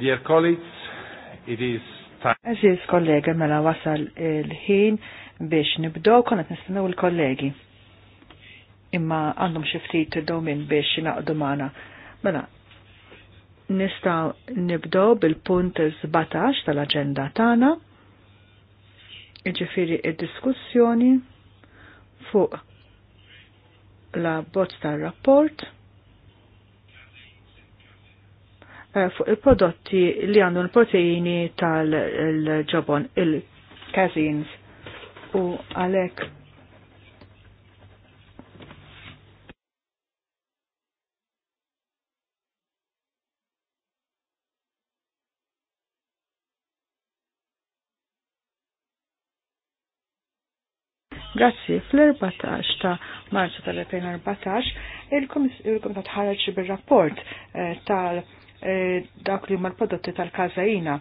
Dear colleagues, it is time. Aziz kollega, mela wasal il-ħin biex nibdow konet nistennew il-kollegi. Imma għandhom xi ftit domin biex naqdu maħna. Mela, nista' nibdow bil-punt 17 tal-aġenda tagħna. Iġifieri id-diskussjoni fuq la bozz tar-rapport Eh, fuq il-prodotti li għandu l-proteini tal-ġobon, il-kazins. U għalek Grazzi, fl-14 ta' marzu tal-2014 il-Komitat ħareġ bil-rapport eh, tal- E, dak li huma l-prodotti tal-każajina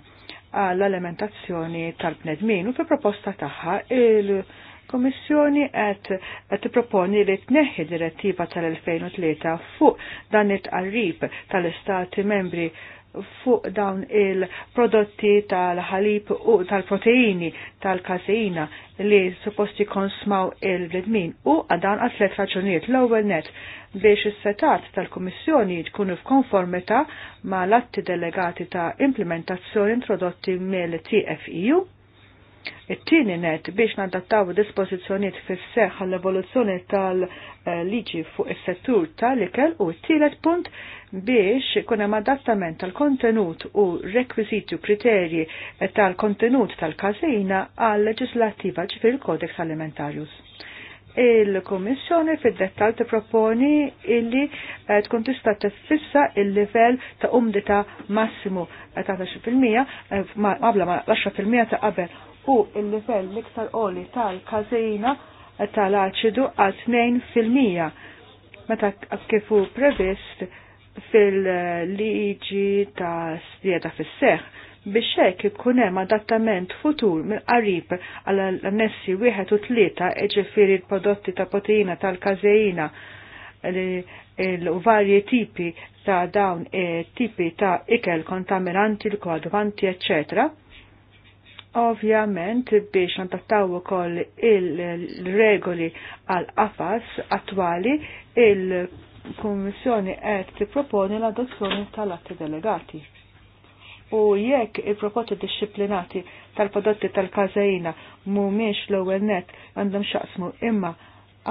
għall-alimentazzjoni tal-bnedmin u fi proposta tagħha il-Kommissjoni qed tipproponi li tneħħi direttiva tal-2003 fuq dan it-qarrib tal-Istati membri fuq dawn il-prodotti tal-ħalib u tal-proteini tal-kaseina li supposti konsmaw il-bledmin u għadan għatlet raġunijiet l ewwel net biex is-setat tal-Kummissjoni tkunu f'konformità ma' l-atti delegati ta' implementazzjoni introdotti mill-TFEU It-tieni net biex nadattaw dispożizzjonijiet fis seħħ għall evoluzzjoni tal-liġi fuq is-settur tal-ikel u t-tielet punt biex ikun hemm adattament tal-kontenut u rekwiżiti u kriterji tal-kontenut tal-każina għal leġislattiva ġifier il-Kodeks Alimentarius. Il-Kommissjoni fid-dettal tipproponi illi eh, tkun tista' tiffissa il-livell ta' umdita massimu eh, ta' 10% qabla eh, ma' 10% ta' qabel u il-livell l-iktar qoli tal kazeina tal-aċidu għal 2% meta kifu previst fil-liġi ta' dieta fis-seħ biex hekk ikun hemm adattament futur mill qarib għal annessi wieħed u tlieta iġifieri l-prodotti ta' proteina tal kazeina l-varji tipi ta' dawn e, tipi ta' ikel kontaminanti, l-koadvanti, eccetera Ovvjament biex natattaw ukoll il-regoli għal qafas attwali il-Kummissjoni qed tipproponi l-adozzjoni tal-atti delegati. U jekk il-proposti disciplinati tal-prodotti tal-kazajina mhumiex l-ewwel net għandhom xaqsmu imma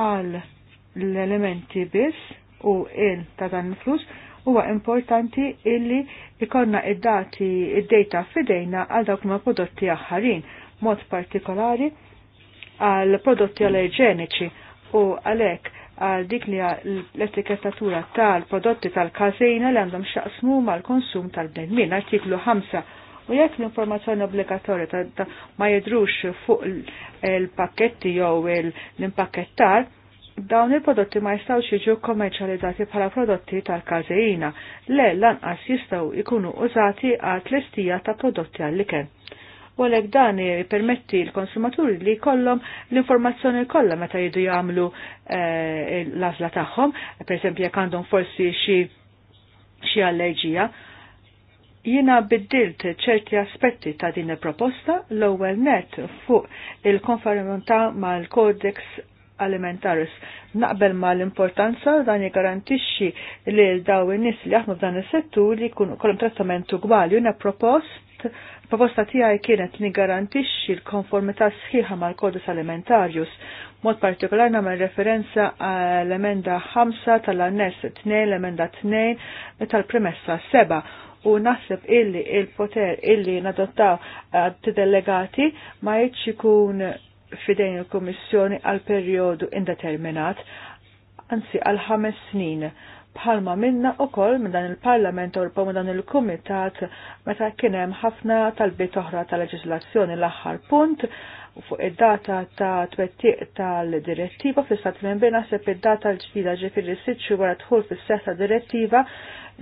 għal l-elementi biss u il ta' dan flus huwa importanti illi ikonna id-dati id-data fidejna għal dawk ma prodotti aħħarin, mod partikolari għal prodotti allerġeniċi u għalek għal dik li l-etikettatura tal-prodotti tal-kazina li għandhom xaqsmu mal-konsum tal-bnedmin, artiklu 5 U jekk l-informazzjoni obbligatorja ma jidrux fuq il-pakketti jew l-impakettar, dawn il-prodotti ma jistaw jiġu kommerċjalizzati bħala prodotti tal-kazeina, le lanqas jistaw ikunu użati għal tlestija ta' prodotti għall-iken. U għalek dan permetti l-konsumaturi li kollom l-informazzjoni kollha meta jidu jagħmlu eh, l-għażla tagħhom, pereżempju jekk għandhom forsi xi xi allerġija. Jiena biddilt ċerti aspetti ta' din il-proposta l-ewwel net fuq il-konformità mal-kodeks Alimentaris. Naqbel ma l-importanza dan jgarantixxi li daw in-nies li jaħdmu f'dan is-settur li jkunu kollhom trattamentu ugwali u propost proposta tiegħi kienet nigarantixxi l-konformità sħiħa mal-kodis alimentarius, mod partikolar nagħmel referenza għall-emenda 5 tal-annes 2, l-emenda 2 tal-premessa 7 u naħseb illi il-poter illi nadottaw t-delegati ma jitx ikun fidejn il-Kommissjoni għal perjodu indeterminat, anzi għal ħames snin, bħalma minna u koll minn dan il-Parlament u minn dan il-Kumitat meta kien hemm ħafna talbiet oħra tal-leġislazzjoni l-aħħar punt u fuq id-data ta' twettiq tal-direttiva fl-istat membri naħseb id-data l-ġdida ġifiri s-sitxu wara tħol fis-seħħa direttiva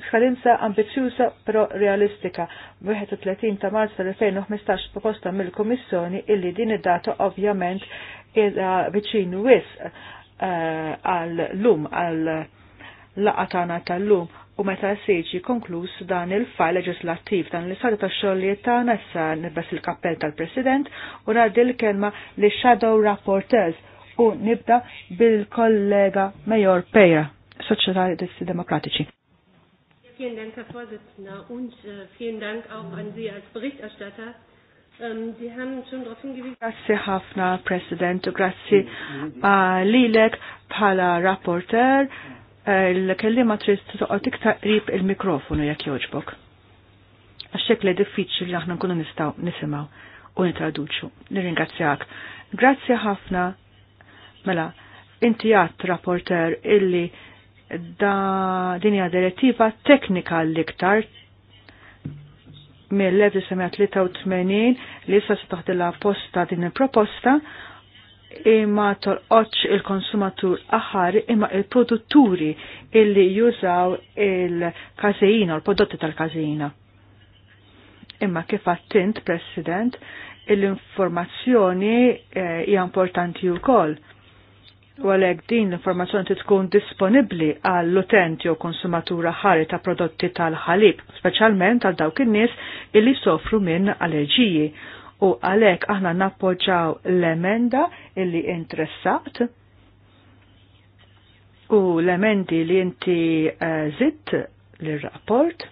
skadenza ambizjuża però realistika. 31 ta' Marzu tal-2015 proposta mill-Kummissjoni illi din id-data ovvjament viċin wis eh, għal lum għal laqatana tal-lum u meta seġi konklus dan il-fajl leġislattiv dan l-istadju ta' xogħlijiet ta' nessa nibes il-kappell tal-President u ngħaddi l-kelma li shadow rapporteurs u nibda bil-kollega Major Peja, Soċjetà Demokratiċi. Vielen Dank, Herr Vorsitzender, und äh, vielen Dank auch an Sie als Berichterstatter. Ähm, Sie haben schon darauf hingewiesen. Grazie ħafna, Präsident, grazie äh, lilek Pala, Rapporteur l-kellima trist toqgħod iktar qrib il-mikrofonu jekk jogħġbok. Għaxek li diffiċli li aħna nkunu nistgħu nisimgħu u nitraduċu. Nirringazzjak. Grazzi ħafna. Mela, inti għat rapporter illi da dinja direttiva teknika l-iktar mill-1983 li issa se taħdilha posta din il-proposta imma torqoċ il-konsumatur aħar imma il-produtturi illi jużaw il-kazeina, il-prodotti tal-kazeina. Imma kif President, l-informazzjoni eh, hija importanti wkoll. U għalhekk din l-informazzjoni tkun disponibbli għall utenti jew konsumatura ħari ta' prodotti tal-ħalib, speċjalment għal dawk in-nies illi sofru minn allerġiji u għalek aħna nappoġġaw l-emenda illi interessat u l-emendi li inti eh, zitt l-rapport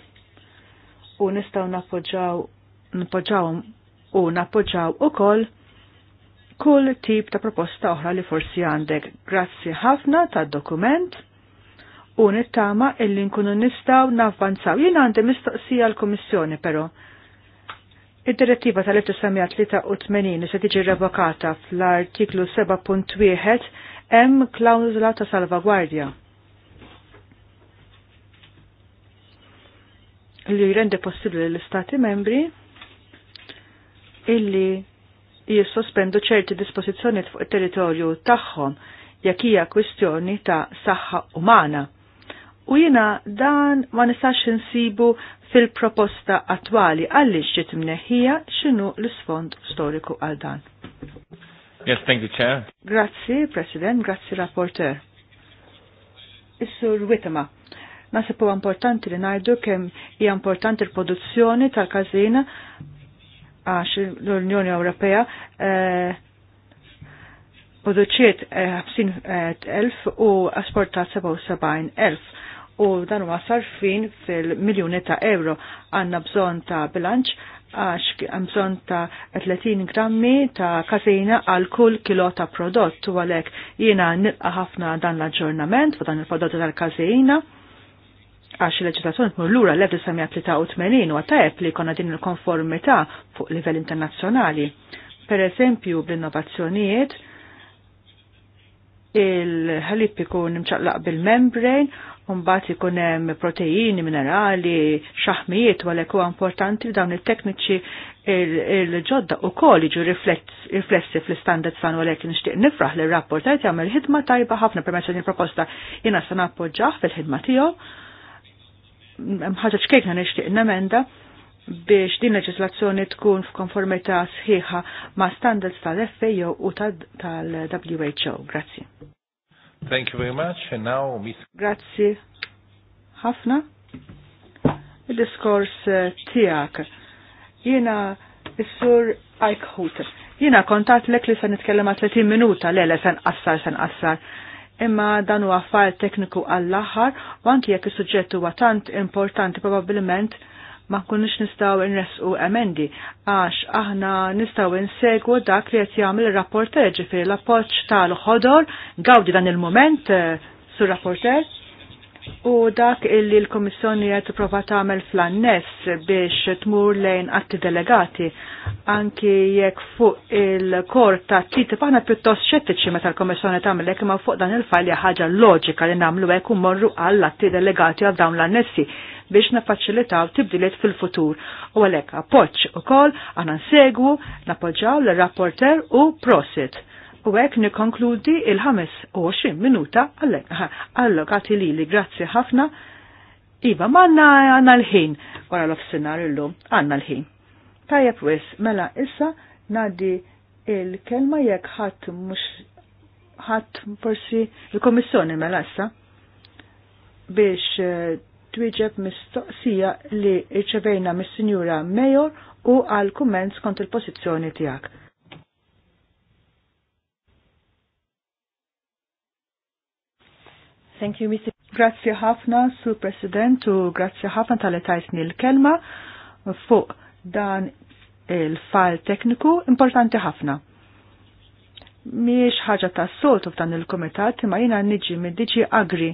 u nistaw nappoġġaw nappoġġaw u nappoġġaw u koll kull tip ta' proposta oħra li forsi għandek. Grazzi ħafna ta' dokument u nittama illi nkunu nistaw navvanzaw. Jina għandi mistoqsija l-Komissjoni pero Id-direttiva tal-1983 se tiġi revokata fl-artiklu 7.1 hemm klawżla ta' salvagwardja. Li jrende possibbli l-Istati membri illi jissospendu ċerti dispożizzjonijiet fuq it-territorju tagħhom jekk hija kwistjoni ta' saħħa umana. U jina dan ma nistax insibu fil-proposta attwali għaliex ġiet mneħħija x'inhu l-isfond storiku għal dan. Yes, thank you, Chair. Grazzi, President, grazzi, Rapporteur. Is-Sur Wittema, nasib huwa importanti li ngħidu kemm hija importanti l-produzzjoni tal kazina għax l-Unjoni Ewropea eh, produċiet 50.000 eh, eh, u asportat 77.000 u dan huwa sarfin fil-miljuni ta' euro. Għanna bżon ta' bilanċ għax hemm bżonn ta' 30 grammi ta' kafeina għal kull kilo ta' prodott u għalhekk jiena nilqa' ħafna dan l-aġġornament u dan il prodott tal-kafeina għax il-leġislazzjoni tmur lura l-1983 u għatajb li konna din il-konformità fuq livell internazzjonali. Per eżempju, bl-innovazzjonijiet, il-ħalib ikun imċaqlaq bil-membrane Umbat ikun hemm proteini, minerali, xaħmijiet u għalhekk huwa importanti dawn it-tekniċi il-ġodda u kol iġu riflessi fl-standard san u għalhekk nixtieq nifraħ li rapport jagħmel ħidma tajba ħafna permezz il proposta jiena se nappoġġah fil-ħidma tiegħu. Ħaġa ċkejkna nixtieq nemenda biex din leġislazzjoni tkun f'konformità sħiħa ma' standards tal-FAO u tal-WHO. Grazzi. Thank you very much. And now, Miss. Grazzi. Ħafna. Il-diskors eh, tijak. Jena, il-sur Eichhut. Jena kontat lek li se nitkellem 30 minuta, le sen assar, sen assar. Imma dan huwa affar tekniku għall-aħħar, u anki jekk is-suġġett huwa tant importanti probabbilment ma kunnix nistaw nresqu emendi, għax aħna nistaw insegwu dak li qed jagħmel ir-rapporter ġifieri l-appoġġ tal-ħodor gawdi dan il-mument eh, sur rapporter U dak illi l-Komissjoni qed prova tagħmel fl-anness biex tmur lejn atti delegati anki jekk fuq il korta ta' TTIP aħna pjuttost xettiċi meta l-Komissjoni tagħmel hekk imma fuq dan il fajl ħaġa loġika li nagħmlu hekk u morru għall atti delegati għal dawn l-annessi biex nafaċilitaw tibdiliet fil-futur. U għalhekk appoġġ ukoll aħna nsegwu, napoġaw l-rapporter u prosit U hekk nikkonkludi il xim minuta għallokati li li grazzi ħafna. Iva, ma għanna għanna l-ħin, wara l l illum, għanna l-ħin. Tajab wis, mela issa nadi il-kelma jekk ħadd mhux ħadd forsi il komissjoni mela issa biex eh, twieġeb mistoqsija li rċevejna mis-Sinjura Mayor u għal kumment skont il-pożizzjoni tiegħek. Thank you, Mr. Grazzi ħafna, Sur President, u grazzi ħafna tal-etajtni l-kelma fuq dan il fall tekniku importanti ħafna. Miex ħaġa ta' soltu f'dan il-komitat, ma jina niġi mid diġi agri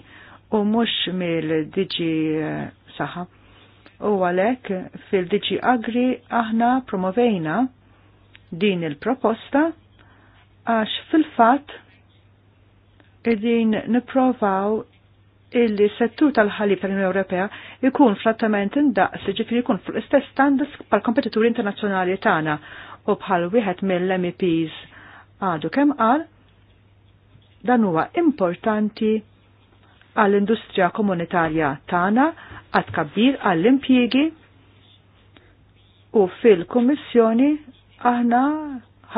u mux mill diġi eh, saħa. U għalek fil-diġi agri aħna promovejna din il-proposta għax fil-fat Qegħdin nipprovaw illi settur tal-ħalib tal-Unjoni Ewropea ikun flattament indaqs ġifiri jkun fuq l-istess standards pal kompetituri internazzjonali tagħna u bħal wieħed mill-MEPs għadu kemm qal dan huwa importanti għall-industrija komunitarja tagħna għad kabbir għall-impjiegi u fil-Kummissjoni aħna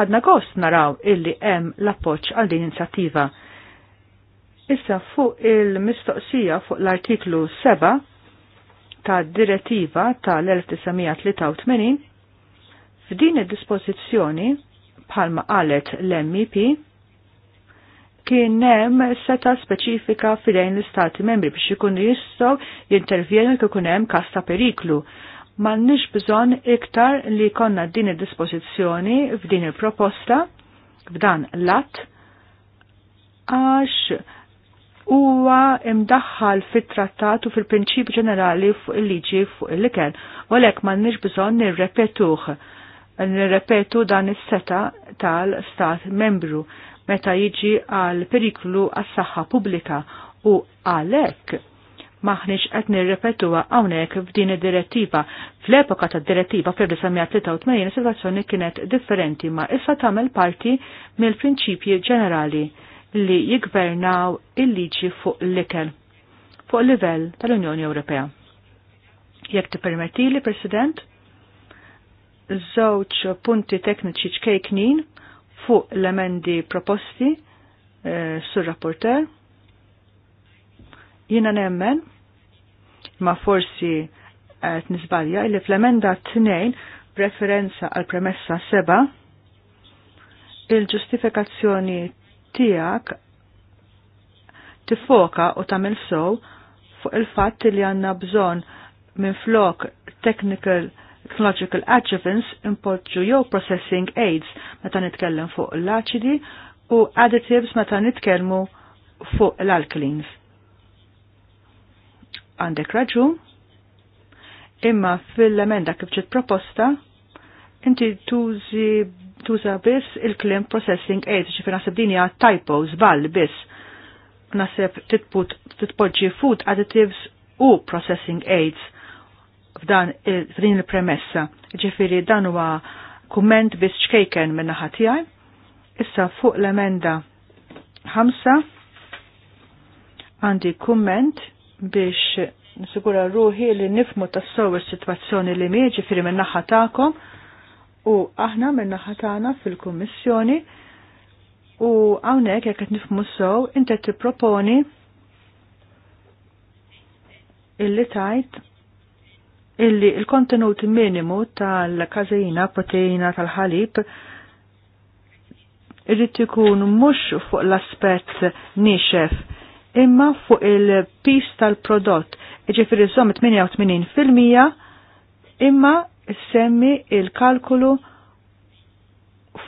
ħadna gost naraw illi hemm l-appoġġ għal din inizjattiva Issa fuq il-mistoqsija fuq l-artiklu 7 ta' direttiva tal-1983 f'din id-dispożizzjoni bħalma qalet l-MEP kien hemm seta speċifika fidejn l-istati membri biex ikunu jistgħu jintervjenu jekk ikun hemm każ ta' periklu. M'għandniex bżonn iktar li konna din id-dispożizzjoni f'din il-proposta f'dan l-att għax huwa imdaħħal fit-trattat u fil-prinċip ġenerali fuq il-liġi fuq il-liken, u għalhekk m'għandniex bżonn nirrepetuh nirrepetu dan is-seta tal-Stat membru meta jiġi għal periklu għas-saħħa pubblika u għalhekk maħniċ qed nirrepetuha hawnhekk f'din id-direttiva. Fl-epoka tad-direttiva fl-1983 is-sitwazzjoni kienet differenti ma issa tagħmel parti mill-prinċipji ġenerali li jigvernaw il-liġi fuq l-ikel fuq livell tal-Unjoni Ewropea. Jekk permetti li President, żewġ punti tekniċi ċkejknin fuq l-emendi proposti eh, sur-rapporter. Jina nemmen, ma forsi qed nisbalja li fl-emenda tnejn referenza għal premessa seba' il-ġustifikazzjoni tijak tifoka u tagħmel sow fuq il-fatt li għandna bżonn minn flok technical technological adjuvants impoġġu jew processing aids meta nitkellem fuq l-aċidi u additives meta nitkellmu fuq l-alkalines. Għandek raġun, imma fil-emenda kif ġiet proposta, inti tużi tuża biss il-claim processing aid, ġifi naħseb dini għad typo, zbal biss. Naħseb titpoġġi food additives u processing aids f'dan f'din il-premessa. Ġifiri dan huwa kumment biss ċkejken minn ħatijaj. Issa fuq l-emenda ħamsa għandi kumment biex nisigura ruħi li nifmu tassaw s sitwazzjoni li mieġi firri minn naħa ta'kom U aħna minna ħatana fil-Kummissjoni u għawnek jek qed nifmu sew inti tipproponi illi tajt illi il-kontenut minimu tal-kazejna, proteina, tal-ħalib irrid ikun mhux fuq l-aspett nixef imma fuq il-pis tal-prodott. Ġifieri żomm 88% imma semmi il-kalkulu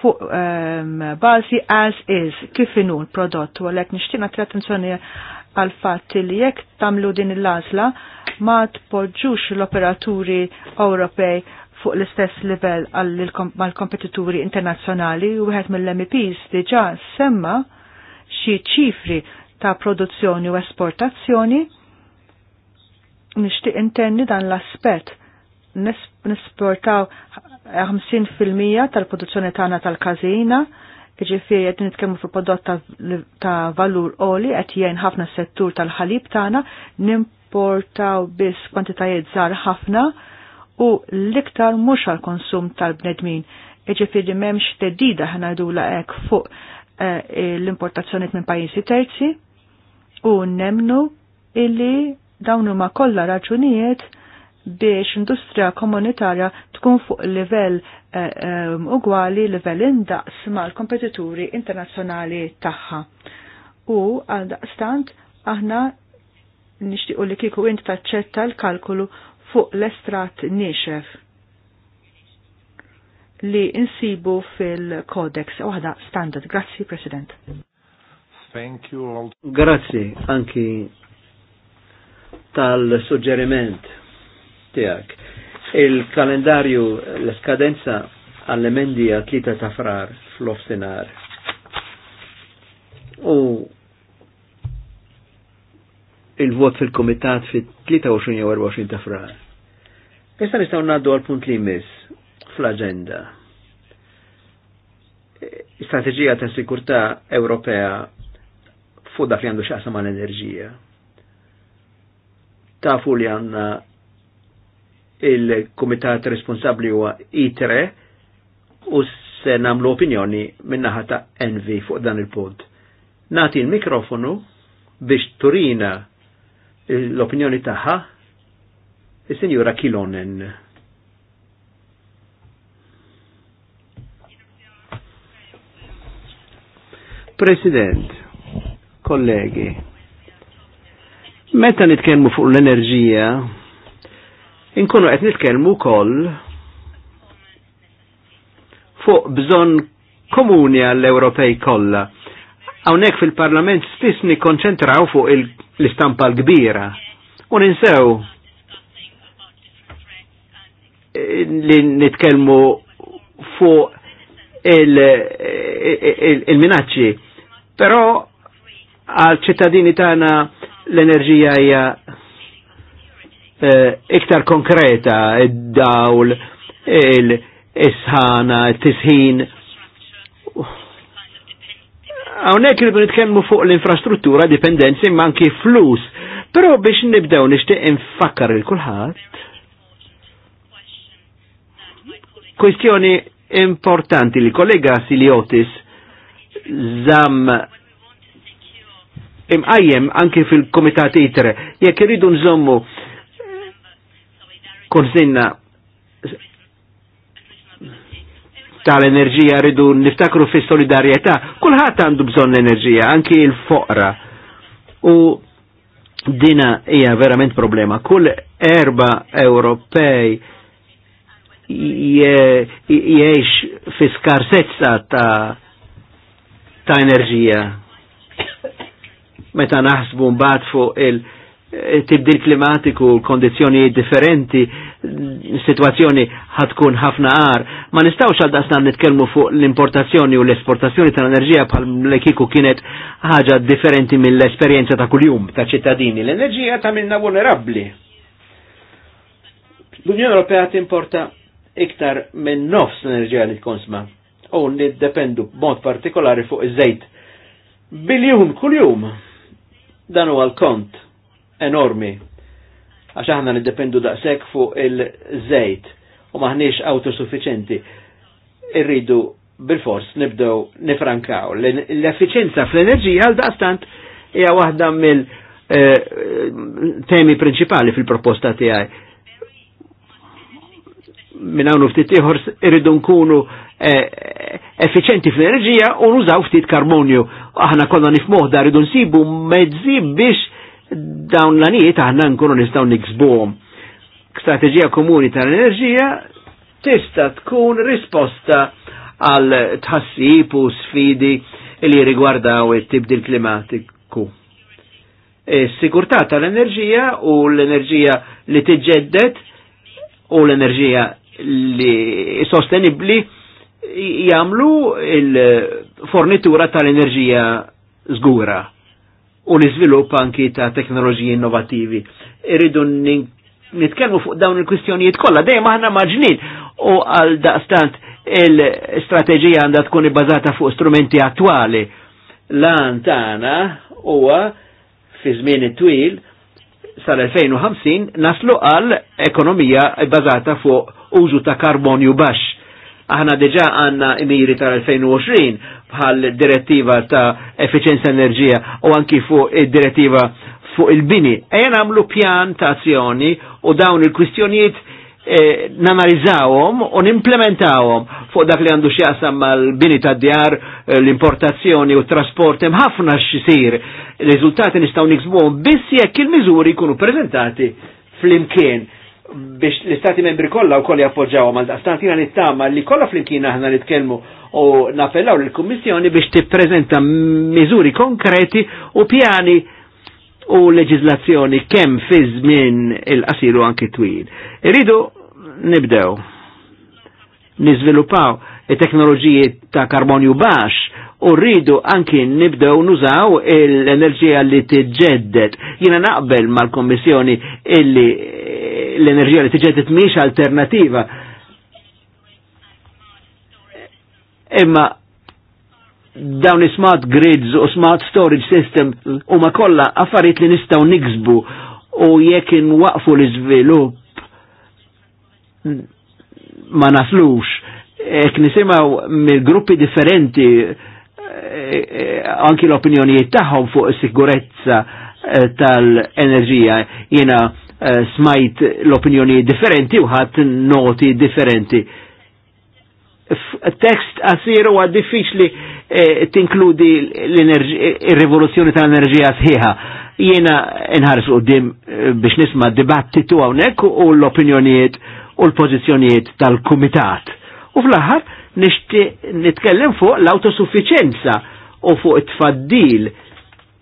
fuq um, ehm, bazi as is, kif inu l-prodott, u għalek nishtina attenzjoni għal-fat li jekk tamlu din il-lazla ma tpoġġux l-operaturi Ewropej fuq l-istess livell għal kompetituri internazzjonali u għed mill mps diġa semma xie ċifri ta' produzzjoni u esportazzjoni nishtiq intenni dan l-aspet nisportaw 50% tal-produzzjoni tagħna tal-każina, ġifieri qed nitkellmu fuq prodott ta' valur oli qed jgħin ħafna settur tal-ħalib tagħna, nimportaw biss kwantitajiet żgħar ħafna u l-iktar mhux għall-konsum tal-bnedmin. Ġifieri m'hemmx tedida ħanajdula hekk fuq eh, l-importazzjoni minn pajjiżi terzi u nemnu illi dawn huma kollha raġunijiet biex industrija komunitarja tkun fuq livell eh, eh, ugwali, livell indaqs mal-kompetituri internazzjonali tagħha. U għal daqstant aħna nixtiequ li kieku int taċċetta l-kalkulu fuq l-estrat niexef li insibu fil-kodex waħda standard. Grazzi, President. Thank you all. Grazzi anki tal-suġġeriment tijak. Il-kalendarju l-skadenza għall-emendi għatlita ta' frar fl-ofsenar. U il-vot fil-komitat fit-23 u 24 ta' frar. Issa nistgħu naddu għal punt li jmiss fl agenda Strategija ta' sikurtà Ewropea fuq fjandu xaqsa għandu x'aqsam enerġija Ta' li il-komitat responsabli huwa ITRE u se namlu opinjoni minnaħa ta' Envi fuq dan il-punt. Nati il-mikrofonu biex turina l-opinjoni taħħa il-Senjura Kilonen. President, kollegi, meta nitkellmu fuq l-enerġija, Inkunu qed nitkellmu wkoll fuq bżonn komuni għall-Ewropej kollha. Hawnhekk fil-Parlament spiss nikkonċentraw fuq l-istampa l-kbira u ninsew li nitkellmu fuq il-minacċi. Però għal ċittadini tagħna l-enerġija hija Eh, iktar konkreta id-dawl, il-isħana, il-tisħin. Għonek li nitkellmu fuq l-infrastruttura dipendenzi manki flus, pero biex nibdew nishtiq infakkar il-kulħadd. Kwestjoni importanti li kollega Siliotis zam imqajjem anki fil-komitat itre, jekk iridu nżommu konżinna tal-enerġija rridu niftakru fis solidarjetà kulħadd għandu bżonn enerġija, anki il-foqra. U dina hija verament problema. Kull erba Ewropej jiex fi skarsezza ta' ta' enerġija. Meta naħsbu mbagħad fuq il- tibdil klimatiku, kondizjoni differenti, situazzjoni ħatkun ħafna għar. Ma nistawx għal dasna nitkelmu fuq l-importazzjoni u l-esportazzjoni tal-enerġija bħal l-ekiku kienet ħaġa differenti mill-esperienza ta' kuljum ta' ċittadini. L-enerġija ta' minna vulnerabli. L-Unjoni Ewropea timporta iktar minn nofs l-enerġija li tkonsma u niddependu b'mod partikolari fuq iż-żejt. Biljun kuljum dan huwa l-kont enormi. Għax aħna niddependu daqshekk fuq il-żejt u maħniex autosuffiċenti. Irridu bil-fors nibdew nifrankaw. L-effiċenza fl-enerġija għal daqstant hija waħda mill-temi eh, prinċipali fil-proposta tiegħi. Minn hawn ftit ieħor irridu nkunu eh, effiċenti fl-enerġija u nużaw ftit karbonju. Aħna konna nifmoħda rridu nsibu mezzi biex dawn l-anijiet aħna nkunu nistgħu niksbuhom. Strateġija komuni tal-enerġija tista' tkun risposta għal tħassib u sfidi li rigwardaw it-tibdil klimatiku. E Sigurtà tal-enerġija u l-enerġija li tiġġedded u l-enerġija li sostenibli jamlu il-fornitura tal-enerġija zgura u l-iżvilupp anki ta' teknoloġiji innovativi. Irridu nitkellmu fuq dawn il-kwistjonijiet kollha dejjem aħna maġnit u għal daqstant il-strateġija għandha tkun ibbażata fuq strumenti attwali. Lan tagħna huwa fi żmien twil sal-2050 naslu għal ekonomija bbażata fuq użu ta' karbonju baxx Aħna diġa għanna imiri tal-2020 bħal direttiva ta' efficienza enerġija u anki fuq id-direttiva fuq il-bini. Ejna għamlu pjan ta' azzjoni u dawn il-kwistjonijiet E, nanalizzawhom u nimplementawhom fuq dak li għandu xjaqsam mal-bini ta' djar, eh, l-importazzjoni u trasport hemm ħafna x'isir. Riżultati nistgħu niksbuhom biss jekk il-miżuri jkunu preżentati flimkien biex l-istati membri kollha wkoll jappoġġaw mal daqstant jiena nittama li kollha flimkien aħna nitkellmu u napellaw lill-Kummissjoni biex tippreżenta miżuri konkreti u pjani u leġizlazzjoni kemm fi żmien il-qasiru anki twil. Iridu nibdew niżviluppaw it-teknoloġiji ta' karbonju baxx u rridu anki nibdew nużaw l-enerġija li tiġġeddet. Jiena naqbel mal-Kommissjoni illi eh, l-enerġija li tiġġeddet miex alternativa. Imma dawn smart grids u smart storage system huma kollha affarijiet li nistgħu niksbu u jekk inwaqfu l-iżvilupp ma naslux. Ek nisimaw mill-gruppi differenti anki l-opinjonijiet tagħhom fuq is-sigurezza eh, tal-enerġija jiena eh, smajt l-opinjonijiet differenti u ħadd noti differenti. Tekst qasir huwa diffiċli eh, tinkludi l-rivoluzzjoni tal-enerġija sħiħa. Jiena u dim biex nisma' dibattitu hawnhekk u l-opinjonijiet u l-pożizzjonijiet tal-kumitat. U fl-aħħar nitkellem fuq l-autosuffiċenza u fuq it-tfaddil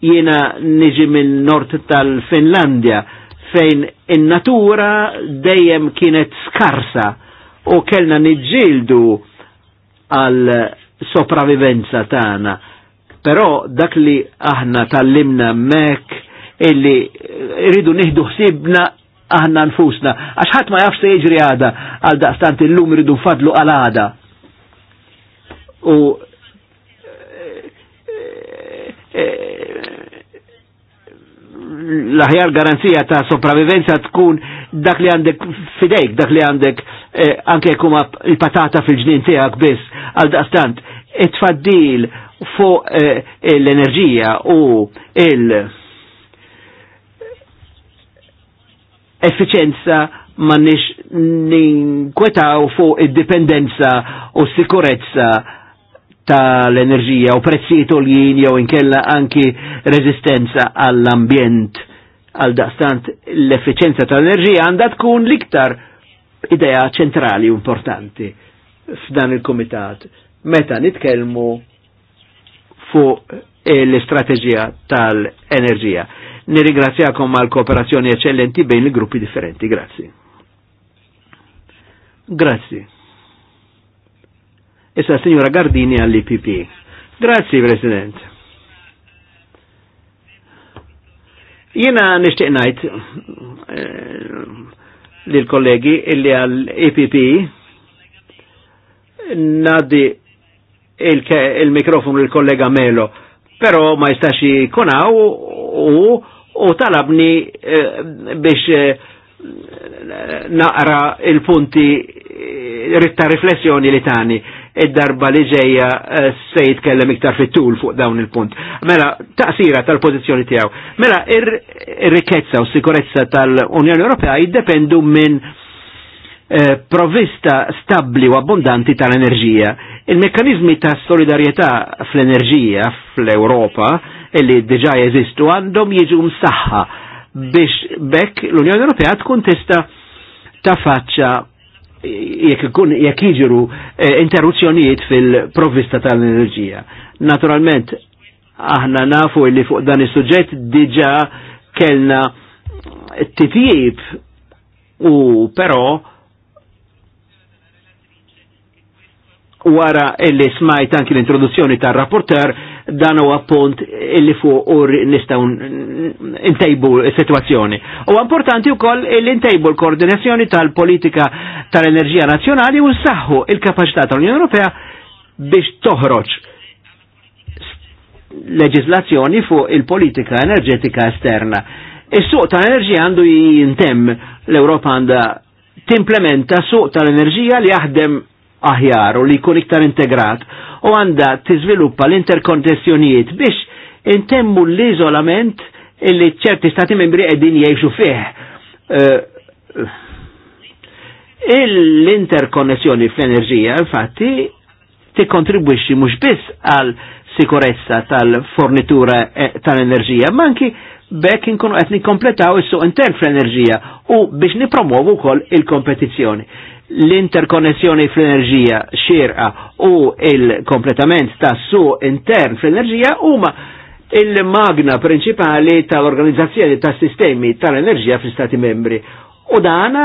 jiena niġi minn nord tal-Finlandja fejn in-natura dejjem kienet skarsa u kellna niġġieldu għal sopravivenza tagħna. Però dak li aħna tallimna mek illi rridu nieħdu ħsibna aħna nfusna. Għax ħadd ma jafx se jiġri għada għal daqstant illum rridu nfadlu għal għada u l-aħjar garanzija ta' sopravivenza tkun dak li għandek fidejk, dak li għandek eh, anke kuma il-patata fil-ġnin tijak bis, għal daqstant, it-faddil fuq eh, l-enerġija u il- efficienza ma nix ninkwetaw fuq id-dipendenza u sikurezza tal-enerġija u prezzijiet oljin jew inkella anki rezistenza għall-ambjent għal daqstant l-efficienza tal-enerġija għandha tkun liktar idea ċentrali u importanti f'dan il-komitat meta nitkellmu fuq eh, l-istrateġija tal-enerġija. Nirringrazzjakom għal kooperazzjoni eccellenti bejn il-gruppi differenti. Grazzi. Grazzi. Issa signora Gardini all'IPP. Grazie Grazzi, President. Jena nishtiq najt eh, li l-kollegi illi għal ipp naddi il-mikrofon il mikrofon il l kollega Melo, pero ma jistax konaw u, u talabni eh, biex eh, naqra il-punti eh, ritta riflessjoni li tani id-darba li ġeja eh, se jitkellem iktar fit-tul fuq dawn il-punt. Mela, taqsira tal-pozizjoni tiegħu. Mela, ir rikkezza u sikurezza tal-Unjoni Ewropea jiddependu minn eh, provvista stabli u abbondanti tal-enerġija. Il-mekkanizmi ta' solidarietà fl-enerġija fl-Europa, illi diġa jeżistu, għandhom jiġu msaħħa biex bekk l-Unjoni Ewropea tkun tista' ta' faċċa jekk jiġru eh, interruzzjonijiet fil-provvista tal-enerġija. Naturalment, aħna nafu li fuq dan is-suġġett diġa kellna t titjib u però wara illi smajt anki l-introduzzjoni tar rapporter dan huwa punt illi fuq u nistgħu ntejbu s-sitwazzjoni. U importanti wkoll illi intejbu l-koordinazzjoni tal-politika tal-enerġija nazzjonali u l-saħħu il-kapaċità tal-Unjoni Ewropea biex toħroġ leġislazzjoni fuq il-politika enerġetika esterna. Is-suq tal-enerġija għandu jintemm l-Ewropa għandha timplementa suq tal-enerġija li jaħdem aħjar u li jkun iktar integrat u għanda tiżviluppa l-interkonnessjonijiet biex intemmu l-izolament illi ċerti stati membri qegħdin jgħixu fih. Eh, eh, l-interkonnessjoni fl-enerġija, infatti, tikkontribwixxi mhux biss għal sikurezza tal-fornitura eh, tal-enerġija, ma bekk inkunu qed nikkompletaw is-suq intern fl-enerġija u biex nipromovu wkoll il-kompetizzjoni l-interkonnessjoni fl-enerġija xirqa u il-kompletament ta' su intern fl-enerġija huma il-magna principali tal-organizzazzjoni ta' sistemi tal-enerġija fl-Stati membri. U dana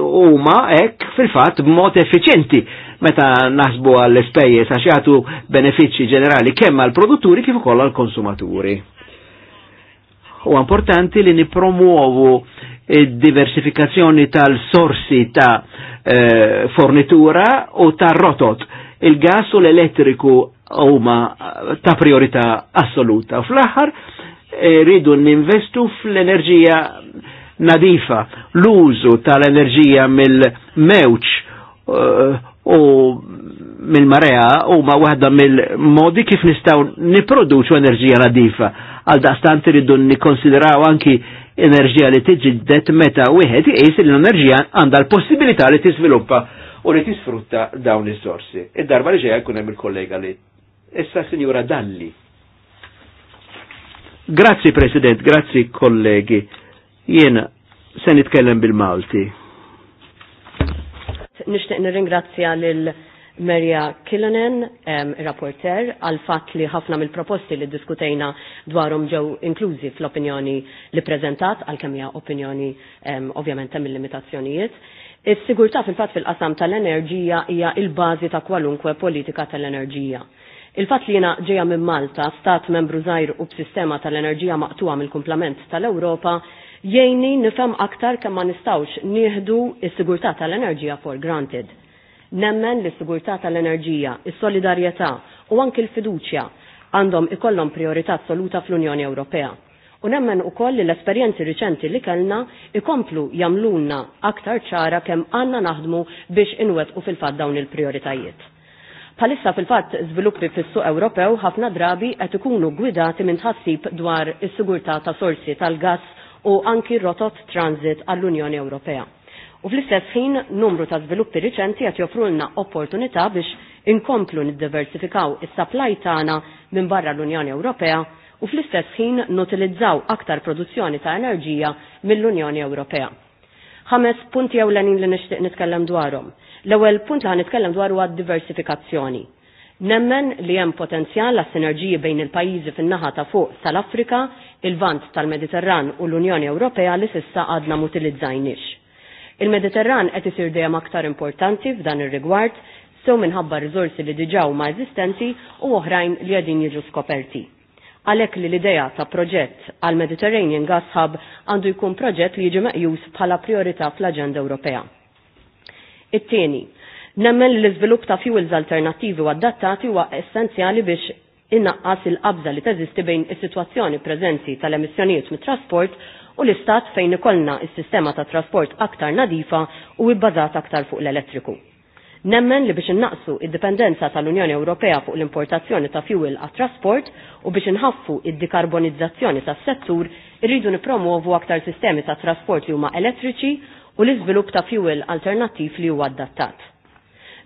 huma hekk fil-fatt mod effiċenti meta naħsbu għall-espejjeż għax jagħtu benefiċċji ġenerali kemm għall-produtturi kif ukoll għall-konsumaturi. U importanti li nipromuovu diversifikazzjoni tal-sorsi ta' eh, fornitura u ta' rotot. Il-gas u l-elettriku huma ta' priorità assoluta. Fl-aħħar eh, rridu eh, ninvestu fl-enerġija nadifa, l-użu tal-enerġija mill-mewċ eh, u mill-marea u ma waħda mill-modi kif nistgħu niproduċu enerġija nadifa għal daqstant irridu nikkonsideraw anki enerġija li tiġġiddet meta wieħed jqis li l-enerġija għandha l-possibilità li tiżviluppa u li tisfrutta dawn is-sorsi. Id-darba li ġejja jkun hemm il-kollega li. Issa Sinjura Dalli. Grazzi President, grazzi kollegi. Jien se nitkellem bil-Malti. Nixtieq nirringrazzja lil Merja Kilonen, um, rapporter, għal fatt li ħafna mill-proposti li diskutejna dwarhom ġew inklużi fl-opinjoni li prezentat, għal kemja opinjoni um, ovvjament hemm il-limitazzjonijiet. Is-sigurtà fil-fatt fil-qasam tal-enerġija hija il-bażi ta' kwalunkwe politika tal-enerġija. Il-fatt li jena ġeja minn Malta, stat membru żgħir u b'sistema tal-enerġija maqtuwa mill-kumplament tal-Ewropa, jgħinni nifhem aktar kemm ma nistgħux nieħdu s sigurtà tal-enerġija for granted Nemmen l sigurtà tal-enerġija, is-solidarjetà u anki l-fiduċja għandhom ikollhom priorità assoluta fl-Unjoni Ewropea. U nemmen ukoll li l-esperjenzi riċenti li kellna ikomplu jamlunna aktar ċara kemm għandna naħdmu biex inwet u fil-fatt dawn il-prioritajiet. Palissa fil-fatt żviluppi fis-suq Ewropew ħafna drabi qed ikunu gwidati minn tħassib dwar is-sigurtà ta' sorsi tal-gass u anki rotot transit għall-Unjoni Ewropea. U fl-istess ħin numru ta' żviluppi riċenti qed joffrulna opportunità biex inkomplu niddiversifikaw is-supply tagħna minn barra l-Unjoni Ewropea u fl-istess ħin nutilizzaw aktar produzzjoni ta' enerġija mill-Unjoni Ewropea ħames punti ewlenin li nixtieq nitkellem dwarhom. L-ewwel punt li ħanitkellem dwar huwa diversifikazzjoni. Nemmen li hemm potenzjal għas sinerġiji bejn il-pajjiżi fin-naħa ta' fuq tal-Afrika, il-Vant tal-Mediterran u l-Unjoni Ewropea li s'issa għadna mutilizzajniex. Il-Mediterran qed isir dejjem aktar importanti f'dan ir-rigward, sew minħabba riżorsi li diġà ma eżistenti u oħrajn li qegħdin jiġu skoperti. Għalhekk li l-idea ta' proġett għal Mediterranean Gas Hub għandu jkun proġett li jiġi meqjus bħala priorità fl-Aġenda Ewropea. It-tieni, nemmen li l-iżvilupp ta' fuels alternattivi u adattati huwa essenzjali biex innaqqas il-qabża li teżisti bejn is-sitwazzjoni preżenti tal-emissjonijiet mit-trasport u l-istat fejn ikollna is-sistema ta' trasport aktar nadifa u bbażat aktar fuq l-elettriku. Nemmen li biex innaqsu id-dipendenza tal-Unjoni Ewropea fuq l-importazzjoni ta' fuel għat trasport u biex inħaffu id-dikarbonizzazzjoni tas settur irridu nipromuovu aktar sistemi ta' trasport li huma elettriċi u l-iżvilupp ta' fuel alternattiv li huwa adattat.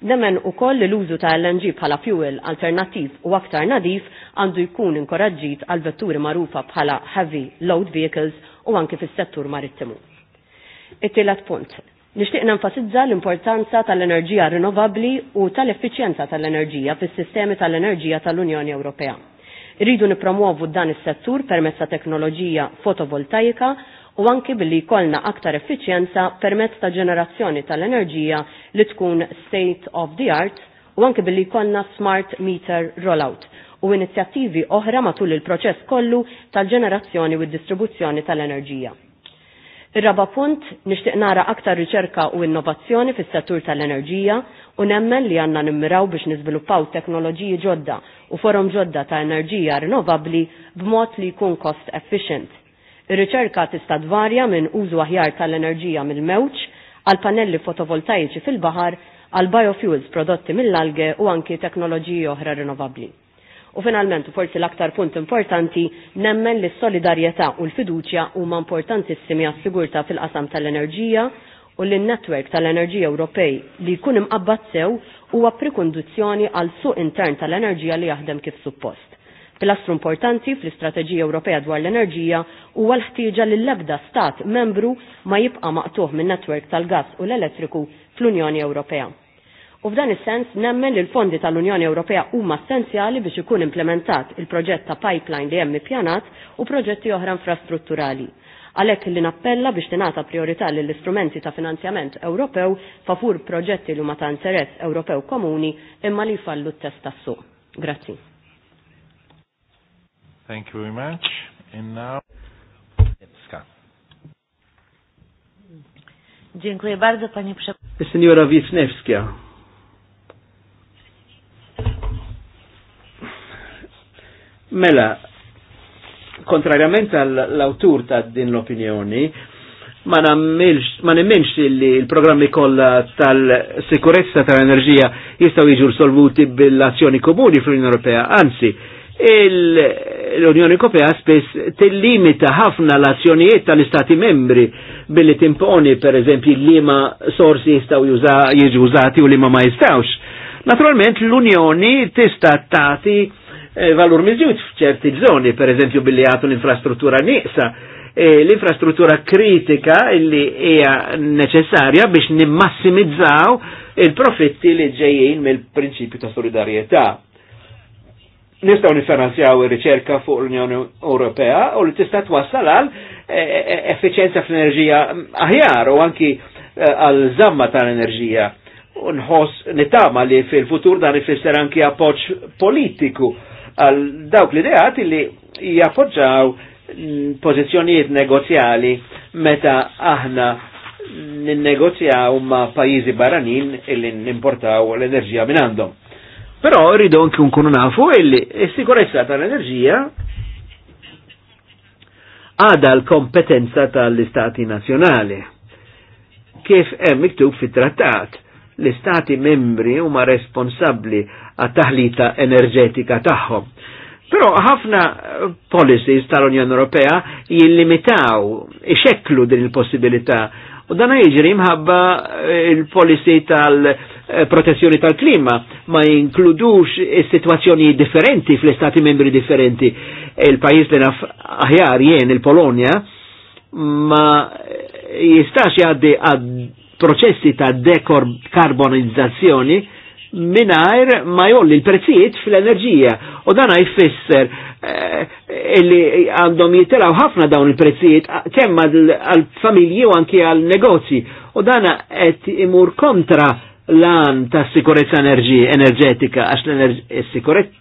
Nemmen u koll li l-użu ta' LNG bħala fuel alternattiv u aktar nadif għandu jkun inkoraġġit għal vetturi marufa bħala heavy load vehicles u anki fis-settur marittimu. It-tielet punt. Nixtieq nenfasizza l-importanza tal-enerġija rinnovabbli u tal-effiċjenza tal-enerġija fis-sistemi tal-enerġija tal-Unjoni Ewropea. Irridu nipromuovu dan is-settur permezz ta' teknoloġija fotovoltaika u anki billi jkollna aktar effiċjenza permezz ta' ġenerazzjoni tal-enerġija li tkun state of the art u anki billi jkollna smart meter rollout u inizjattivi oħra matul il-proċess kollu tal-ġenerazzjoni u d-distribuzzjoni tal-enerġija. Ir-raba punt, nixtieq nara aktar riċerka u innovazzjoni fis-settur tal-enerġija u nemmen li għandna nimmiraw biex niżviluppaw teknoloġiji ġodda u forom ġodda ta' enerġija rinnovabbli b'mod li jkun cost efficient. Ir-riċerka tista' dvarja minn użu aħjar tal-enerġija mill-mewġ għal panelli fotovoltaiċi fil-baħar għal biofuels prodotti mill-alge u anki teknoloġiji oħra rinnovabbli. U finalment, u forsi l-aktar punt importanti, nemmen li s-solidarjetà u l-fiduċja huma importantissimi għas-sigurtà fil-qasam tal-enerġija u l netwerk tal-enerġija Ewropej li jkun imqabbad sew huwa prekondizzjoni għal suq intern tal-enerġija li jaħdem kif suppost. Pilastru importanti fl-Istrateġija Ewropea dwar l-enerġija huwa l-ħtieġa li l-ebda stat membru ma jibqa' maqtuħ min netwerk tal-gass u l-elettriku fl-Unjoni Ewropea. U f'dan is-sens nemmen li l-fondi tal-Unjoni Ewropea huma essenzjali biex ikun implementat il-proġett ta' pipeline li hemm ippjanat u proġetti oħra infrastrutturali. Għalhekk li nappella biex tingħata priorità lill istrumenti ta' finanzjament Ewropew favur proġetti li huma ta' interess Ewropew komuni imma li jfallu t-test tas-suq. Grazzi. Thank you very much. And now Dziękuję bardzo Pani Przewodnicząca. Signora Wisniewska. Mela, kontrarjament għall-awtur ta' din l-opinjoni, ma nemmenx li l-programmi kollha tal-sikurezza tal-enerġija jistgħu jiġu solvuti bil-azzjoni komuni fl-Unjoni Ewropea, anzi, l-Unjoni Ewropea spess tillimita ħafna l-azzjonijiet tal-Istati membri billi timponi per eżempju liema sorsi jistgħu jiġu użati u liema ma jistawx. Naturalment l-Unjoni tista' tati. Eh, valur miżjut f'ċerti zoni, per eżempju billi għatu l-infrastruttura nieqsa, e, l-infrastruttura kritika illi hija neċessarja biex nimmassimizzaw il-profitti li ġejjin mill-prinċipju ta' solidarjetà. Nistgħu nifinanzjaw ir-riċerka fuq l-Unjoni Ewropea u li tista' twassal għal e, e, effiċenza fl-enerġija aħjar u anki għal zamma tal-enerġija. Nħoss nitama li fil-futur dan ifisser anki appoġġ politiku għal dawk l-ideat li jaffoġġaw pozizjonijiet negozjali meta aħna ninnegozjaw ma' pajizi barranin illi nimportaw l-enerġija minn għandhom. Però rridu anki nkunu nafu illi s-sikurezza tal-enerġija għada l-kompetenza tal-istati nazjonali kif hemm miktub fit-trattat l-istati membri huma responsabbli għat taħlita enerġetika tagħhom. Però ħafna policies tal-Unjoni Ewropea jillimitaw, ixekklu din il-possibilità u dan jiġri mħabba eh, il-policy tal-protezzjoni eh, tal-klima ma jinkludux eh, situazzjoni differenti fl-istati membri differenti. E il-pajis li naf aħjar jien il-Polonia ma jistax jgħaddi għad proċessi ta' dekarbonizzazzjoni minajr ma jolli l-prezzijiet fil-enerġija. U dan jfisser eh, illi għandhom jitilaw ħafna dawn il-prezzijiet kemm għal-familji u anki għal-negozji. U dan qed imur kontra lan ta' sikurezza enerġetika għax l-sikurezza eh,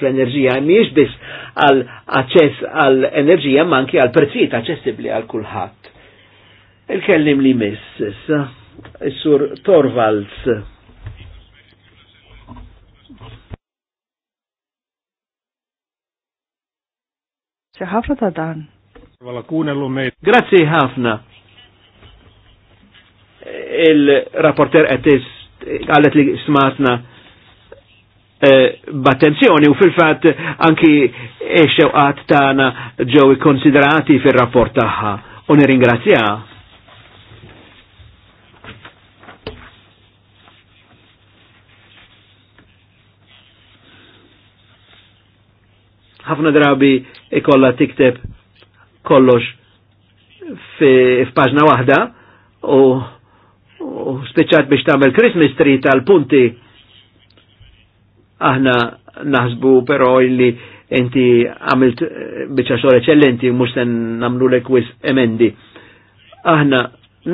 fl-enerġija miex biss għal aċċess għal enerġija ma anki għal prezzijiet aċċessibbli għal kulħadd. Il-kellim li miss issa. Sur Torvalds. Se ħafna ta' dan. Grazie ħafna. Il-rapporter għetis għallet li smatna eh, b'attenzjoni u fil-fat anki e xewqat tana ġewi konsiderati fil-rapport taħħa. u nirringrazzjaha ħafna drabi ikolla tikteb kollox f'paġna waħda u, u speċat biex tagħmel Christmas tree tal-punti aħna naħsbu però illi inti għamilt eh, biċa xor eċellenti mux sen namlu l wis emendi. Aħna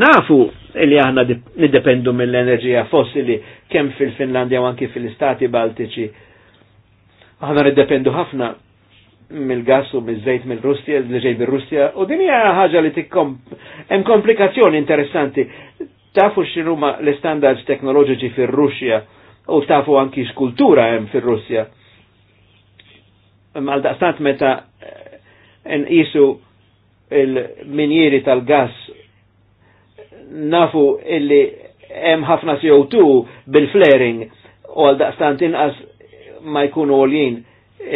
nafu li aħna nidependu mill-enerġija fossili kemm fil-Finlandja u anki fil-Stati Baltiċi. Aħna nidependu ħafna mill-gas u mill-żejt mill rustja li ġej bil-Russja, u din hija ħaġa li tikkom hemm komplikazzjoni interessanti. Tafu x'inhuma l-istandards teknoloġiċi fir-Russja u tafu anki x'kultura hemm fir-Russja. Maldaqstant daqstant meta eh, nqisu il-minjieri tal-gas nafu illi hemm ħafna CO2 bil-flaring u għal daqstant inqas ma jkunu għoljien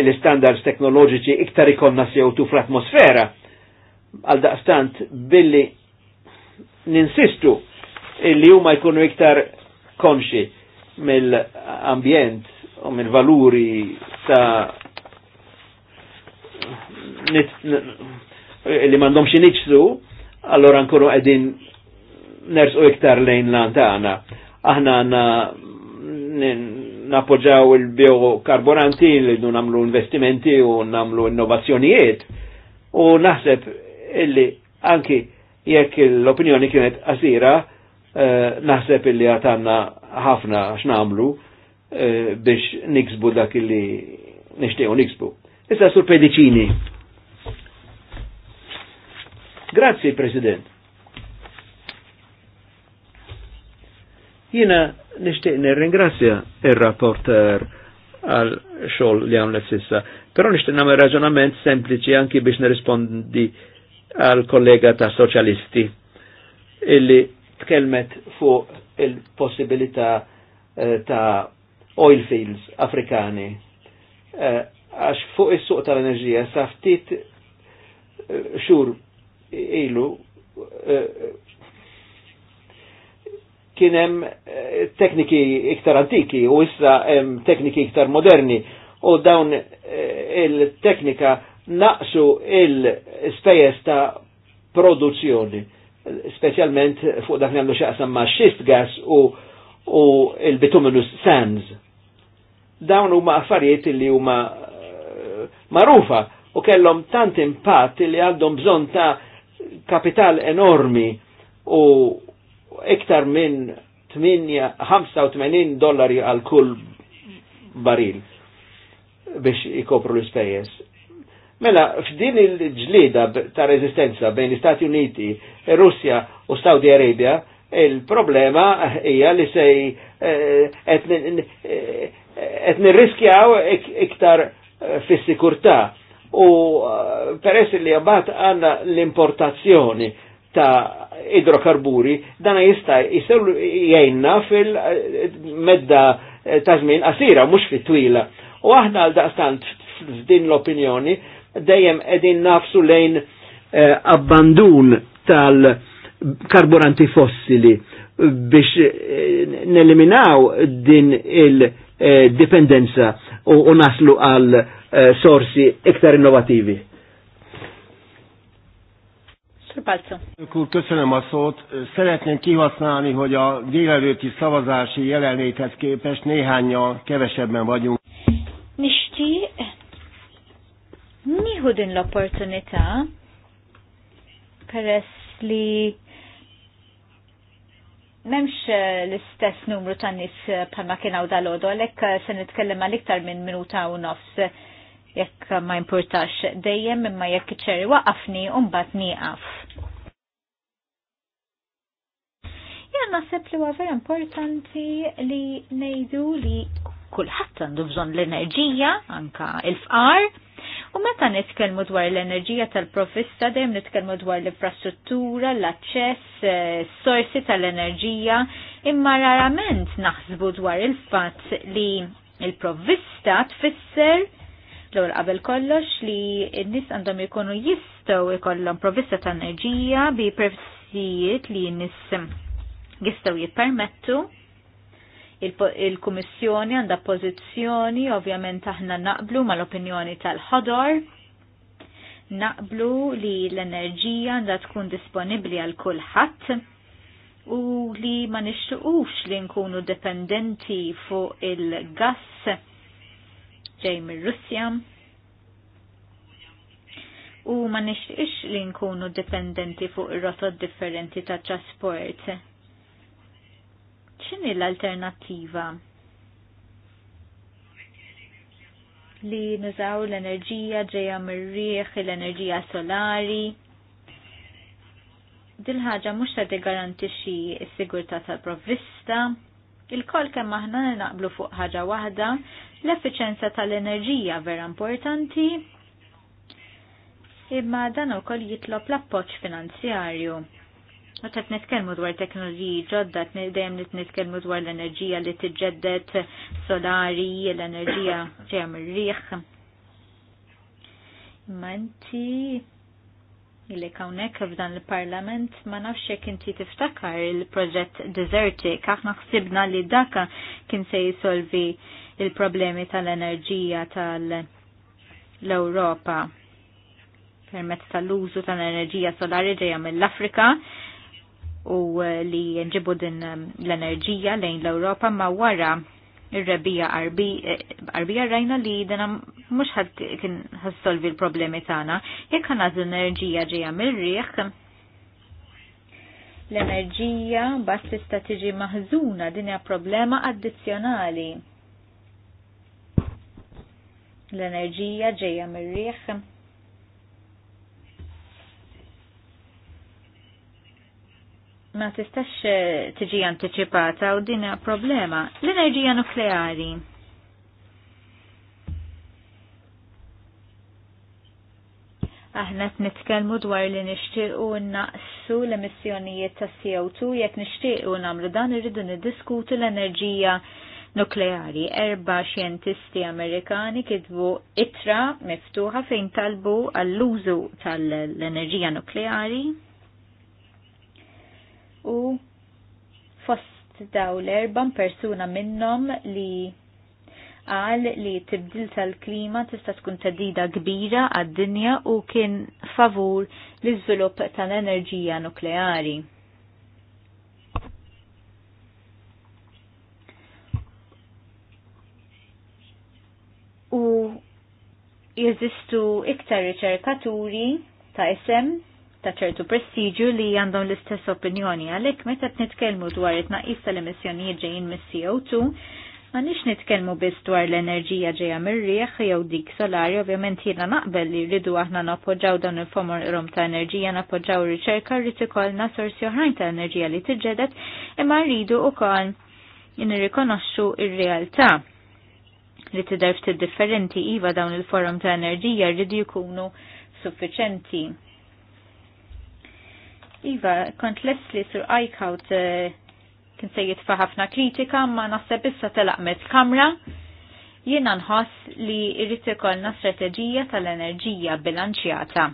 l-standards teknoloġiċi iktar ikonna CO2 fl-atmosfera. Għal daqstant billi ninsistu illi huma jkunu iktar konxi mill-ambjent u mill-valuri ta' li mandom xin iċsu, allora nkunu qegħdin nersu iktar lejn lantana. Aħna għanna napoġaw il-biokarburanti li nu namlu investimenti u namlu innovazzjonijiet u naħseb illi anki jekk l-opinjoni kienet qasira eh, naħseb illi għatanna ħafna x'namlu eh, biex niksbu dak illi nixtiequ niksbu. Issa sur pedicini. Grazzi, President. Jina nishtiq nirringrazzja il-rapporter għal xogħol li għamlet sissa, però nixtieq nagħmel raġunament sempliċi anki biex nirrispondi għal kollega ta' soċjalisti illi tkellmet fuq il-possibilità eh, ta' oil fields afrikani. Eh, għax fuq is-suq tal-enerġija sa ftit eh, xur ilu kien hemm eh, tekniki iktar antiki u issa hemm tekniki iktar moderni u dawn eh, il-teknika naqsu il-spejjeż ta' produzzjoni, specialment fuq dak li għandu xaqsam ma' schist gas u, u il-bituminous sands. Dawn huma affarijiet li huma eh, marufa u kellhom tant impatt li għandhom bżonn ta' kapital enormi u iktar minn 85 dollari għal kull baril biex ikopru l-ispejjeż. Mela, f'din il-ġlida ta' rezistenza bejn l-Istati Uniti, Russja u Saudi Arabia, il-problema hija li sej qed eh, nirriskjaw eh, iktar eh, fis-sikurtà u peress li għabat għanna l-importazzjoni ta' idrokarburi, dana jista' jisir jgħinna fil-medda eh, ta' żmien qasira, mhux fit-twila. U aħna għal daqstant f'din l-opinjoni dejjem qegħdin nafsu lejn eh, abbandun tal-karburanti fossili biex eh, neliminaw din il-dipendenza u, u naslu għal sorsi iktar innovativi. Köszönöm a szót. Szeretném kihasználni, hogy a délelőtti szavazási jelenléthez képest néhányan kevesebben vagyunk. Nisti. mi hudin l-opportunità li memx l-istess numru ta' nis palma kienaw dal-ħodu, għalek se nitkellem għal iktar minn minuta u nofs jekk ma importax dejjem imma jekk ċeri waqafni mbagħad nieqaf. Jena naħseb li huwa vera importanti li ngħidu li kulħadd għandu bżonn l-enerġija, anka il-fqar, U meta nitkellmu dwar l-enerġija tal-provista dejjem nitkellmu dwar l-infrastruttura, l-aċċess, s-sorsi eh, tal-enerġija, imma rarament naħsbu dwar il-fatt li il-provvista tfisser l-ewwel qabel kollox li n-nies għandhom ikunu jistgħu jkollhom provvista ta' enerġija bi prezzijiet li n-nies jistgħu jippermettu. Il-Kummissjoni għandha pożizzjoni, ovvjament aħna naqblu mal-opinjoni tal-ħodor. Naqblu li l-enerġija għandha tkun disponibbli għal kulħadd u li ma nixtuqux li nkunu dependenti fuq il-gass ġej mir-Russja. U ma nixtiqx li nkunu dipendenti fuq ir-rotot differenti ta' trasport. X'inhi l-alternattiva? Li nużaw l-enerġija ġejja mir-rieħ, l-enerġija solari. Dil ħaġa mhux se garantixxi s-sigurtà tal-provvista, Il-kol kemm aħna naqblu fuq ħaġa waħda, l-effiċenza tal-enerġija vera importanti, imma dan ukoll jitlob l-appoġġ finanzjarju. U qed nitkellmu dwar teknoloġiji ġodda dejjem li nitkellmu dwar l-enerġija li t-ġeddet solari, l-enerġija ġem mir-riħ. Imma inti li kawnek f'dan il-parlament ma nafx jekk inti tiftakar il-proġett Desertic. Aħna ħsibna li daka kien se jisolvi il-problemi tal-enerġija tal-Europa permezz tal-użu tal-enerġija solari ġejja mill-Afrika u li nġibu din l-enerġija lejn l-Europa ma wara ir-rebija qarbija rajna li dana mhux ħadd kien ħassolvi l-problemi tagħna. Jekk l enerġija ġejja mil riħ l-enerġija bas tista' tiġi maħżuna din hija problema addizzjonali. L-enerġija ġejja mir-riħ ma tistax eh, tiġi anticipata u dina problema. L-enerġija nukleari. Aħna qed nitkellmu dwar li nixtiequ naqsu l-emissjonijiet ta' CO2 jekk nixtiequ nagħmlu dan irridu niddiskutu l-enerġija nukleari. Erba xjentisti Amerikani kitbu itra miftuħa fejn talbu għall-użu tal-enerġija nukleari u fost daw l-erban persuna minnom li għal li tibdil tal-klima tista' tkun tedida kbira għad-dinja u kien favur l-iżvilupp tal-enerġija nukleari. U jeżistu iktar riċerkaturi ta' isem ta' ċertu prestiġju li għandhom l-istess opinjoni għalhekk meta nitkellmu dwar it-tnaqqis tal-emissjonijiet ġejjin mis-CO2 ma nix nitkelmu biss dwar l-enerġija ġeja mir-rieħ jew dik solari, ovvjament jiena naqbel li rridu aħna nappoġġaw dawn il rom ta' enerġija, nappoġġaw riċerka, rrid ikollna sorsi oħrajn ta' enerġija li tiġġedet, imma rridu wkoll nirrikonoxxu ir-realtà li tidher ftit differenti iva dawn il-forum ta' enerġija rridu jkunu suffiċenti Iva, kont Leslie sur iCout eh, kien se jitfa' ħafna kritika ma naħseb issa telaqmet kamra. Jiena nħoss li irrid ikollna strateġija tal-enerġija bilanċjata.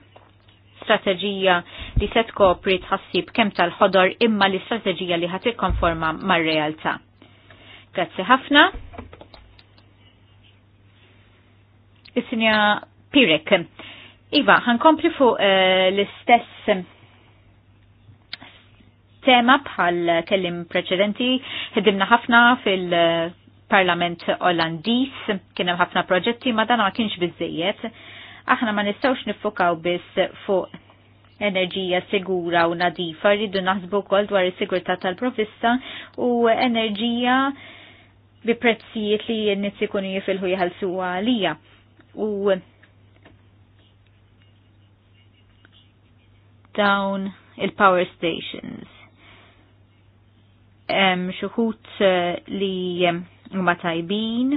Strateġija li se tkopri tħassib kemm tal-ħodor imma li strateġija li ħad ikkonforma mar-realtà. Grazzi ħafna. Is-sinja Pirek. Iva, ħankompli fuq eh, l-istess tema bħal kellim preċedenti, ħedimna ħafna fil- Parlament Olandis, kienem ħafna proġetti, ma dan ma kienx bizzejiet. Aħna ma nistawx nifukaw biss fuq enerġija sigura u nadifa, rridu naħsbu kol dwar is-sigurtà tal-provista u enerġija bi prezzijiet li n-nizzi kunu jifilħu jħalsu għalija. U dawn il-power stations xuħut eh, li huma tajbin,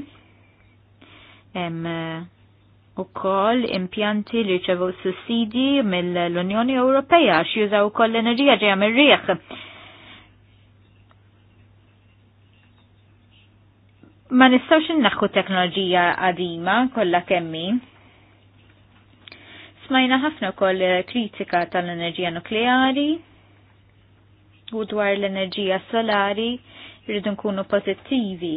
hemm eh, u koll impjanti li ċevu sussidi mill-Unjoni Ewropeja jużaw ukoll l-enerġija ġejja mir riħ Ma nistgħux naħħu teknoloġija qadima kollha kemmi. Smajna ħafna ukoll kritika tal-enerġija nukleari, naħsbu dwar l-enerġija solari rridu nkunu pozittivi.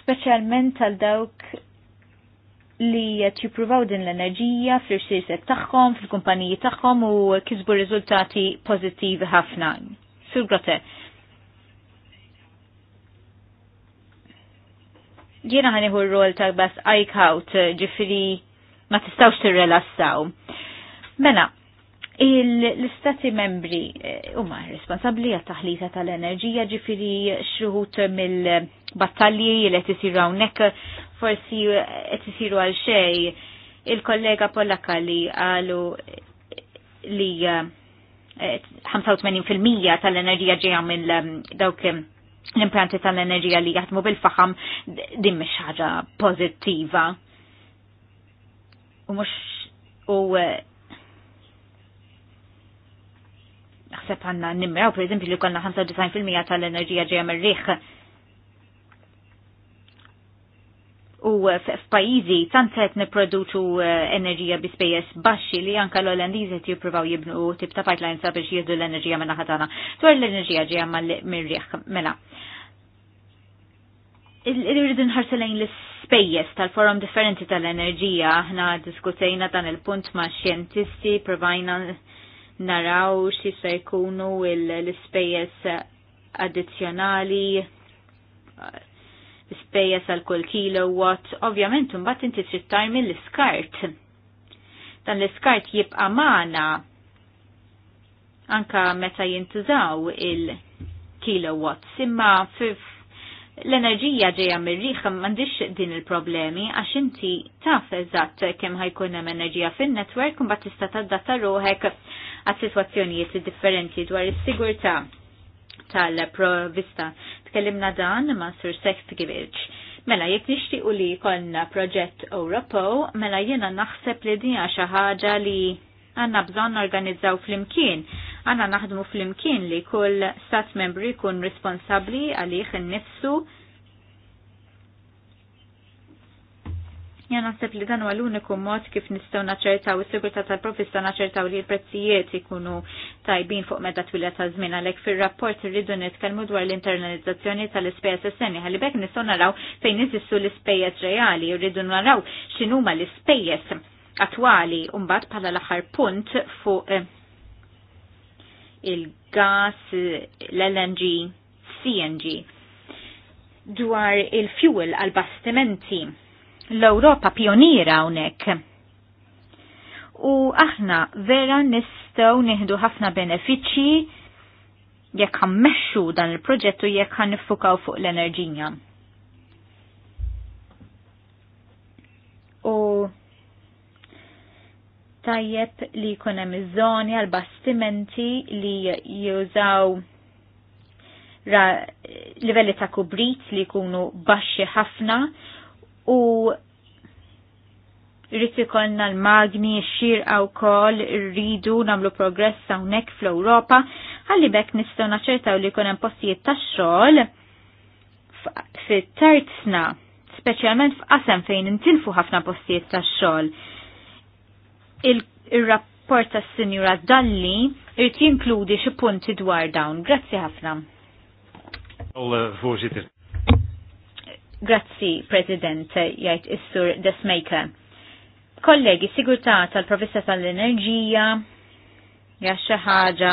Speċjalment għal dawk li qed jippruvaw din l-enerġija fl-irsiset tagħhom, fil-kumpaniji tagħhom u kisbu riżultati pożittivi ħafna. Sur grote. Jiena ħaniħu r-rol ta' bass ike out, ġifiri ma tistawx tirrelassaw. Mela, L-istati membri eh, huma responsabbli għat taħlita tal-enerġija ġifiri xruħut mill-battalji li qed isiru hawnhekk forsi qed isiru għal xej. Il-kollega Pollakali għalu li 85% eh, tal-enerġija ġejja mill eh, dawk l-impranti tal-enerġija li jaħdmu bil-faħam din mhix ħaġa pożittiva. U mhux u naħseb għanna nimraw, per eżempju, li konna 95% tal-enerġija ġeja mir-riħ. U f'pajjiżi tant qed nipproduċu eh, enerġija bi spejjeż baxxi li anke l olandiż qed jippruvaw jibnu tip ta' pipeline sabiex jieħdu l-enerġija minn ħatana. Dwar l-enerġija ġeja mir-riħ mela. Irridu nħarsu lejn l-spejjes tal-forum differenti tal-enerġija, ħna diskutejna dan il-punt ma' xjentisti, provajna naraw se jkunu l-ispejjeż addizzjonali l-ispejjeż għal kull kilowatt, ovvjament imbagħad inti trid tajmi l-iskart. Dan l-iskart jibqa' magħna anka meta jintużaw il-kilowatts, imma l-enerġija ġeja mir-riħ m'għandix din il-problemi għax inti taf eżatt kemm ħajkun hemm enerġija fin-netwerk u mbagħad tista' tadatta ruħek għas situazzjonijiet differenti dwar is-sigurtà tal-provista. Tkellimna dan ma' Sur Sextgivich. Mela jekk nixtiequ li jkollna proġett Europo, mela jiena naħseb li dija xi ħaġa li għandna bżonn organizzaw flimkien. Għanna naħdmu flimkien li kull stat membri jkun responsabbli għalih innifsu Jena naħseb li dan huwa l-uniku mod kif nistgħu naċċertaw is sigurta tal-provvista naċċertaw li l-prezzijiet ikunu tajbin fuq meta twila ta' żmien għalhekk fir-rapport irridu nitkellmu dwar l-internalizzazzjoni tal-ispejjeż is-seni ħalli bekk nistgħu naraw fejn iżissu l-ispejjeż reali, irridu naraw x'inhuma l-ispejjeż attwali mbagħad bħala l-aħħar punt fuq eh, il-gas, l-LNG, CNG dwar il-fuel għal-bastimenti l-Ewropa pioniera hawnhekk. U aħna vera nistgħu nieħdu ħafna benefiċċji jekk ħammexxu dan il-proġett u jekk ħannifukaw fuq l-enerġija. U tajjeb li jkun hemm iż-żoni għal bastimenti li jużaw livelli ta' kubrit li jkunu baxxi ħafna u rritu ikonna l-magni xirqa u kol rridu namlu progress hawnhekk fl-Ewropa ħalli bekk nistgħu naċertaw li jkun hemm postijiet tax-xogħol fit-tert sna, speċjalment f'qasem fejn intilfu ħafna postijiet tax-xogħol. Il-rapport tas-Sinjura Dalli irti jinkludi xi punti dwar dawn. Grazzi ħafna. Uh, voorzitter. Grazzi, President, jgħid is-Sur Desmaker. Kollegi, sigurta tal-provista tal-enerġija jaxa xi ħaġa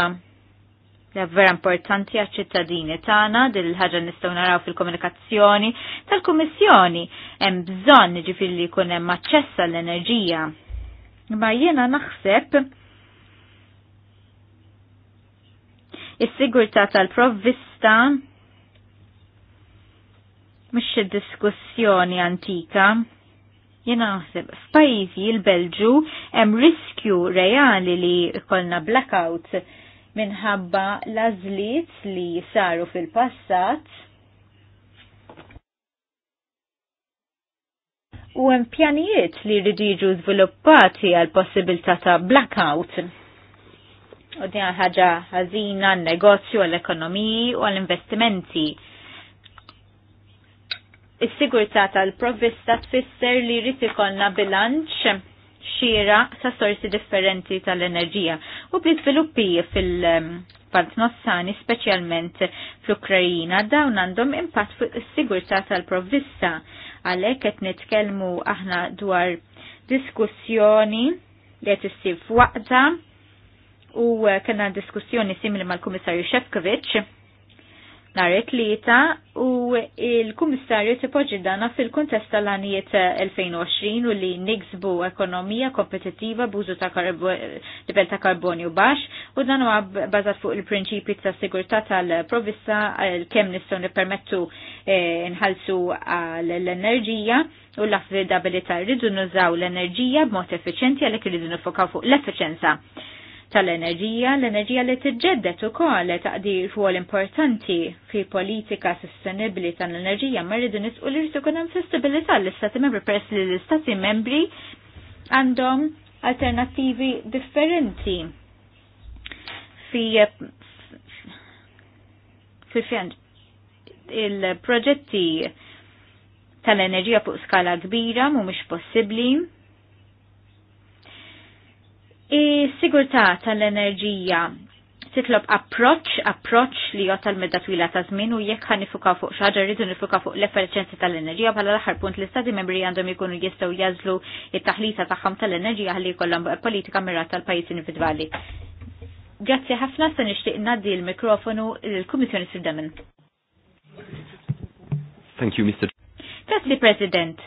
li vera importanti għax ċittadini tagħna din ħaġa nistgħu naraw fil-komunikazzjoni tal-Kummissjoni hemm bżonn jiġifieri li jkun hemm aċċess għall-enerġija. Ma jiena naħseb is-sigurtà tal-provvista mux diskussjoni antika. Jena naħseb, f'pajizi il-Belġu hemm riskju reali li kolna blackout minħabba lażliet li saru fil-passat. U hemm pjanijiet li jridu jiġu żviluppati għal possibilità ta' blackout. U din ħaġa ħażina għan-negozju għall-ekonomiji u għall-investimenti. ekonomiji u għall ekonomiji u għall investimenti Is-sigurtà tal-provvista tfisser li jrid ikollna bilanċ xira sa' sorsi differenti tal-enerġija u bli sviluppi fil-Valt Nossani, speċjalment fl-Ukrajina, dawn għandhom impatt fuq is-sigurtà tal-provvista. Għalhekk qed nitkellmu aħna dwar diskussjoni li qed issir fwaqda, u kena diskussjoni simili mal-Kummissarju Shevkovic nhar it-tlieta u il-Kummissarju tipoġġi dana fil-kuntest tal-għanijiet 2020 u li niksbu ekonomija kompetittiva b'użu ta' livell ta' karbonju baxx u dan huwa bbażat fuq il-prinċipji ta' sigurtà tal-provissa eh, kemm nistgħu nippermettu eh, nħallsu l-enerġija u l-affidabilità rridu nużaw l-enerġija b'mod effiċenti għalhekk irridu nifokaw fuq l-effiċenza tal-enerġija, l-enerġija li u ukoll taqdi ruol importanti fi politika sostenibbli tal-enerġija ma rridu nisqu li rritu hemm festibilità l-istati membri peress li l-istati membri għandhom alternattivi differenti fi fi il-proġetti tal-enerġija fuq skala kbira mhumiex possibbli Is-sigurtà tal-enerġija titlob approċ, approċ li jgħat tal-medda twila ta' żmien u jekk ħan nifuka fuq xaġa rridu nifuka fuq l-efferċenzi tal-enerġija bħala l-aħħar punt li stati membri għandhom ikunu jistgħu jażlu it-taħlita tagħhom tal-enerġija ħalli jkollhom politika mirat tal-pajjiż individwali. Grazzi ħafna se nixtieq ngħaddi l-mikrofonu lill-Kummissjoni Sirdemen. Thank you, Mr. Grazzi President.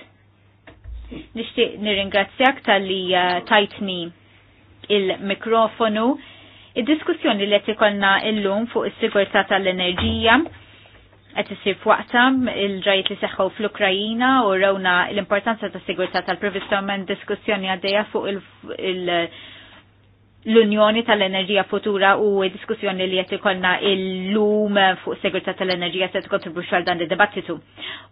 Nixtieq nirringrazzjak tal-li uh, tajtni il-mikrofonu. Id-diskussjoni li qed ikollna llum fuq is-sigurtà tal-enerġija qed isir f'waqta il-ġajt li seħħu fl-Ukrajina u rawna l-importanza ta' sigurtà tal-provistament diskussjoni għaddejja fuq l-Unjoni tal-Enerġija Futura u diskussjoni li qed ikollna lum fuq sigurtà tal-enerġija se kontribux għal dan id-dibattitu.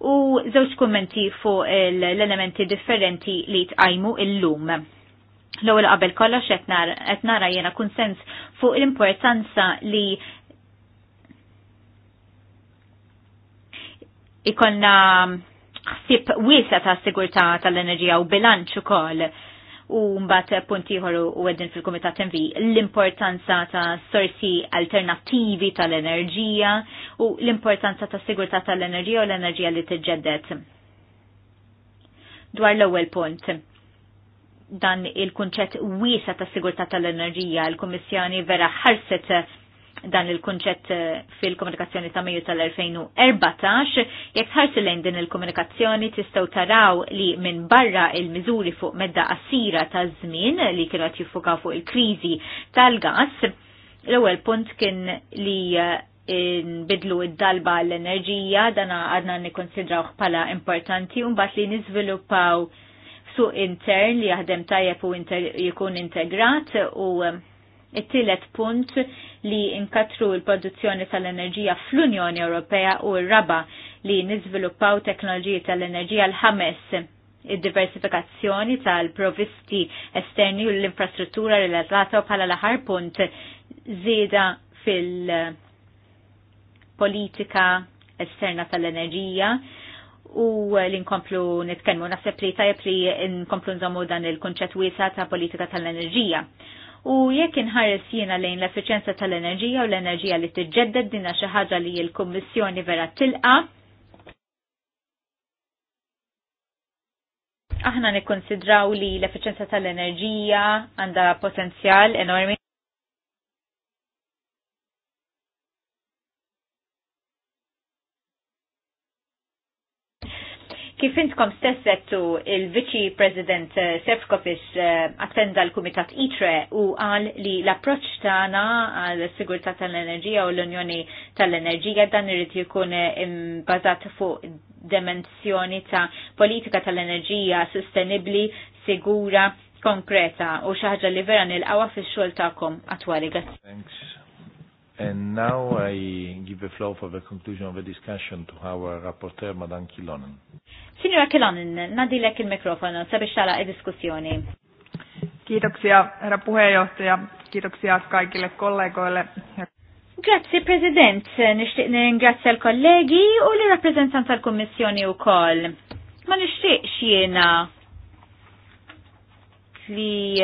U żewġ kummenti fuq l-elementi differenti li tqajmu illum. L-ewwel qabel kollox qed nara jiena kunsens fuq l-importanza li ikolna ħsib wiesa ta' sigurtà tal-enerġija u bilanċ ukoll u mbagħad punt ieħor u għeddin fil-Kumitat MV l-importanza ta' sorsi alternattivi tal-enerġija u l-importanza ta' sigurtà tal-enerġija u l-enerġija li tiġġedded. Dwar l-ewwel punt dan il-kunċett wiesa ta' sigurtà tal-enerġija. Il-Kummissjoni vera ħarset dan il-kunċett fil-komunikazzjoni ta' Mejju tal-2014, jekk tħarsu lejn din il-komunikazzjoni tistgħu taraw li minn barra il-miżuri fuq medda qasira ta' żmien li kienu qed jiffukaw fuq il-kriżi tal-gas, l-ewwel punt kien li eh, nbidlu id-dalba l-enerġija, dan għadna nikonsidrawh bħala importanti, un bat li nizviluppaw suq intern li jaħdem tajjeb u jkun integrat u um, it-tielet punt li inkatru l-produzzjoni tal-enerġija fl-Unjoni Ewropea u r-raba li niżviluppaw teknoloġiji tal-enerġija l-ħames id-diversifikazzjoni tal-provisti esterni u l-infrastruttura relatata bħala l-aħar punt zieda fil-politika esterna tal-enerġija u li nkomplu nitkellmu naħseb li tajjeb li nkomplu nżommu dan il-kunċett wisa ta' politika tal-enerġija. U jekk inħares jiena lejn l-effiċenza tal-enerġija u l-enerġija li tiġġedded dinna xi ħaġa li l-Kummissjoni vera tilqa. Aħna nikkonsidraw li l-effiċenza tal-enerġija għandha potenzjal enormi Kif intkom stessettu il-Viċi President eh, Sefkovic eh, attenda l-Kumitat ITRE u għal li l-approċ tagħna għal sigurtà tal-enerġija u l-Unjoni tal-Enerġija dan irid jkun eh, imbażat fuq dimensjoni ta' politika tal-enerġija sostenibbli, sigura, konkreta u xi ħaġa li vera nilqgħa fix-xogħol tagħkom attwali. Thanks. And now I give the floor for the conclusion of the discussion to our rapporteur, Madame Kilonen. Signora Kilonen, nadilek il mikrofono sabiex tala diskussjoni. Kiitoksia, herra puheenjohtaja. Kiitoksia kaikille kollegoille. Grazzi, President. Nishtiq ringrazzja l-kollegi u l-rappresentant tal-Kommissjoni u koll. Ma nishtiq jiena li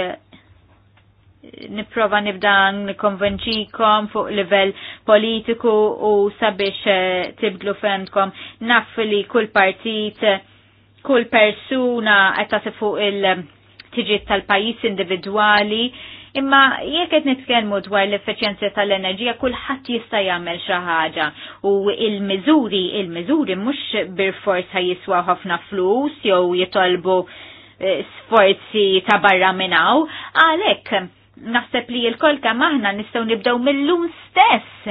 niprofa nibda nikonvenċikom fuq livell politiku u sabiex eh, tibdlu fendkom Naf li kull partit, eh, kull persuna għetta fuq il tiġiet tal-pajis individuali, imma jekk qed nitkellmu dwar l-effiċjenza tal-enerġija kulħadd jista' jagħmel xi ħaġa u il-miżuri il-miżuri mhux birfors jiswa ħafna flus jew jitolbu eh, sforzi ta' barra minnaw, għalhekk naħseb li l-kol kam aħna nistgħu nibdew mill-lum stess.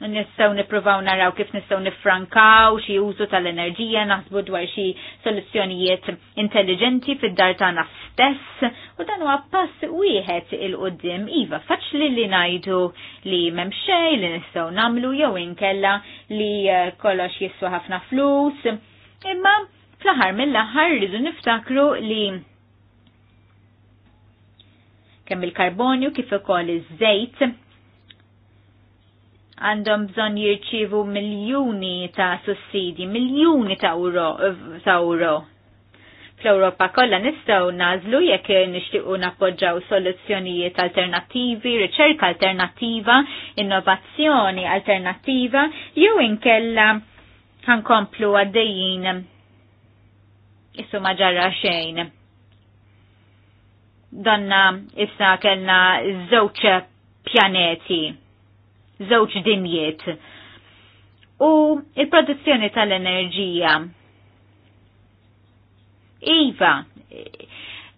Nistgħu nippruvaw naraw kif nistgħu nifrankaw xi użu tal-enerġija, naħsbu dwar xi soluzzjonijiet intelligenti fid-dar tagħna stess u dan huwa pass wieħed il qudiem iva faċli li ngħidu li m'hemm xejn li nistgħu nagħmlu jew inkella li eh, kollox jiswa ħafna flus. Imma fl-aħħar mill-aħħar rridu niftakru li kemm il-karbonju kif ukoll iż-żejt għandhom bżonn jirċivu miljuni ta' sussidi, miljuni ta' euro, ta' euro. Fl-Ewropa kollha nistgħu nażlu jekk nixtiequ nappoġġaw soluzzjonijiet alternattivi, riċerka alternattiva, innovazzjoni alternattiva, jew inkella ħankomplu għaddejjin issu ma ġarra xejn donna issa kellna żewġ pjaneti, żewġ dinjiet. U il-produzzjoni tal-enerġija. Iva,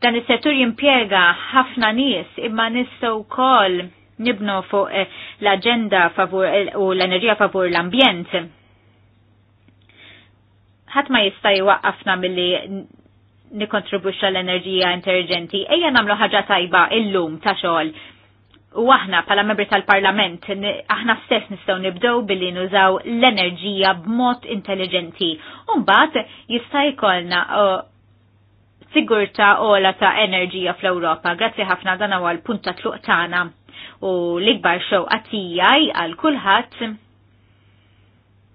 dan is-settur jimpjega ħafna nies imma nistgħu wkoll nibnu fuq eh, l-aġenda eh, u l-enerġija favur l-ambjent. Ħadd ma jista' jwaqqafna milli nikontribwixxa l-enerġija intelligenti. Ejja namlu ħaġa tajba illum ta' xogħol. U aħna pala membri tal-Parlament, aħna stess nistgħu nibdew billi nużaw l-enerġija b'mod intelligenti. mbagħad jista' jkollna sigurta ola ta' enerġija fl-Ewropa. Grazzi ħafna dan huwa l-punt ta' tluq tagħna u l-ikbar xew tiegħi għal kulħadd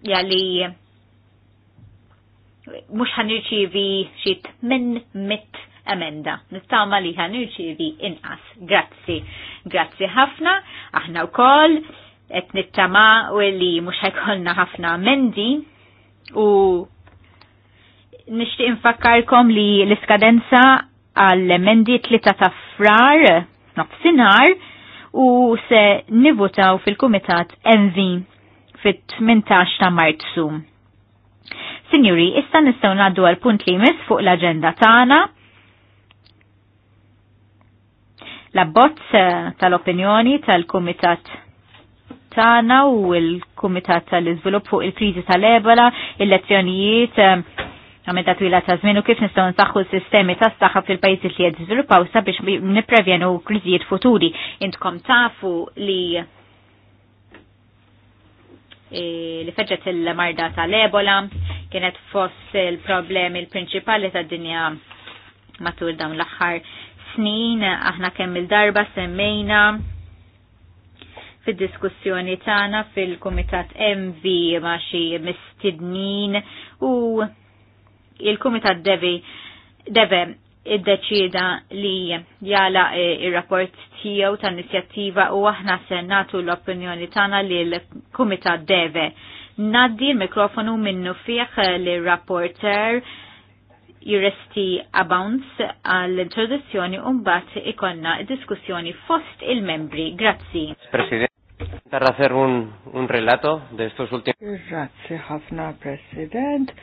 jalli mux ħanirċivi xit minn mit emenda. Nittama li ħanirċivi inqas. Grazzi. Grazzi ħafna. Aħna u koll. Et nittama u li mux ħajkolna ħafna mendi. U nishtiq infakkarkom li l-iskadenza għall-emendi 3 ta' frar nofsinar u se nivutaw fil-Kumitat Enzi fit-18 ta' Marzu. Signori, issa nistgħu ngħaddu għal punt li jmiss fuq l agenda tagħna. L-abbozz tal-opinjoni tal-Kumitat tagħna u l-Kumitat tal-Iżvilupp fuq il-kriżi tal-Ebola, il-lezzjonijiet eh, għamilta twila ta' żmien u kif nistgħu nsaħħu s-sistemi ta' saħħa fil-pajjiżi li qed jiżviluppaw sabiex niprevjenu kriżijiet futuri. Intkom tafu li li feġġet il-marda tal-Ebola kienet fost il-problemi l-prinċipali tad-dinja matul dawn l-aħħar snin aħna kemm il-darba semmejna fid-diskussjoni tagħna fil-Kumitat MV ma' xi mistidnin u il-Kumitat deve Deve deċida li jala eh, ir-rapport tijaw ta' inizjattiva u aħna senatu l-opinjoni tana li l kumitat Deve. Naddi l-mikrofonu minnu fiħ li rapporter Juresti Abounds għall-introduzzjoni un bat ikonna diskussjoni fost il-membri. Grazzi. President, tarra fer un, un relato de estos ultimi. Grazzi ħafna, President.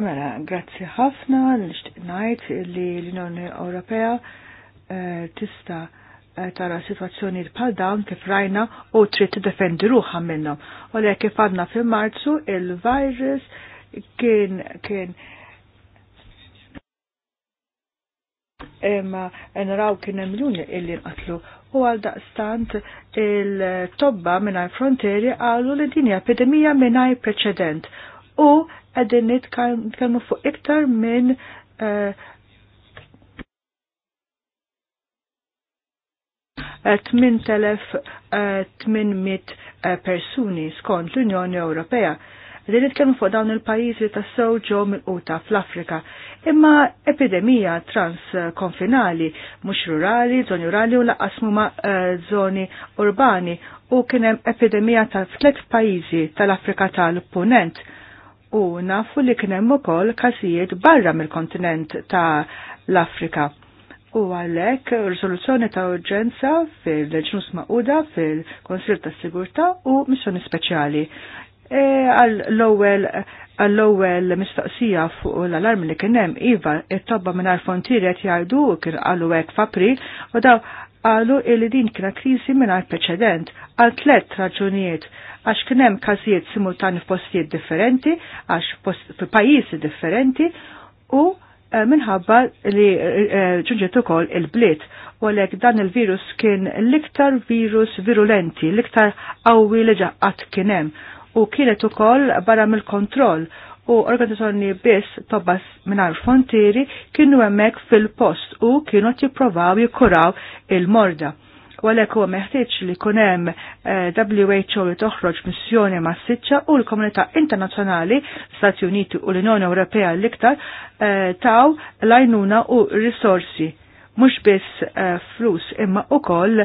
Mela, grazzi ħafna, nishtiq najt li l-Unjoni Ewropea Eh, tista eh, tara situazzjoni bħal dawn kif rajna u trid tiddefendi ruħha minnhom. U lek kif għadna fil Marzu il-virus kien kien imma eh, naraw kien hemm miljuni illi nqatlu u għal daqstant il-tobba mingħajr fronteri qalu li din epidemija mingħajr preċedent u qegħdin nitkellmu fuq iktar minn uh, 8800 eh, eh, persuni skont l-Unjoni Ewropea. Din nitkellmu fuq dawn il-pajjiżi tas-sew ġew mill-quta fl-Afrika. Imma epidemija transkonfinali mhux rurali, żoni rurali u laqas huma eh, żoni urbani u kien hemm epidemija ta' tliet pajjiżi tal-Afrika tal-Punent u nafu li kien hemm ukoll każijiet barra mill-kontinent ta' l-Afrika. U għalek risoluzzjoni ta' urġenza fil-ġnus ma'uda fil-Konsil ta' Sigurta u missjoni speċjali. E, għall-ewwel għall-ewwel mistoqsija fuq l-alarm li kien hemm iva it-tobba mingħajr fontieri qed jgħidu kien qalu hekk f'April u daw qalu li din kienet kriżi mingħajr preċedent għal tliet raġunijiet għax kien hemm każijiet simultani f'postijiet differenti, għax f'pajjiżi differenti u Eh, minħabba li eh, ġunġet ukoll il-bliet u għalek dan il-virus kien l-iktar virus virulenti, l-iktar qawwi li ġaqqat kienem u kienet ukoll barra mill-kontroll u organizzazzjoni biss tobbas minar frontieri kienu hemmhekk fil-post u kienu jipprovaw jikkuraw il-morda U meħtieċ meħtieġ li jkun hemm eh, WHO li toħroġ missjoni mas-siċċa u l-komunità internazzjonali, Stati Uniti u l-Unjoni Ewropea l-iktar eh, taw lajnuna u risorsi mux biss eh, flus imma u koll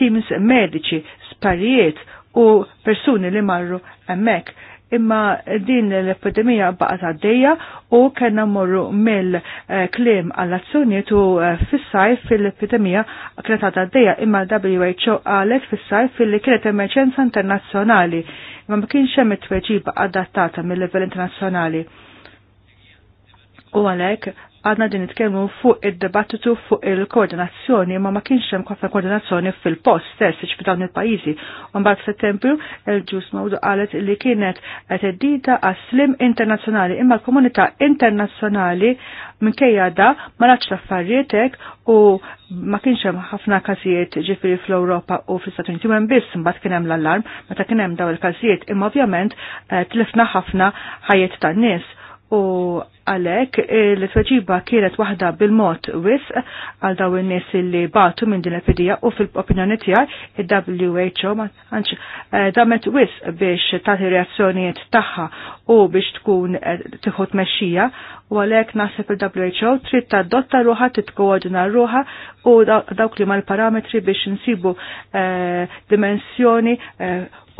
teams medici, sparijiet u persuni li marru emmek imma din l-epidemija baqa' għaddeja u kellna morru mill-klim eh, għall-azzjonijiet u eh, fis-sajf fil-epidemija ta' għaddejja imma WHO għalet fis fil-li kienet emerġenza internazzjonali imma ma kienx hemm it-tweġiba adattata mill-livell internazzjonali. U għalhekk għadna din nitkellmu fuq id-debattitu fuq il-koordinazzjoni, ma ma kienx hemm ħafna koordinazzjoni fil-post stess iġbi dawn il-pajjiżi. Mbagħad f'Settembru il-ġus Mawdu qalet li kienet teddita għas-slim internazzjonali imma l-komunità internazzjonali minkejja da ma nafx affarietek u ma kienx hemm ħafna każijiet ġifieri fl-Ewropa u fl-Istati Uniti hemm biss mbagħad kien hemm l-allarm meta kien hemm daw il-każijiet imma ovvjament eh, tlifna ħafna ħajjiet tan-nies u għalek l-tweġiba kienet waħda bil-mod wis għal daw in-nies li batu minn din l-epidija u fil-opinjoni tijaj il-WHO ma eh, damet wis biex tagħti reazzjonijiet tagħha u biex tkun eh, tieħu tmexxija u għalhekk naħseb il-WHO trid tadotta ruħha titkoordina ruħa u dawk li mal-parametri biex insibu eh, dimensjoni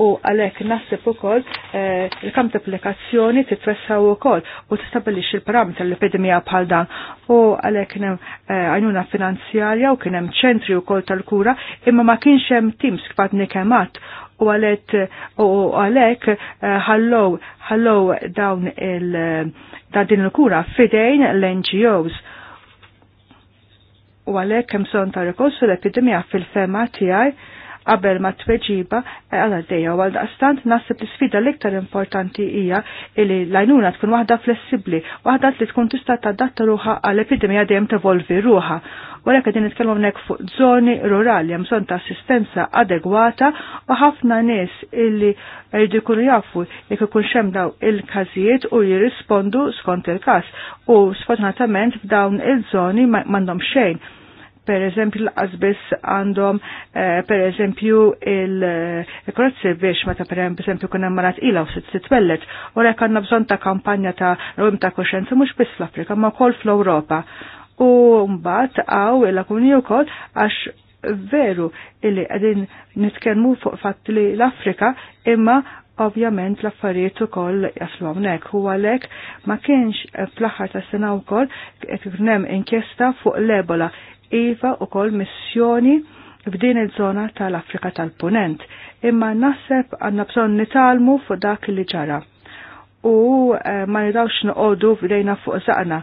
u għalek nasib u kol eh, il-kam ta' applikazzjoni titwessaw u kol u tistabilix il-parametri l-epidemija bħal dan u għalek kienem eh, għajnuna finanzjarja u kienem ċentri u kol tal-kura imma ma kienx hemm teams kfat nikemat u għalet u għalek eh, ħallow ħallow dawn il da din il-kura fidejn l-NGOs u għalek kemson ta' rekos l-epidemija fil-fema tijaj qabel ma tweġiba eh, għal dejja u għal daqstant nasib li sfida l-iktar importanti hija li l-għajnuna tkun waħda flessibli, waħda li tkun tista' tadatta ruħa għal epidemija dejjem tevolvi ruħa. Wara għedin nitkellmu nek fuq żoni rurali hemm bżonn ta' assistenza adegwata u ħafna nies illi jridu jkunu jafu jekk ikun xemm daw il-każijiet u jirrispondu skont il-każ u sfortunatament f'dawn il-żoni m'għandhom xejn per eżempju l-qasbis għandhom eh, per eżempju il-krozzi biex meta per eżempju kun hemm malat ila u titwellet. U rek għandna bżonn ta' kampanja ta' rum ta' koxenza mhux biss fl-Afrika ma' wkoll fl-Ewropa. U mbagħad għaw il u wkoll għax veru illi għedin nitkenmu fuq fatt li l-Afrika imma ovvjament l-affarijiet ukoll jaslu hawnhekk. U għalhekk ma kienx fl-aħħar tas-sena wkoll kien hemm inkjesta fuq l-Ebola iva u kol missjoni f'din il-zona tal-Afrika tal-Punent, imma naħseb għanna bżon nitalmu fuq dak li ġara. U eh, ma nidawx noqogħdu f'dejna fuq zaqna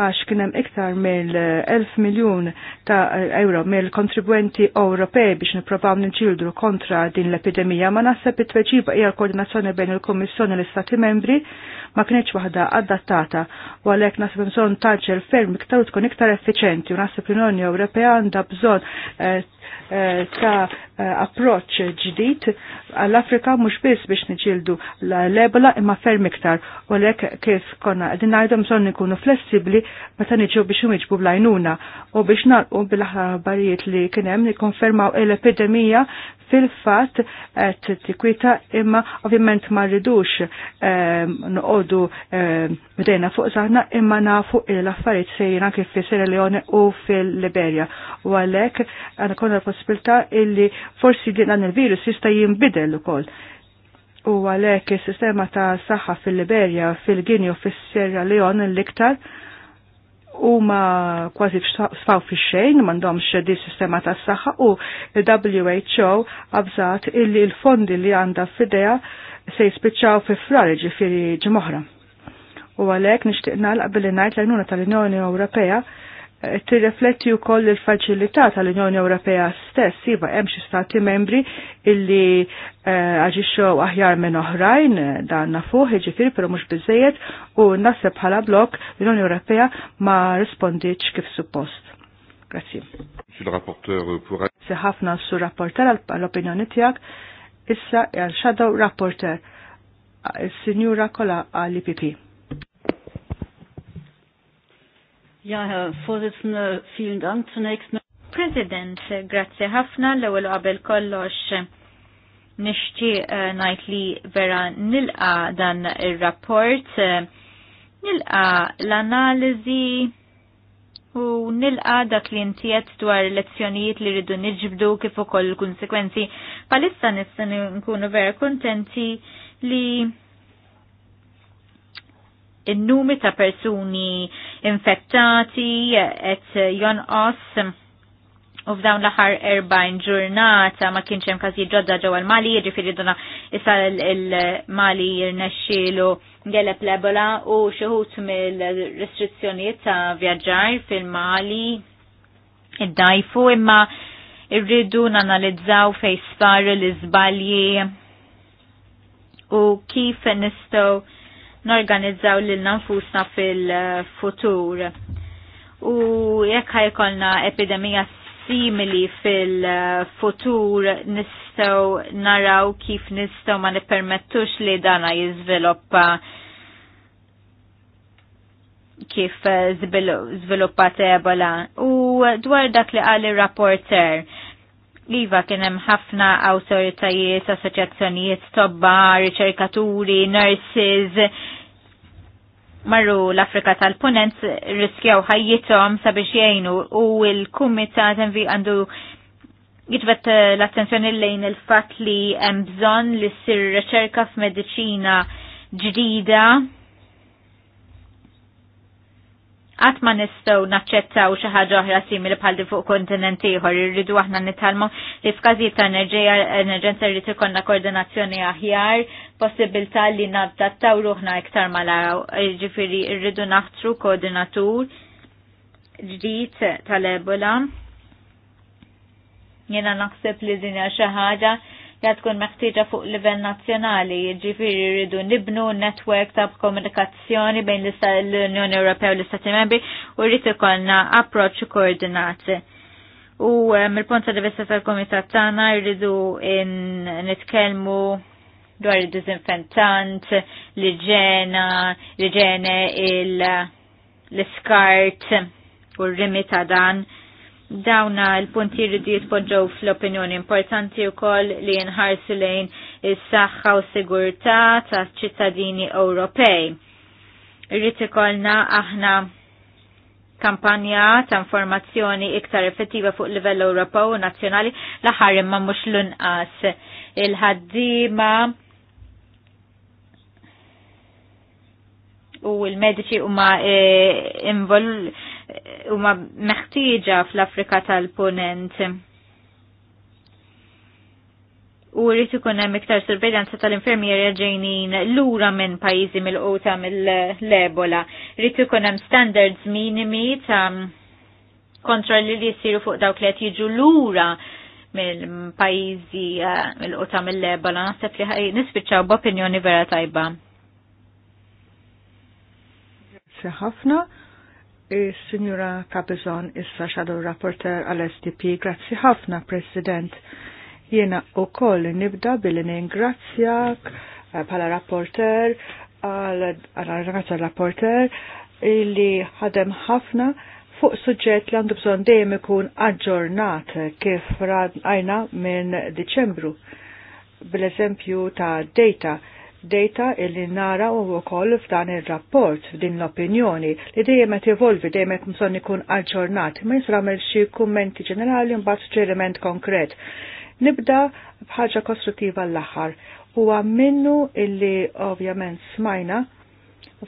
għax kienem iktar mill-1000 eh, miljon ta' euro mill-kontribwenti Ewropej biex niprofaw nġildru kontra din l-epidemija ma naħseb it-tweġiba hija l-koordinazzjoni bejn il-Kommissjoni l-Istati membri ma kienx waħda adattata u għalhekk naħseb bżonn taġġel ferm iktar tkun iktar effiċenti u naħseb l-Unjoni Ewropea għandha bżonn eh, Eh, ta' eh, approċ ġdid għall-Afrika mhux biss biex niġildu l-ebola imma ferm iktar u lek kif konna qegħdin ngħidu bżonn ikunu flessibbli meta niġu biex imiġbu blajnuna u biex nagħlqu bil-aħbarijiet li kien hemm nikkonfermaw l-epidemija fil-fatt qed tikwita imma ovvjament ma rridux eh, noqogħdu bdejna fuq saħna imma nafu l-affarijiet sejjina kif fis Sierra Leone u fil-Liberja u għalhekk dawn il-possibilità illi forsi din dan il-virus jista' jinbidel ukoll. U għalhekk is-sistema ta' saħħa fil-Liberja, fil-Ginju, fis-Sierra Leone l-iktar huma kważi sfaw fi xejn m'għandhomx xeddi sistema tas saħħa u il-WHO abżat illi l-fondi li għandha f'idea se jispiċċaw fi frari ġifieri ġimoħra. U għalhekk nixtieq l billi ngħid l-għajnuna tal-Unjoni Ewropea u wkoll il-faċilità tal-Unjoni Ewropea stess iva hemm xi stati membri illi eh, aġixxew aħjar minn oħrajn eh, dan nafuh jiġifieri però mhux biżejjed u naħseb bħala blok l-Unjoni Ewropea ma rispondiċ kif suppost. Grazie. Monsieur le rapporteur euh, pour Se ħafna sur rapporter għall-opinjoni tiegħek issa għal shadow rapporter is-Sinjura eh, Kola għall-IPP. Ja, Herr Vorsitzender, vielen Dank zunächst. President, grazie ħafna l-ewwel qabel kollox nixtieq eh, ngħid li vera nilqa dan ir-rapport, eh, nilqa l-analiżi u nilqa dak li intiet dwar lezzjonijiet li rridu niġbdu kif ukoll il-konsekwenzi. Palissa nista' nkunu vera kontenti li in numri ta' persuni infettati et jonqos u f'dawn l-aħħar 40 ġurnata ma kienx hemm każijiet ġodda ġewwa l-Mali, jiġifieri dona issa l-Mali jirnexxielu geleb l-Ebola u xi mill-restrizzjonijiet ta' vjaġġar fil-Mali id-dajfu imma irridu nanalizzaw fej spar l-iżbalji u kif nistgħu norganizzaw lil nfusna fil-futur. U jekk ħajkolna epidemija simili fil-futur nistaw naraw kif nistaw ma nipermettux li dana jizviluppa kif zviluppa ebola. U dwar dak li għali rapporter, Iva kienem ħafna awtoritajiet, assoċjazzjonijiet, tobba, riċerkaturi, nurses, marru l-Afrika tal-Punent riskjaw ħajjithom sabiex jgħinu u l-kumitat envi għandu jitbet l-attenzjoni lejn il-fat li hemm bżonn li ssir riċerka f'mediċina ġdida Qatt ma nistgħu naċċettaw xi ħaġa oħra simili bħal di fuq kontinent ieħor, irridu aħna nitalmu li f'każijiet ta' enerġija emerġenza rrid ikollna koordinazzjoni aħjar, possibilità li nadattaw ruħna iktar malaw, ġifieri rridu naħtru koordinatur ġdid tal-Ebola. Jiena naħseb li dinja xi ħaġa li tkun meħtieġa fuq livell nazzjonali, jiġifieri rridu nibnu netwerk ta' komunikazzjoni bejn l-Unjoni Ewropea u l-Istati Membri u rrid ikollna approċċ koordinati. U mill-punt ehm, ta' vista tal-Komitat tagħna rridu nitkellmu dwar il-dizinfettant, l-ġena, l-ġene, l-skart u r-rimi ta' dan dawna l-punti rridu jitpoġġow fl-opinjoni importanti u koll li nħarsu lejn is-saħħa u sigurtà ta' ċittadini Ewropej. Irrid ikollna aħna kampanja ta' informazzjoni iktar effettiva fuq livell Ewropew u nazzjonali l-aħħar imma mhux l-inqas il-ħaddiema u l-mediċi huma eh, invol huma meħtieġa fl-Afrika tal-Ponent. U rrit ikun hemm iktar sorveljanza tal-infermierja ġejnin lura minn pajjiżi mill qota mill-ebola. Rrit ikun hemm standards minimi ta' kontrolli li jsiru fuq dawk li qed jiġu lura mill-pajjiżi eh, mill qota mill-ebola. Naħseb li nispiċċaw b'opinjoni vera tajba. Grazzi ħafna. Signora Cabezon, issa Shadow Rapporter għal-SDP, grazzi ħafna, President. Jena u koll nibda billi ningrazzjak eh, pala rapporter, għal-ragazza rapporter, illi ħadem ħafna fuq suġġett li għandu bżon dejjem ikun aġġornat kif għajna minn Diċembru, bil-eżempju ta' data data illi nara u wkoll f'dan ir-rapport f'din l-opinjoni li dejjem qed evolvi dejjem qed mson ikun aġġornat ma jisramel xi kummenti ġenerali mbagħad suġġeriment konkret. Nibda bħaġa kostruttiva l-aħħar. Huwa minnu illi ovvjament smajna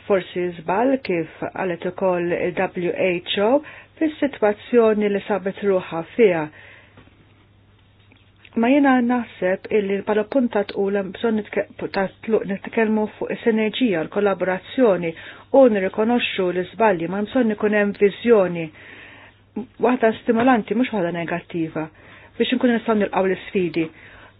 forsi żball kif qalet ukoll WHO fis-sitwazzjoni li sabet ruħa fiha Ma jena naħseb illi pala punta u l bżon nitkelmu fuq sinerġija, l-kollaborazzjoni u nirrikonoxxu l-izballi, ma bżon nikun hemm viżjoni waħda stimolanti mhux waħda negattiva biex nkun nistgħu nilqgħu l-isfidi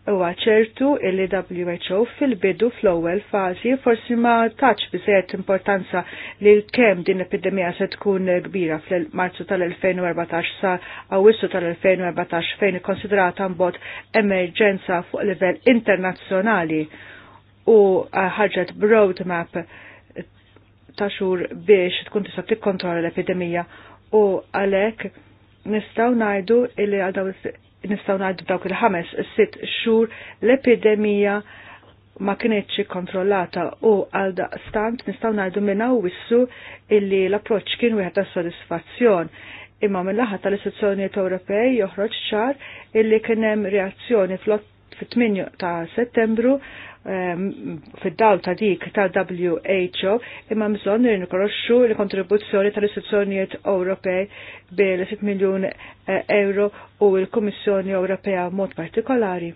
Huwa ċertu illi WHO fil-bidu fl-ewwel fażi forsi ma taċ biżejjed importanza li kemm din l-epidemija se tkun kbira fl-Marzu tal-2014 sa Awwissu tal-2014 fejn ikkonsidrata mbagħad emerġenza fuq livell internazzjonali u uh, ħarġet roadmap ta' xhur biex tkun tista' tikkontrolla l-epidemija u għalhekk nistgħu ngħidu illi għal nistaw ngħidu dawk il-ħames sitt xhur l-epidemija ma kienieċ kontrollata u għal stant nistaw ngħidu minna u wissu illi l-approċċ kien wieħed ta' sodisfazzjon imma mill laħat tal-istituzzjonijiet Ewropej joħroġ ċar illi kien hemm reazzjoni fl-8 ta' Settembru fid-dawl ta' dik ta' WHO imma bżonn li nikoroxxu l-kontribuzzjoni tal-istituzzjonijiet Ewropej bil-6 miljun eh, euro u l-Kummissjoni Ewropea mod partikolari.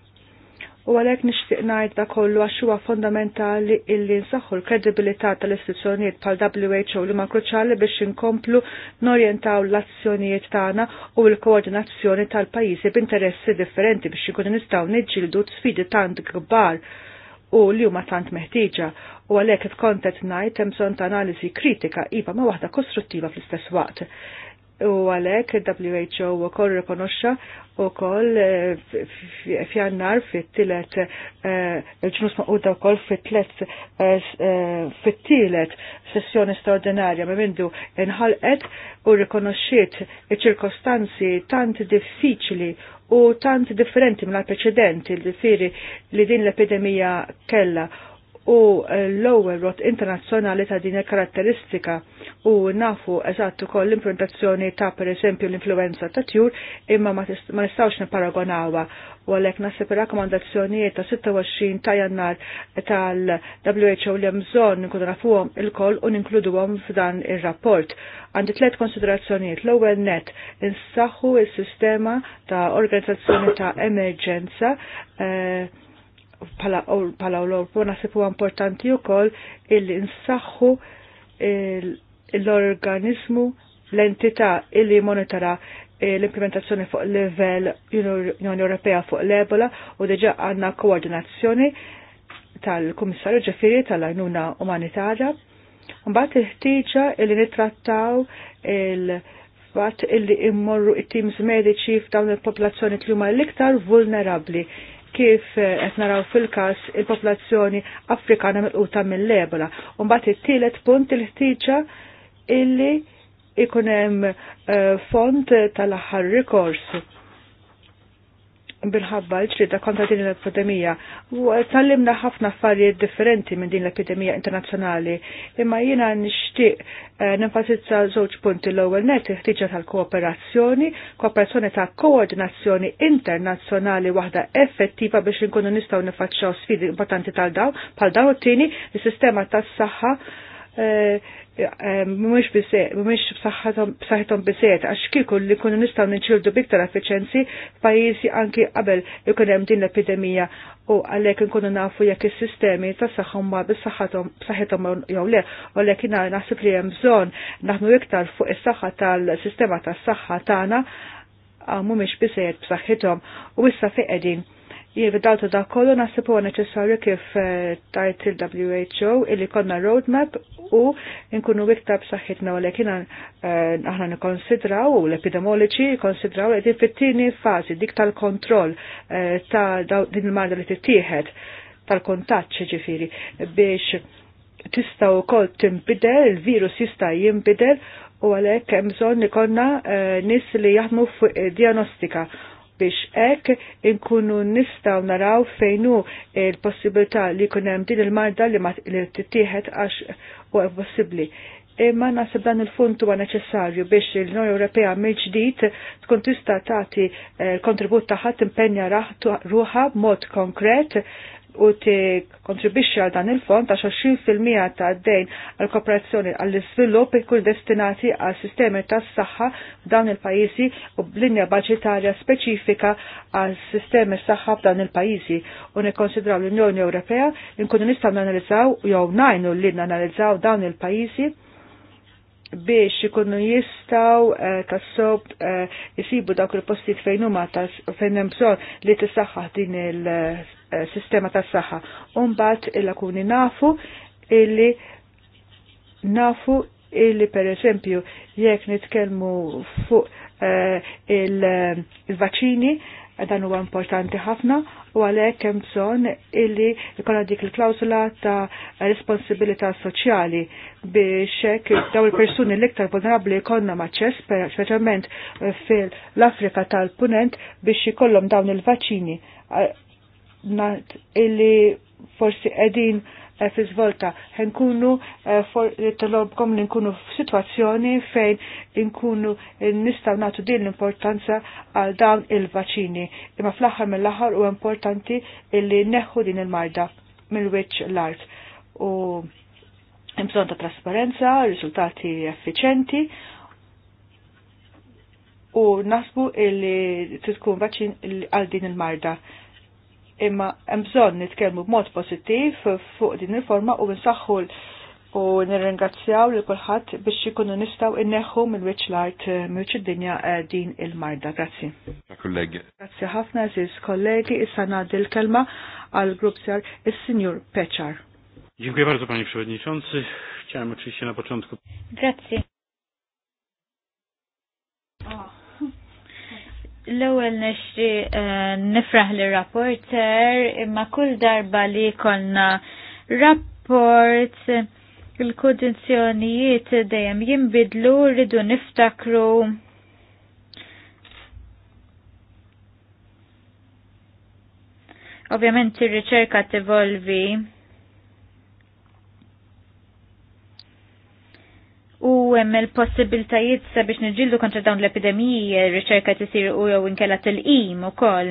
U għalhekk nixtieq ngħid da kollu għax huwa fondamentali illi nsaħħu l-kredibilità tal-istituzzjonijiet bħal WHO li ma kruċjali biex inkomplu norjentaw l-azzjonijiet tagħna u l-koordinazzjoni tal-pajjiżi b'interessi differenti biex ikunu nistgħu niġġieldu sfidi tant kbar u li huma tant meħtieġa u għalhekk kontet ngħid hemm bżonn ta' analiżi kritika iva ma' waħda kostruttiva fl-istess waqt u għalek il-WHO u koll rekonosċa u koll eh, fjannar fit-tilet eh, il-ġnus maqquda u koll fit-tlet eh, fit-tilet sessjoni straordinarja ma' mindu inħalqet u il ċirkostanzi tant diffiċli u tant differenti mill preċedenti l-difiri li din l-epidemija kella u l-ewwel rot internazzjonali ta' din il-karatteristika u nafu eżatt ukoll l-improntazzjoni ta' pereżempju l-influenza ta' tjur imma ma nistgħux nipparagonawha u għalhekk ir rakkomandazzjonijiet ta' 26 ta' jannar tal-WHO li hemm bżonn nkunu nafuhom ilkoll u ninkluduhom f'dan ir-rapport. Għandi tliet konsiderazzjonijiet. L-ewwel net insaħħu s-sistema ta' organizzazzjoni ta' emerġenza eh, pala Ewropa nasib huwa importanti wkoll illi nsaħħu l organismu l entita illi monitora eh, l-implementazzjoni fuq level Unjoni Ewropea fuq l-Ebola u diġa għanna koordinazzjoni tal-Kummissarju ġifiri tal-Għajnuna Umanitarja. Mbagħad il-ħtieġa illi nittrattaw il-fatt illi immorru it-teams mediċi f'dawn il-popolazzjoni li huma l-iktar vulnerabbli kif eh, qed naraw fil-każ il-popolazzjoni Afrikana mill-quta mill-ebola. Mbagħad it-tielet punt il-ħtieġa illi ikun hemm eh, fond tal-aħħar rikors bil-ħabba l-ċrida kontra din l-epidemija. U tallimna ħafna affarijiet differenti minn din l-epidemija internazzjonali, imma jiena nixtieq eh, nenfasizza żewġ punti l-ewwel net ħtiġa tal-kooperazzjoni, kooperazzjoni ta' koordinazzjoni internazzjonali waħda effettiva biex inkunu nistgħu nifaċċaw sfidi importanti tal-dawn, pal dawn it-tieni is-sistema tas-saħħa eh, mhumiex mhumiex b'saħħithom biset għax kieku li kunu nistgħu niċildu biktar effiċenzi f'pajjiżi anki qabel li kien hemm din l-epidemija u għalhekk inkunu nafu jekk is-sistemi ta' saħħom ma b'saħħithom b'saħħithom jew le, u għalhekk jiena naħseb li hemm bżonn naħmu iktar fuq is-saħħa tal-sistema tas-saħħa tagħna mhumiex biżejjed b'saħħithom u issa fejn qegħdin jirridawtu da kollu nasib huwa neċessarju kif eh, tajt il-WHO illi konna roadmap u nkunu iktar b'saħħitna u lekin eh, aħna nikkonsidraw u l epidemoloġi konsidraw li fit-tieni fażi dik tal-kontroll eh, ta' din il-marda li tittieħed tal-kontatt ġifiri biex tista' kol timbidel, il-virus jista' jinbidel u għalhekk hemm bżonn ikollna nis li jaħdmu fuq diagnostika biex ek inkunu nistaw naraw fejnu il-possibilità li kunem din il-marda li ma t-tieħed għax u possibli imma nasib dan il funtu huwa neċessarju biex l-Unjoni Ewropea mill-ġdid tkun tista' tagħti eh, l-kontribut tagħha impenja ruħha b'mod konkret u ti kontribixxi għal dan il-fond ta' 20% ta' dejn għal kooperazzjoni għall iżvilupp ikun destinati għal sistemi tas saħħa f'dawn il-pajjiżi u b'linja budgetarja speċifika għal sistemi s saħħa dan il-pajjiżi u nikkonsidraw l-Unjoni Ewropea nkunu nistgħu nanalizzaw jew ngħinu li nanalizzaw dawn il-pajjiżi biex ikunu jistaw tassob eh, jisibu eh, dawk il-postijiet fejn huma fejn hemm bżonn li tisaħħaħ din il-sistema eh, tas-saħħa. Umbagħad illa kuni nafu illi nafu illi per eżempju jekk nitkellmu fuq il-vaċini il dan huwa importanti ħafna u għalhekk hemm bżonn illi jkollha dik il-klawsula ta' responsabilità soċjali biex hekk daw il-persuni l-iktar vulnerabbli jkollna maċċess, speċjalment fil-Afrika tal-Punent biex jkollhom dawn il-vaċini illi forsi qegħdin Eh, fi Nkunu eh, tolobkom li nkunu f'sitwazzjoni fejn nkunu eh, nistaw natu din l-importanza għal dawn il-vaċini. Imma fl-aħħar mill-aħħar u importanti illi neħu din il-marda mill wiċċ l-art. U imson ta' trasparenza, risultati effiċenti u nasbu illi tkun vaċin għal din il-marda imma hemm bżonn nitkellmu b'mod pozittiv fuq din il-forma u nsaħħu u nirringrazzjaw lil kulħadd biex ikunu nistgħu inneħħu mill-wiċċ l-art mill id-dinja eh, din il-marda. Grazzi. Grazzi ħafna żiż kollegi issa ngħaddi l-kelma għal grupp sar is-Sinjur Peċar. Dziękuję bardzo Panie Przewodniczący. Chciałem oczywiście na początku. Grazie. Oh. Ah. L-ewel nexti eh, nifraħ li rapporter imma kull darba li konna rapport il-kondizjonijiet dejjem jimbidlu rridu niftakru Ovvjament ir-riċerka tevolvi U hemm il-possibiltajiet sabiex niġġieldu kontra dawn l-epidemiji, riċerka tisir u jew inkella tilqim ukoll.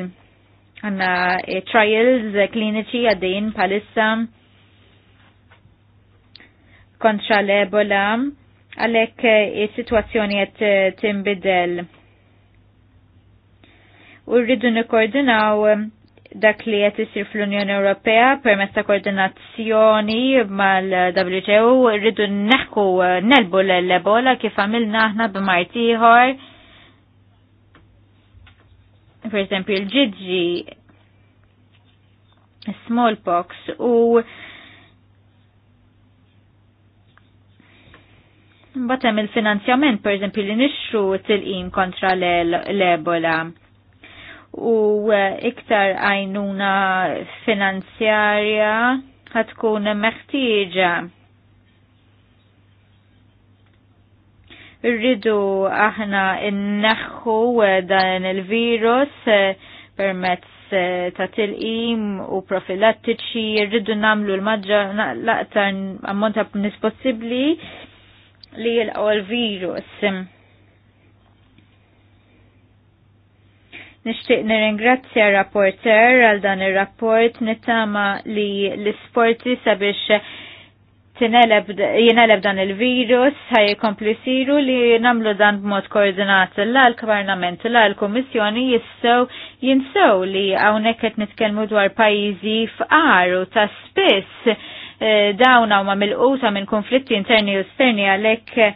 Għandna eh, trials kliniċi għaddejjin bħalissa kontra l-Ebola għalhekk eh, is-sitwazzjoni qed eh, tinbidel. U rridu nikkoordinaw dak li qed isir fl-Unjoni Ewropea permezz ta' koordinazzjoni mal-WTO rridu neħku nelbu l-ebola kif għamilna aħna b'mart ieħor. Per eżempju l-ġiġi smallpox u Batem il-finanzjament, per eżempju, li nixxu til-im kontra l-ebola. -le u eh, iktar għajnuna finanzjarja ħatkun meħtieġa. Rridu aħna inneħħu eh, dan il-virus eh, permezz ta' tilqim u profilattiċi, rridu namlu l-maġġa laqtar ammonta nispossibli possibbli li jilqgħu l-virus Nishtiq nir-ingrazzja rapporter għal dan il-rapport nittama li l-sporti sabiex jeneleb dan il-virus ħaj komplu siru li namlu dan b'mod koordinat l għal kvarnament l-għal-Komissjoni jissew jinsew li għawnek qed nitkellmu dwar pajjiżi f'qar u ta' spiss eh, dawn huma mil quta minn konflitti interni u esterni għalhekk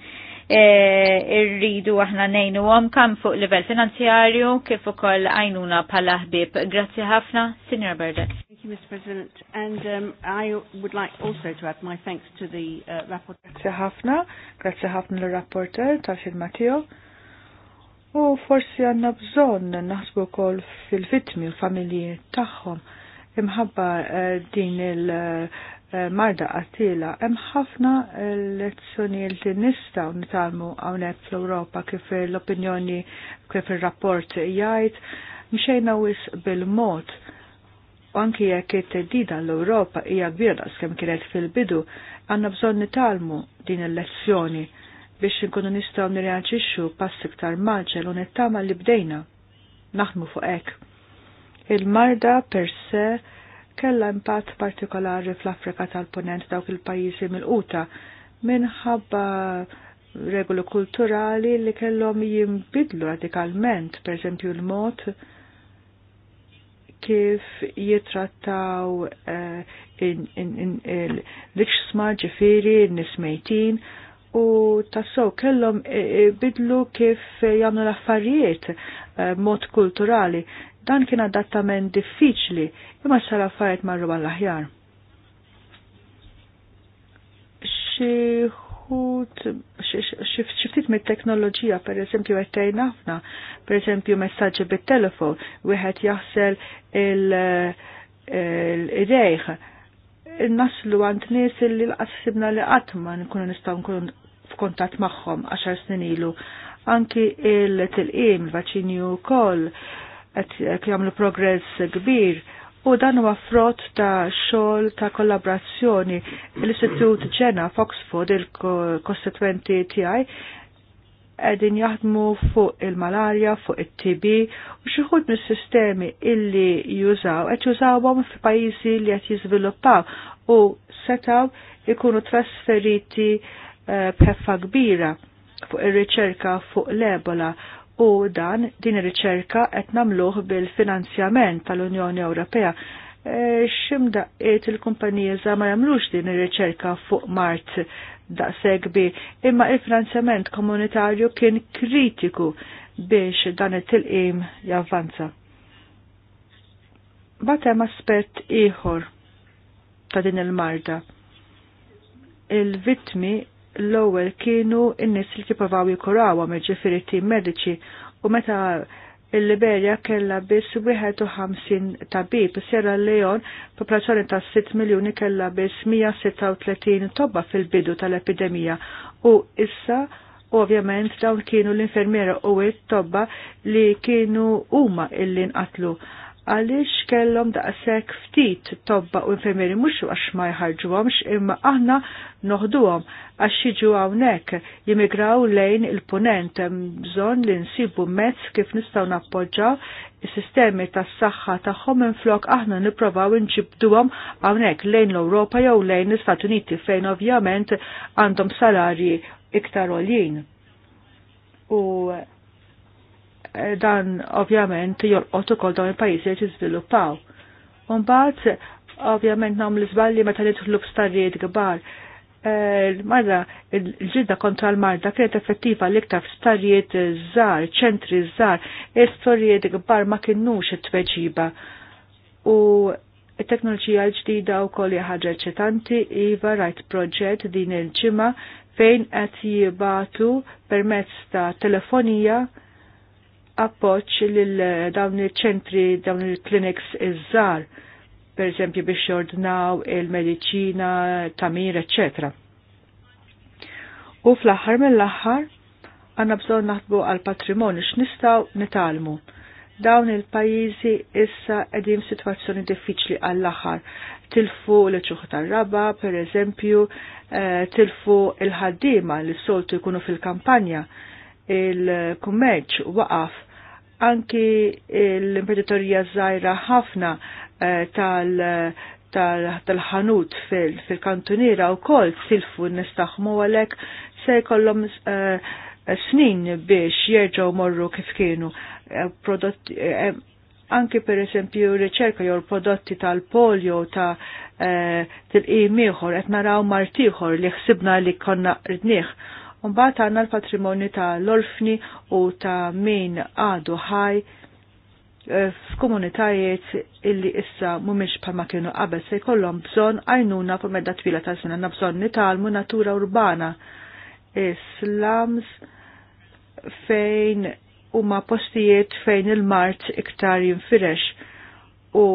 Eh, irridu aħna nejnu għom kam fuq level finanzjarju kif ukoll għajnuna pala ħbib. Grazzi ħafna, Signor Berda. Thank you, Mr. President, and um, I would like also to add my thanks to the uh, rapporteur. Grazzi ħafna, grazzi ħafna l-rapporteur tafir Matteo. U forsi għanna bżon naħsbu kol fil-vitmi u familji taħħom imħabba uh, din il- uh, Eh, marda qattila. Hemm ħafna lezzjonijiet li nistgħu nitalmu hawnhekk fl-Ewropa kif l-opinjoni kif ir-rapport jgħid mxejna wis bil-mod U anki jekk it tedida l-Ewropa hija kbira daqskemm kienet fil-bidu, għandna bżonn nitalmu din il-lezzjoni biex inkunu nistgħu nirreaġixxu pass iktar maġel u nittama li bdejna. Naħdmu fuq hekk. Il-marda per se kella impatt partikolari fl-Afrika tal-Ponent dawk il-pajjiżi mill-quta minħabba regoli kulturali li kellhom jimbidlu radikalment, pereżempju l-mod kif jitrattaw eh, l-iċsma ġifiri, n-nismejtin, u tassow kellhom eh, bidlu kif jagħmlu l-affarijiet eh, mod kulturali Dan kien adattament diffiċli imma xara fajt marru għall-aħjar. Xieħut, xiftit mit-teknoloġija, per eżempju, għettajn ħafna, per eżempju, messagġi bit-telefon, wieħed jaħsel il-idejħ, naslu għand nies li l-qassibna li għatma nkunu nistaw nkunu f'kontat magħhom 10 snin ilu. Anki il-tilqim, il-vaċinju kol, qed jagħmlu progress kbir u dan huwa frott ta' xogħol ta' kollaborazzjoni l-Istitut Ġena Foxford il-kostituenti tiegħi għedin jaħdmu fuq il-malarja, fuq it-TB u xieħud mis sistemi illi jużaw, qed jużawhom f'pajjiżi li qed jizviluppaw u setaw ikunu trasferiti eh, bħeffa kbira fuq il-riċerka fuq l-ebola u dan din ir-riċerka qed nagħmluh bil-finanzjament tal-Unjoni Ewropea. E, ximda Ximda il-kumpanija za ma jagħmlux din ir-riċerka fuq Mart daqsegbi, imma il-finanzjament komunitarju kien kritiku biex dan it-tilqim javvanza. Batem aspett ieħor ta' din il-marda. Il-vitmi l-ewwel kienu n-nies li jippruvaw jikuraw mill ġifieri tim mediċi u meta il-Liberja kella biss 51 tabib, Sierra Leon popolazzjoni ta' 6 miljoni kella biss 136 tobba fil-bidu tal-epidemija u issa ovvjament dawn kienu l-infermiera u it-tobba li kienu huma illi nqatlu għaliex kellhom daqshekk ftit tobba u infermieri mhux għax ma jħarġuhomx imma aħna noħduhom għax jiġu hawnhekk jimigraw lejn il-punent hemm bżonn li nsibu mezz kif nistgħu nappoġġaw is-sistemi tas-saħħa tagħhom inflok aħna nipprovaw inġibduhom hawnhekk lejn l-Ewropa jew lejn l-Istati Uniti fejn ovvjament għandhom salarji iktar oljien. U Eh, dan ovvjament jolqot ukoll dawn il-pajjiżi li jiżviluppaw. Mbagħad ovvjament nagħmlu żballi meta nidħlu f'starijiet kbar. Eh, marra l-ġidda kontra l-marda kienet effettiva l-iktar f'starijiet żgħar, ċentri żgħar, istorijiet kbar ma kinnux it-tweġiba. U it-teknoloġija l-ġdida wkoll hija ħaġa ċetanti, iva rajt proġett din il-ġimgħa fejn qed jibatu permezz ta' telefonija appoċ lil dawn il-ċentri, dawn il kliniks iż-żar, per eżempju biex jordnaw il-medicina, tamir, ecc. U fl-aħħar mill-aħħar għanna bżon naħdbu għal-patrimonju x'nistgħu nitalmu. Dawn il-pajjiżi issa qegħdin f'sitwazzjoni diffiċli għall-aħħar. Tilfu l ċuħ tar-raba, per eżempju, eh, tilfu il-ħaddiema li soltu jkunu fil-kampanja il-kummerċ waqaf anki l-imprenditorija żgħira ħafna eh, tal- tal-ħanut fil-kantuniera u kol silfu nistaxmu għalek se kollom eh, snin biex jerġaw morru kif kienu. Eh, anki per esempio riċerka jew prodotti tal-polio ta' til-qimiħor, etnaraw martiħor li xsibna li konna rdniħ Mbagħad għandna l ta' l olfni u ta' min għadu ħaj eh, f'komunitajiet illi issa mhumiex bħalma kienu qabel se jkollhom bżonn għajnuna fuq medda twila ta' żmien għandna bżonn nitalmu natura urbana. Slums fejn huma postijiet fejn il-mart iktar jinfirex u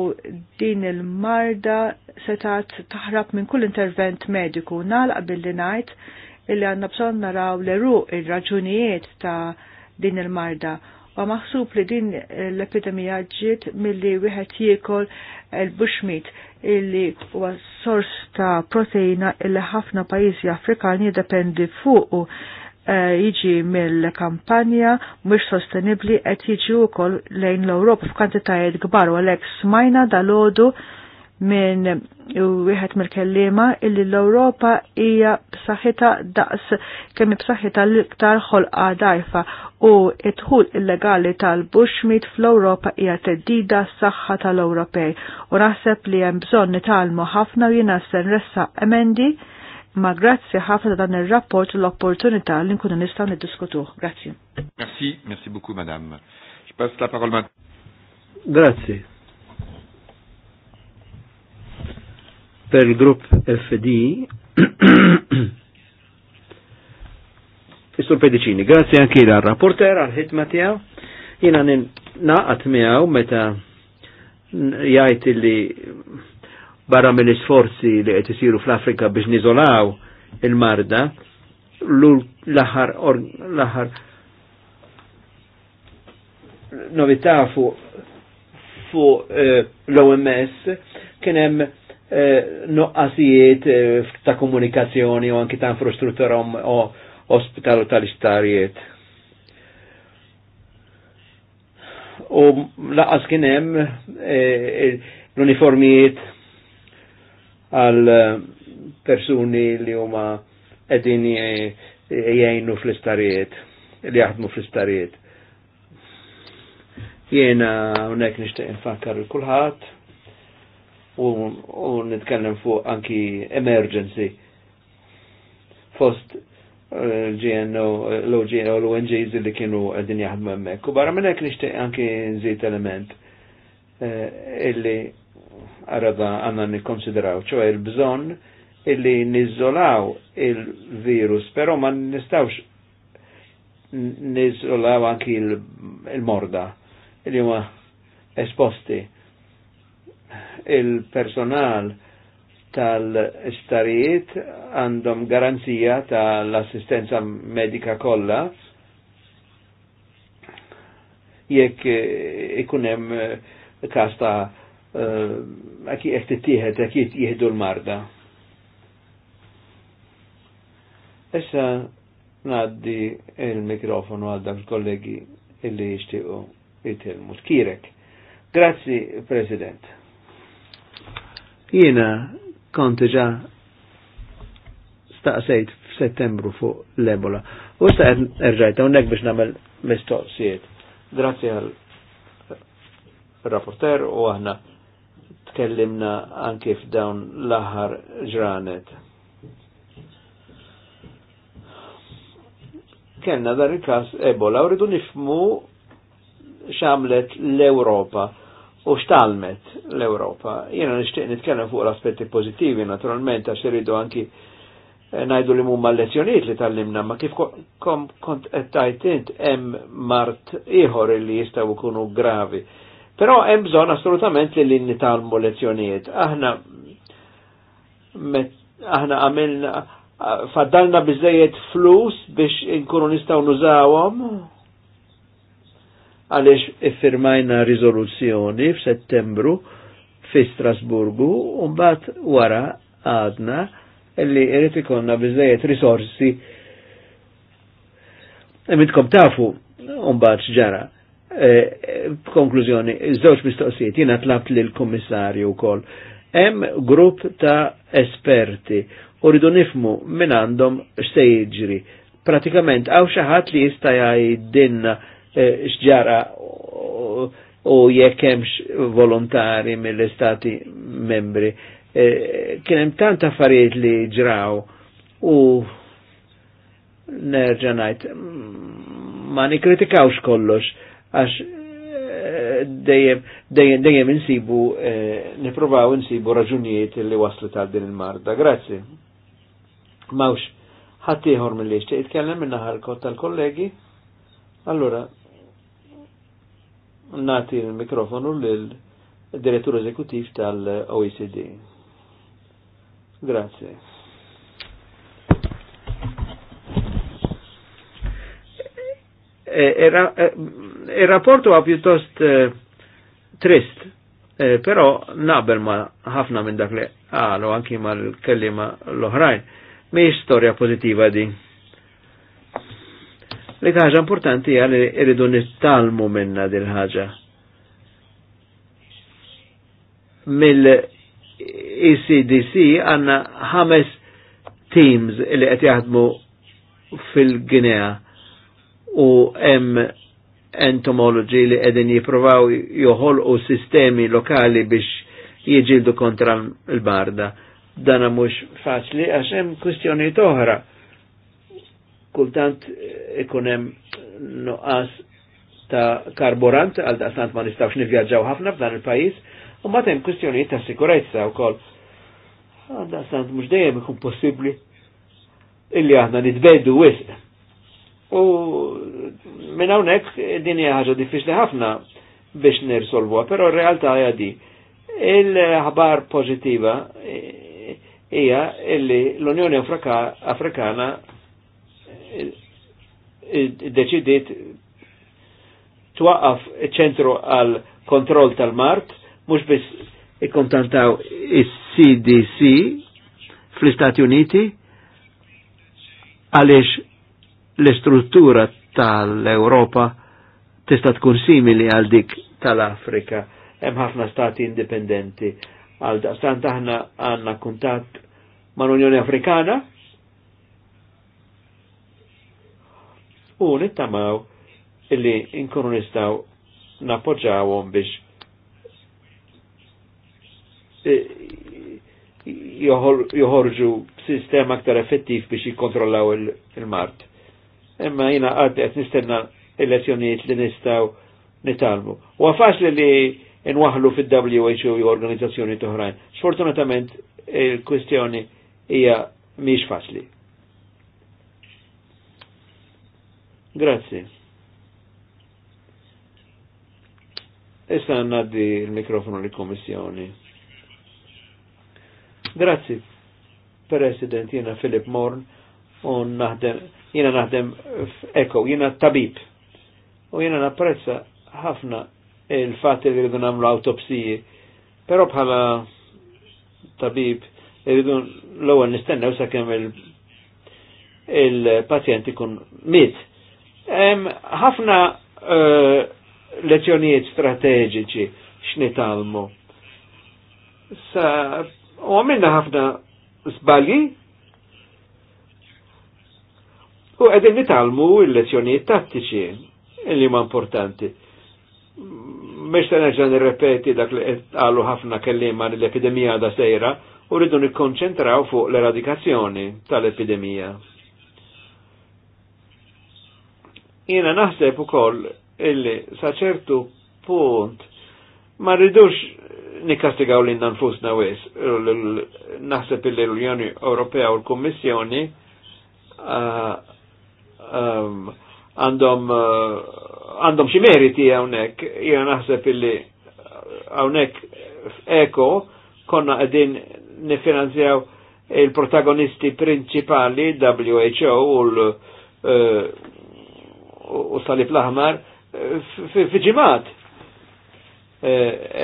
din il-marda setat taħrab minn kull intervent mediku nalqa billi ngħid illi għanna bżon naraw l eru il-raġunijiet ta' din il-marda u maħsub li din l-epidemija ġiet milli wieħed jiekol il-bushmeat illi huwa sors ta' proteina illi ħafna pajjiżi Afrikani jiddependi u eh, jiġi mill-kampanja mhux sostenibbli qed jiġi wkoll lejn l-Ewropa f'kantitajiet kbar u għalhekk smajna dalodu minn wieħed mill-kellima illi l-Ewropa hija b'saħħitha daqs kemm b'saħħitha l-iktar ħolqa dajfa u t dħul illegali tal-bushmeat fl-Ewropa hija teddida s-saħħa tal-Ewropej u naħseb li hemm bżonn nitgħalmu ħafna u jiena se nressa emendi ma grazzi ħafna dan ir-rapport l-opportunità li nkunu nistgħu niddiskutuh. Grazzi. Merci, merci beaucoup madame. Je passe la parole maintenant. Grazie. per grupp FD. Istur Pedicini, grazie anche l rapporter għal-ħidma tijaw. Jina naqat miaw meta jajt li barra mill sforzi li qed isiru fl-Afrika biex nizolaw il-marda, l-aħar novità fuq fu, eh, l-OMS kien hemm Eh, noqqasijiet eh, ta' komunikazzjoni u anki ta' infrastruttura o ospitalu tal-istarijiet. U laqas kienem eh, l-uniformijiet għal persuni li huma edin jajnu fl-istarijiet, li jaħdmu fl-istarijiet. Jena unek nishtiq nfakkar il-kulħat u nitkellem fuq anki emergency fost eh, eh, l-GNO, l-OGNO, l-ONGs li kienu għedin jaħdmu emmek. U barra minnek hekk nixtieq anki nżid element eh, illi għarada għanna nikonsideraw, ċoħe il-bżon illi nizzolaw il-virus, pero ma nistawx nizzolaw anki il-morda, il illi ma esposti il-personal tal-istarijiet għandhom garanzija tal-assistenza medika kollha jekk ikun hemm każ ta' eh, jekk tittieħed jekk jieħdu l-marda. Issa ngħaddi il-mikrofonu għal dak il-kollegi illi jixtiequ jitilmu. Tkirek. Grazzi, President. Jiena konti ġa staqsejt f'Settembru fuq l-Ebola. U staqet qed erġajt hawnhekk biex nagħmel mistoqsijiet. Grazie għal rapporter u aħna tkellimna anki f'dawn l-aħħar ġranet. Kellna dar il kas Ebola u rridu nifmu x'għamlet l-Ewropa u xtalmet l-Europa. Jena nishtiq nitkellem fuq l-aspetti pozittivi, naturalment, għax irridu anki eh, najdu li mumma lezzjoniet li tal-limna, ma kif kom kont ettajtint em mart iħor li jistaw kunu gravi. Pero hemm bżon assolutament li tal-mu lezzjoniet. Aħna aħna għamilna faddalna bizzejiet flus biex inkunu nistaw nużawhom għaliex iffirmajna riżoluzzjoni f'Settembru fi Strasburgu u mbagħad wara għadna li irid ikonna biżejjed risorsi Mitkom tafu bat ġara. E, konklużjoni, żewġ mistoqsijiet, jiena tlabt lil kummissarju wkoll. Hemm grupp ta' esperti u rridu nifmu minn għandhom x'se jiġri. Pratikament hawn xi ħadd li jista' jgħidilna Eh, xġara u jekk hemmx volontari mill-istati membri. Eh, kien hemm tant affarijiet li ġraw u nerġa' ngħid ma nikkritikawx kollox għax eh, dejjem dejjem dejjem insibu nipprovaw insibu raġunijiet li waslu ta' din il-marda. Grazzi. Mawx ħadd ieħor mill-li jitkellem minn naħar tal-kollegi. Allora, nati il-mikrofonu l-direttur eżekutiv tal-OECD. Grazie. Eh, eh, eh, Il-rapport huwa pjuttost trist, però naqbel ma ħafna minn dak li għalu anki mal-kellima l-oħrajn. Mi storja pozitiva din Li ħaġa importanti hija li rridu nittalmu minna din ħaġa. Mill-ECDC għandna ħames teams li qed jaħdmu fil-Ginea u hemm entomologi li qegħdin jippruvaw joħolqu sistemi lokali biex jiġildu kontra l-barda. Dana mhux faċli għax hemm kwistjonijiet oħra kultant eh, ikunem nuqqas ta' karburant għal daqstant ma nistawx nivjaġġaw ħafna f'dan il-pajis, u ma tem kwistjonijiet ta' sikurezza u kol. Għal daqstant mux dejjem ikun possibli illi aħna nitbeddu wisq. U minn hawnhekk din hija ħaġa diffiċli ħafna biex nirsolvuha, però r-realtà hija di. Il-ħabar pożittiva hija illi l-Unjoni Afrikana deċidiet twaqqaf ċentru għal kontroll tal-mart, mux biss ikkontantaw il-CDC fl-Istati Uniti għaliex l-istruttura tal-Europa tista' tkun simili għal dik tal-Afrika. Hemm ħafna stati indipendenti. Għal daqstant aħna għandna ma' mal-Unjoni Afrikana u nittamaw illi inkunu nistaw napoġawom biex e, joħorġu sistema aktar effettiv biex jikontrollaw il-mart. Imma jina għad għet nistenna elezzjonijiet li nistaw nitalmu. U faċli li nwahlu fid who u organizzazzjoni toħrajn. Sfortunatament il-kwistjoni hija miex faċli. Grazie. Issa naddi il-mikrofonu l kommissjoni. Grazie. President, jena Filip Morn, un naħdem, jena naħdem f'Eko, jena tabib. U jena napprezza ħafna il-fat li rridu namlu autopsiji, pero bħala tabib rridu l u sa' sakemm il pazienti kun mit ħafna eh, lezzjonijiet strateġiċi x'nitalmu. Sa u għamilna ħafna sbagli u qegħdin nitalmu l-lezzjonijiet tattiċi li ma importanti. Mhux se nerġa' nirrepeti dak li qalu ħafna kellima l-epidemija da sejra u rridu nikkonċentraw fuq l-eradikazzjoni tal-epidemija. jina naħseb ukoll illi sa ċertu punt ma ridux nikastigaw l nfusna wis. Naħseb illi l-Unjoni Ewropea u l-Kommissjoni uh, um, għandhom uh, għandhom xi meriti hawnhekk, jiena naħseb illi uh, hawnhekk eko konna qegħdin nifinanzjaw il-protagonisti principali WHO u l u salib l-aħmar fi ġimat. E,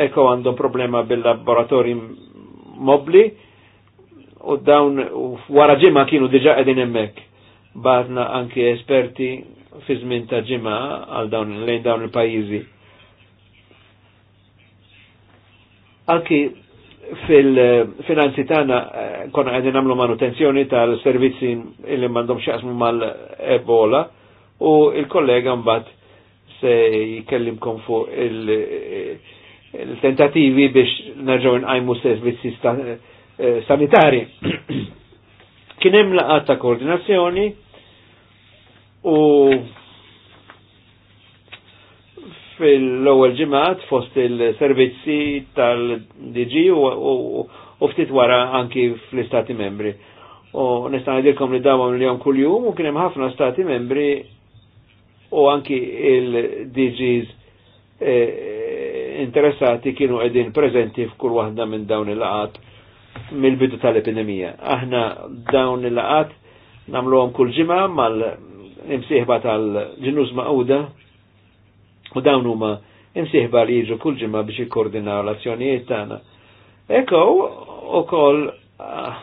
Eko għandhom problema bil-laboratori mobli u dawn wara ġima kienu diġa qegħdin hemmhekk. Batna anki esperti fi żmien ta' ġima għal dawn lejn dawn il-pajjiżi. Anki fil-finanzi tagħna e, konna qegħdin nagħmlu manutenzjoni tal-servizzi li m'għandhom x'jaqsmu mal-Ebola u il-kollega mbagħad se jkellimkom fuq il-tentativi biex nerġgħu nqajmu servizzi eh, sanitari. Kien hemm laqgħat ta' koordinazzjoni u fil-ewwel ġimgħat fost il-servizzi tal-DG u ftit wara anki fl-Istati Membri. U nista' ngħidilkom li dawhom li kuljum u kien hemm ħafna Stati Membri u anki il-DGs eh, interessati kienu edin prezenti f'kull waħda minn dawn il-laqat mill-bidu tal-epidemija. Aħna dawn il-laqat għom kull ġimma mal-imsieħba tal ġinuż ma'uda u dawn huma imsieħba li jiġu kull ġimgħa biex jikkoordinaw l-azzjonijiet tagħna. Ekko ukoll ah,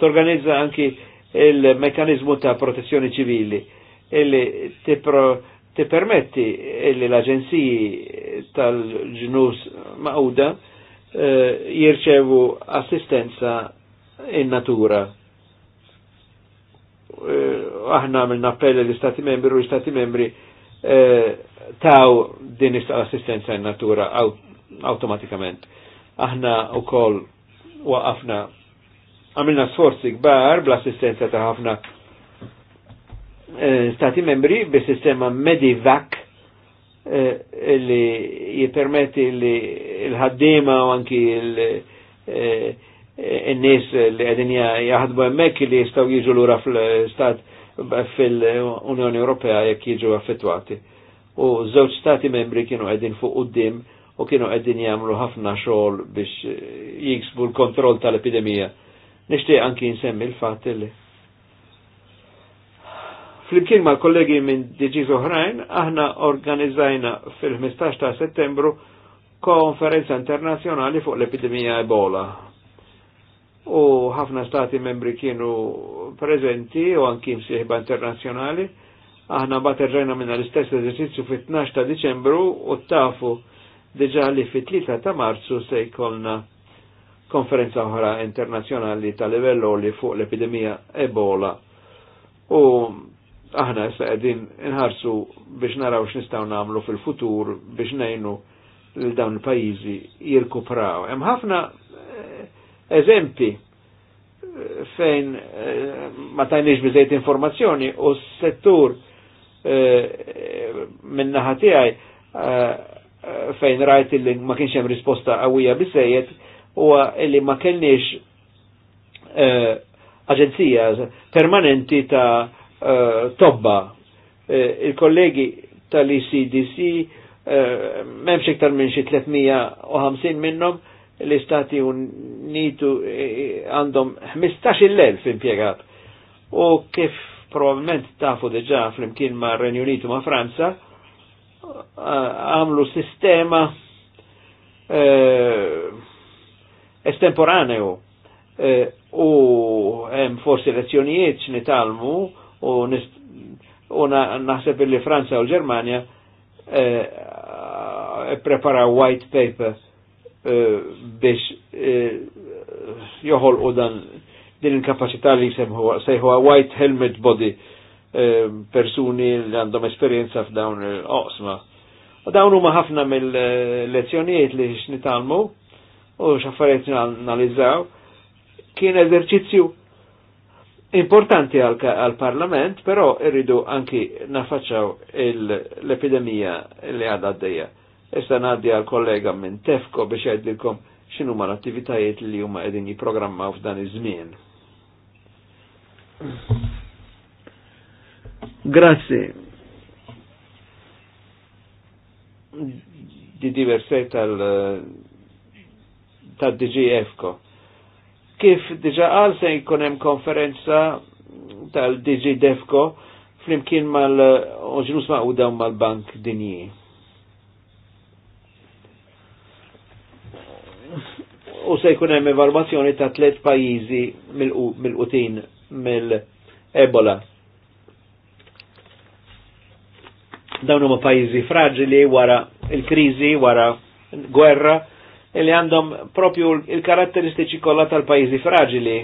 torganizza anki il-mekanizmu ta' protezzjoni ċivili illi permetti illi l-aġenziji tal-ġnus ma'uda eh, jirċevu assistenza in natura. Eh, aħna minn appell l-Istati membri u l-Istati membri eh, taw din assistenza in natura automatikament. Aħna u koll waqafna għamilna sforzi kbar bl-assistenza ta' ħafna eh, stati membri bis-sistema Medivac eh, li jipermetti li l-ħaddima u anki l eh, nis li għedin jahadbu emmek li jistaw jiġu l-ura fil stat fil-Unjoni Ewropea jek jiġu affettuati U żewġ stati membri kienu għedin fuq qudiem u kienu għedin jagħmlu ħafna xogħol biex jiksbu l-kontroll tal-epidemija. Nixtieq anki nsemmi l fat li Flimkien mal-kollegi minn DG Zohrajn, aħna organizzajna fil-15 ta' settembru konferenza internazjonali fuq l-epidemija Ebola. U ħafna stati membri kienu prezenti u anki siħba internazjonali. Aħna bat rġajna minna l-istess eżerċizzju fit-12 ta' Deċembru u tafu deġa li fit-3 ta' Marzu se jkollna konferenza oħra internazjonali tal livello li fuq l-epidemija Ebola. U aħna issa qegħdin inħarsu biex naraw x'nistgħu nagħmlu fil-futur biex ngħinu lil dawn il-pajjiżi jirkupraw. Hemm ħafna eh, eżempi eh, fejn eh, ma tajniex biżejt informazzjoni u s-settur minnaħa tiegħi fejn rajt illi ma kienx hemm risposta qawwija bisejjed huwa illi ma kellniex aġenzija permanenti ta' Eh, tobba. Eh, il-kollegi tal-ICDC eh, memx iktar minn xi 350 minnhom l-Istati Unitu għandhom 15.000 impiegat. U kif probabilment tafu deġa fl-imkien ma' Renju Unitu ma' Franza, għamlu sistema estemporaneo u hemm forsi lezzjonijiet x'nitalmu u naħseb illi Franza u l-Ġermanja eh, eh, preparaw white paper eh, biex joħol u dan din il-kapacità li sejħu white helmet body persuni li għandhom esperienza f'dawn il-oqsma. U dawn huma ħafna mill-lezzjonijiet li x'nitalmu u x'affarijiet analizzaw kien eżerċizzju importanti għal-parlament, però irridu anki nafaċaw l-epidemija li għadha għaddeja. Issa ngħaddi għal-kollega minn Tefko biex jgħidilkom xinu ma l-attivitajiet li huma qegħdin jipprogrammaw f'dan iż-żmien. Grazie. Di diversi eh, tal-DGF-ko. tal dgf ko Kif diġa għal se jkun hemm konferenza tal-DG Defco flimkien mal-ġnus maquda mal-Bank Dinji. U se jkun hemm evalwazzjoni ta' tliet pajjiżi mill-qutin mill-Ebola. Dawn huma pajjiżi fraġili wara il-kriżi, wara gwerra, li għandhom propju il-karatteristiċi kollha tal-pajjiżi fragili.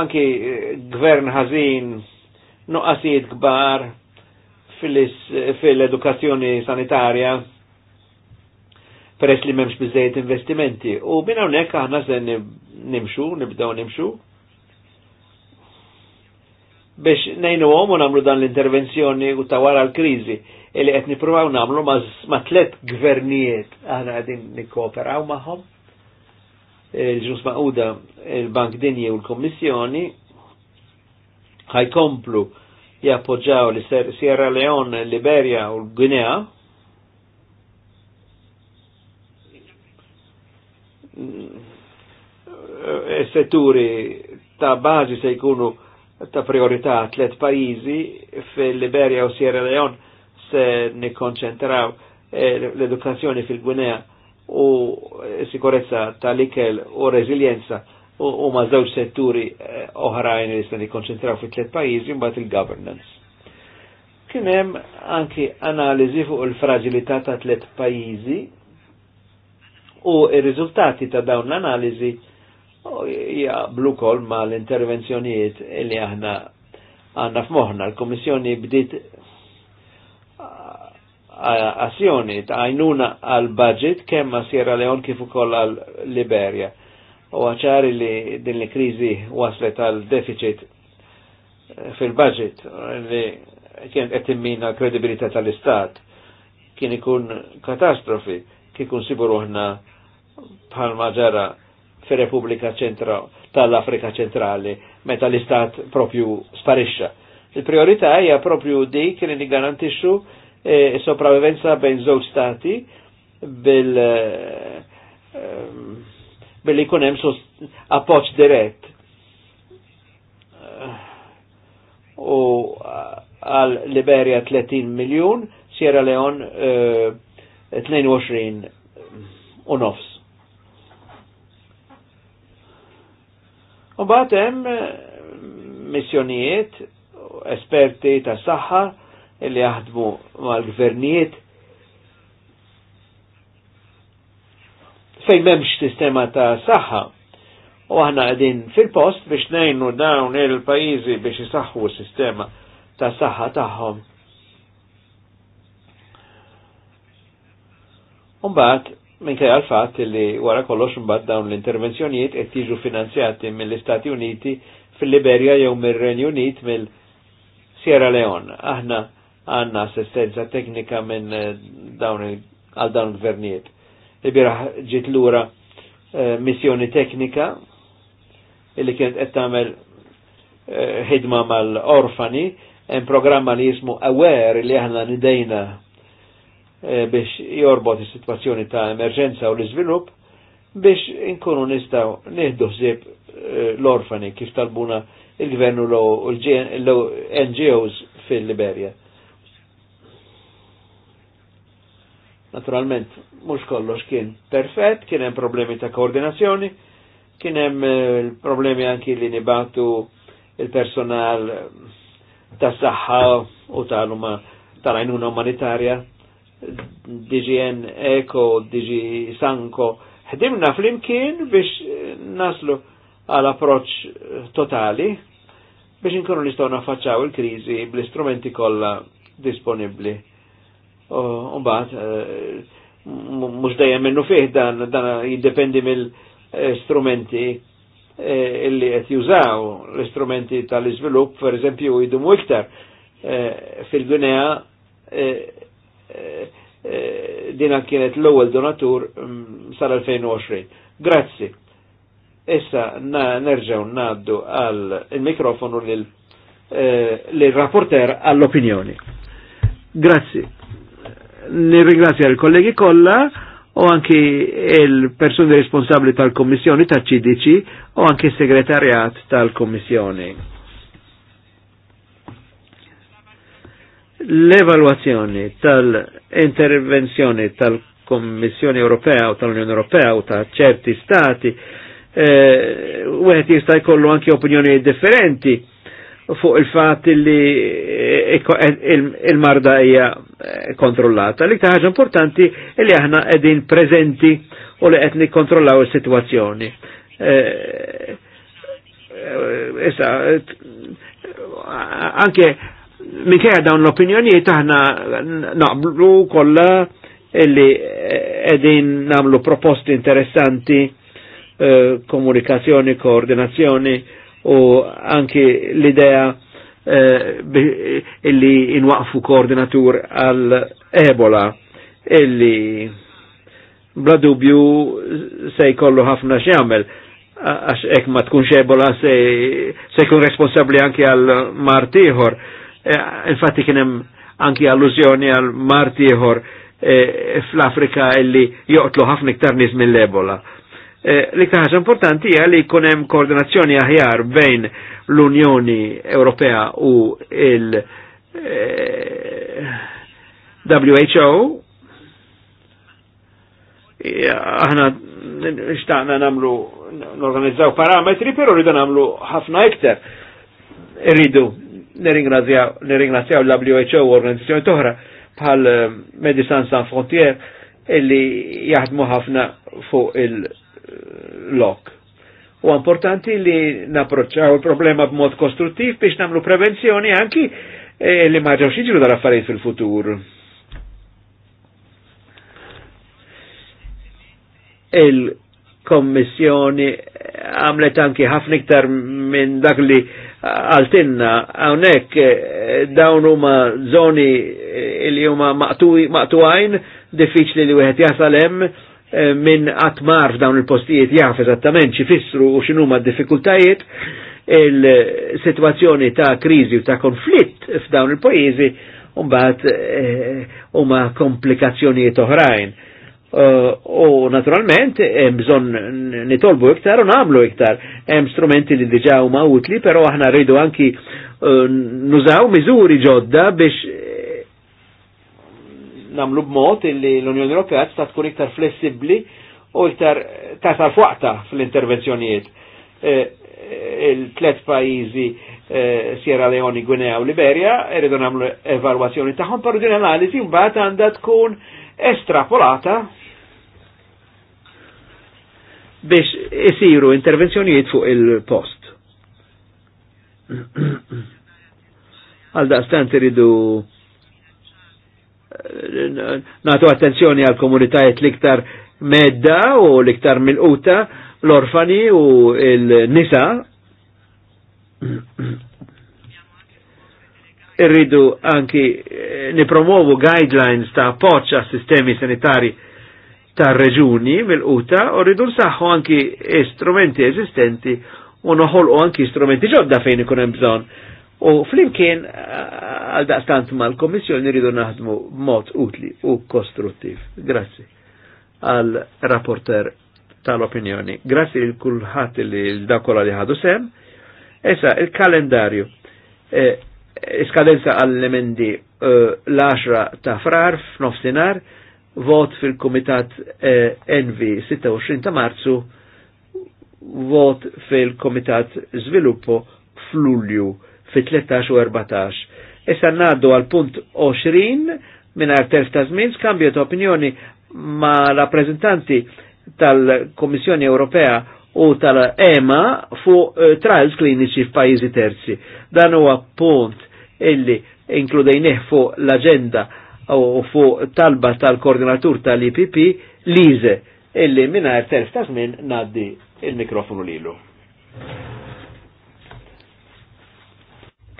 Anki eh, gvern ħażin, nuqqasijiet kbar fil-edukazzjoni sanitarja peress li memx bizzejt investimenti. U minn hawnhekk aħna se nimxu, nibdew nimxu, biex nejnu għom u namlu dan l-intervenzjoni u tawara l-krizi illi għetni nipruvaw namlu ma tlet gvernijiet għana għedin nikkooperaw maħom il-ġus maħuda il-Bank Dinji u l-Kommissjoni ħajkomplu jappoġġaw li Sierra Leone, Liberia u l-Guinea mm, e-, setturi ta' bażi se jkunu ta' priorità tlet pajizi fil-Liberia u Sierra Leone se nikkonċentraw eh, l-edukazzjoni fil-Gwinea u eh, sikurezza tal-ikel u reżiljenza u ma' żewġ setturi eh, oħrajn li se nikkonċentraw fit tlet pajizi mbagħad il-governance. Kien hemm anki analiżi fuq il-fragilità ta' tlet pajizi u ir-riżultati ta' dawn l-analiżi blu kol ma l-intervenzjonijiet li aħna għanna f'moħna. L-Komissjoni bdiet azzjoni ta' għajnuna għal-budget kemm ma' Sierra Leone kif ukoll għal-Liberia. U għacħari li din li krizi waslet għal-deficit eh, fil-budget li kien qed immina kredibilità tal-Istat kien ikun katastrofi kien kun sibu ruħna bħal maġara ġara fir repubblika tal-Afrika ċentrali meta l-istat propju sparixxa. Il-priorità hija propju dik li nigarantixxu e sopravivenza bejn żewġ stati bil eh, billi jkun hemm appoġġ dirett. U għal Liberia 30 miljun, Sierra Leone 22 eh, u nofs. U hemm eh, missjonijiet, esperti ta' saħħa li jaħdmu mal-gvernijiet fejn memx sistema ta' saħħa. U aħna għedin fil-post biex nejnu dawn il-pajizi biex jisaxħu s-sistema ta' saħħa tagħhom. bat, minkej għal-fat li wara kollox mbagħad dawn l-intervenzjonijiet qed jiġu finanzjati mill-Istati Uniti fil-Liberja jew mir-Renju Unit mill-Sierra Leone. Aħna għandna assistenza teknika minn eh, dawn għal dawn gvernijiet. Ibiraħ ġiet lura eh, missjoni teknika illi kienet qed tagħmel eh, ħidma mal-orfani, hemm programma li jismu Aware li aħna nidejna Eh, biex jorbot is-sitwazzjoni ta' emerġenza u l-iżvilupp biex inkunu nistaw nieħdu ħsieb eh, l-orfani kif talbuna il-gvernu l-NGOs fil-Liberja. Naturalment, mux kollox kien perfett, kien hemm problemi ta' koordinazzjoni, kien hemm eh, problemi anki li nibatu il-personal ta' saħħa u tal-għajnuna umanitarja DGN Eko, DG Sanko, ħdimna fl-imkien biex eh, naslu għal approċ eh, totali biex nkunu nistgħu naffaċċaw il-kriżi bl-istrumenti kollha disponibbli. U mbagħad eh, mhux dejjem minnu fih dan dan jiddependi mill istrumenti illi qed jużaw l-istrumenti tal-iżvilupp, per eżempju, jidumu iktar fil-Gwinea dina kienet l-ewwel donatur mm, sal-2020. Grazzi. Issa na, nerġaw naddu għal il-mikrofonu l-rapporter eh, għall-opinjoni. Grazzi. Nirringrazzja l-kollegi kollha u anki il-persuni responsabli tal-Kommissjoni tal-CDC u anki il segretarjat tal-Kommissjoni. L-evalwazzjoni tal-intervenzjoni tal-Kommissjoni Ewropea u tal-Unjoni Ewropea u ta' ċerti stati u eh, għet jista jkollu anki opinjoni differenti fuq il-fat li eh, eh, il-marda hija kontrollata. Li ħaġa importanti li aħna edin prezenti u li għetni kontrollaw il-situazzjoni. Issa, anke minkejja dawn l-opinjonijiet aħna naqblu kollha illi edin namlu proposti interessanti, eh, komunikazzjoni, koordinazzjoni u anki l-idea eh, illi inwaqfu koordinatur għal Ebola illi bla dubju se jkollu ħafna x'jagħmel għax ek ma tkunx ebola se, jkun responsabli anki għal martiħor infatti kienem anki alluzjoni għal marti ieħor fl-Afrika illi joqtlu ħafna iktar nies mill-Ebola. L-iktar ħaġa importanti hija li jkun hemm koordinazzjoni aħjar bejn l-Unjoni Ewropea u il- WHO aħna xtaqna namlu n-organizzaw parametri, pero rridu namlu ħafna iktar. Rridu neringrazzjaw l-WHO u organizzazzjoni toħra bħal eh, Medicine Sans Frontier illi jaħdmu ħafna fuq il-lok. Eh, u importanti li naproċċaw il-problema b'mod kostruttiv biex namlu prevenzjoni anki eh, li ma ġewx jiġru dal-affarijiet fil-futur. Il-Kommissjoni għamlet anki ħafna iktar minn dak li għaltinna għawnek eh, dawn huma zoni eh, li huma maqtuħajn diffiċli li wieħed jasal hemm eh, minn għatmar f'dawn il-postijiet jaf eżattament xifissru u x'inhuma d-diffikultajiet il-situazzjoni ta' kriżi u ta' konflitt f'dawn il-pajjiżi mbagħad huma komplikazzjonijiet oħrajn Eh, u naturalment hemm bżonn nitolbu iktar u nagħmlu iktar. Hemm strumenti li diġà huma utli, però aħna rridu anki eh, nużaw miżuri ġodda biex eh, nagħmlu b'mod li l-Unjoni Ewropea tista' tkun iktar flessibbli u iktar tasal fuqta fl-intervenzjonijiet. Il-tlet pajjiżi Sierra Leone, Gwinea u Liberia rridu nagħmlu evalwazzjoni tagħhom, parudin din analiżi mbagħad għandha tkun estrapolata biex isiru intervenzjonijiet fuq il-post. Għal daqstant iridu eh, natu attenzjoni għal komunitajiet liktar medda u liktar mil-uta, l-orfani u il-nisa. Irridu anki eh, nipromovu guidelines ta' poċ sistemi sanitari ta' reġuni mill-quta u rridu nsaħħu anki strumenti eżistenti u noħolqu anki strumenti ġodda fejn ikun hemm bżonn. U flimkien għal daqstant mal-Komissjoni rridu naħdmu mod utli u kostruttiv. Grazzi għal rapporter tal-opinjoni. Grazzi lil kulħadd li l-dakola li ħadu sem. Issa, il-kalendarju. E, iskadenza għall-emendi e, l-10 ta' frar f'nofsinhar vot fil-Komitat eh, Envi 26 ta' Marzu, vot fil-Komitat Sviluppo f'Lulju fit-13 u 14. Issa naddu għal punt 20 minn arter ta' żmien skambju ta' opinjoni ma' rappresentanti tal-Komissjoni Ewropea u tal-EMA fuq uh, eh, trials kliniċi f'pajjiżi terzi. Dan huwa punt illi inkludejnieh fuq l-agenda u fuq talba tal-koordinatur tal-IPP Lize illi minna terf ta' żmien ngħaddi il-mikrofonu lilu.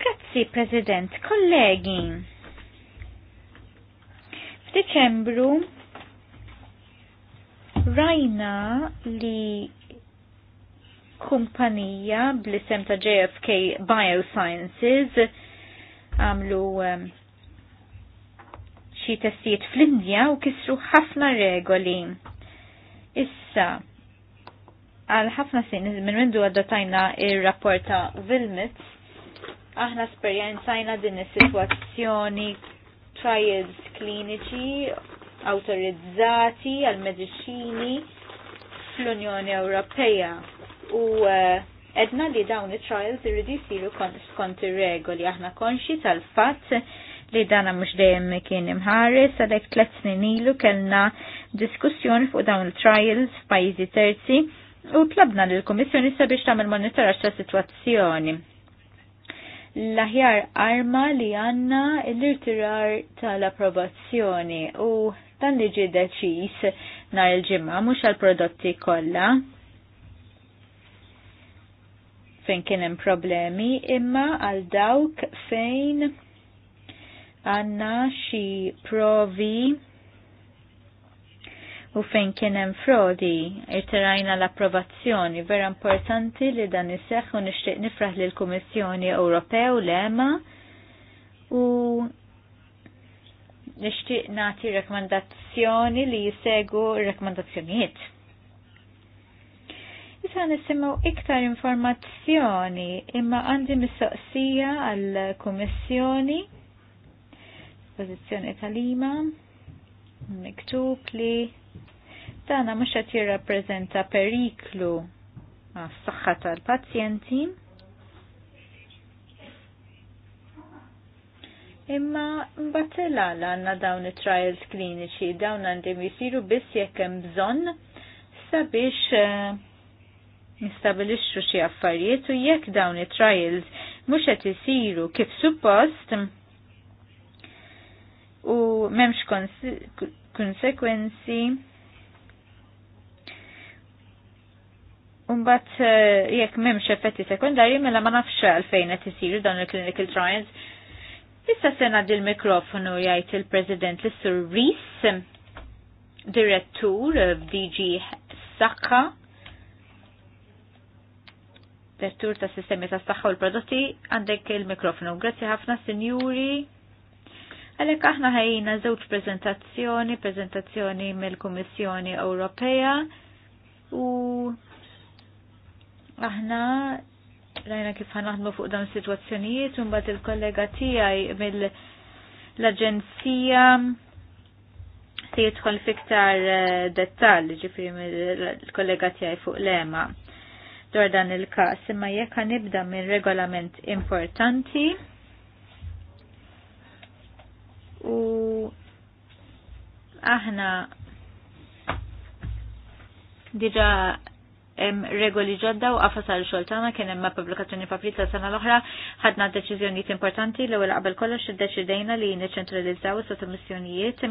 Grazzi President, kollegi. F'Diċembru rajna li kumpanija bl-isem ta' JFK Biosciences għamlu um, xi testijiet fl-Indja u kisru ħafna regoli. Issa, għal ħafna sin, minn mendu għaddotajna il rapporta Vilmit, aħna sperjenzajna din is-sitwazzjoni trials kliniċi autorizzati għal mediċini fl-Unjoni Ewropea u eh, edna li dawn it-trials irridi siru skont ir-regoli aħna konxi tal-fatt li dana mux dejjem kien imħares, għadek tlet snin ilu kellna diskussjoni fuq dawn il-trials f'pajjiżi terzi u tlabna l komissjoni sabiex tagħmel monitoraġġ ta' sitwazzjoni. L-aħjar arma li għanna l-irtirar tal-approvazzjoni u dan li ġi deċis nar il-ġimma mhux għal-prodotti kollha fejn kien hemm problemi imma għal dawk fejn għanna xi provi u fejn kien hemm frodi irterajna l-approvazzjoni vera importanti li dan iseħħ u nixtieq nifraħ lil kummissjoni Ewropew l-EMA u nixtieq nagħti rekomandazzjoni li jisegu rekomandazzjonijiet. Issa nisimgħu iktar informazzjoni imma għandi mistoqsija għall-Kummissjoni Pożizzjoni pozizjoni tal-ima miktub li dana mux għat jirrapprezenta periklu għas saħħa tal-pazjenti Imma l għanna dawn trials kliniċi, dawn għandim jisiru biss jekk hemm bżonn sabiex eh, nistabilixxu xi affarijiet u jekk dawn it-trials mhux qed isiru kif suppost u memx konsekwenzi. Umbat eh, jekk memx effetti sekundarji mela ma nafx għalfejn qed isiru dan il-clinical trials. Issa se ngħaddi l-mikrofonu jgħid il-President l sur Rees, direttur f'DG eh, Saka, direttur ta' sistemi ta' saħħa u l-prodotti, għandek il-mikrofonu. Grazzi ħafna, Sinjuri. Għalek aħna ħajjina żewġ prezentazzjoni, prezentazzjoni mill-Kummissjoni Ewropea u aħna rajna kif ħanaħdmu fuq dawn situazzjonijiet u mbagħad il-kollega tiegħi mill-Aġenzija se jidħol fiktar eh, dettall ġifieri mill-kollega tiegħi fuq lema dwar dan il-każ imma jekk nibda minn regolament importanti u aħna diġa regoli ġodda u għafas għal xoltana kien hemm pubblikazzjoni papri ta' sena l-oħra ħadna deċiżjonijiet importanti l ewwel qabel kollox iddeċidejna li niċċentralizzaw is-sottomissjonijiet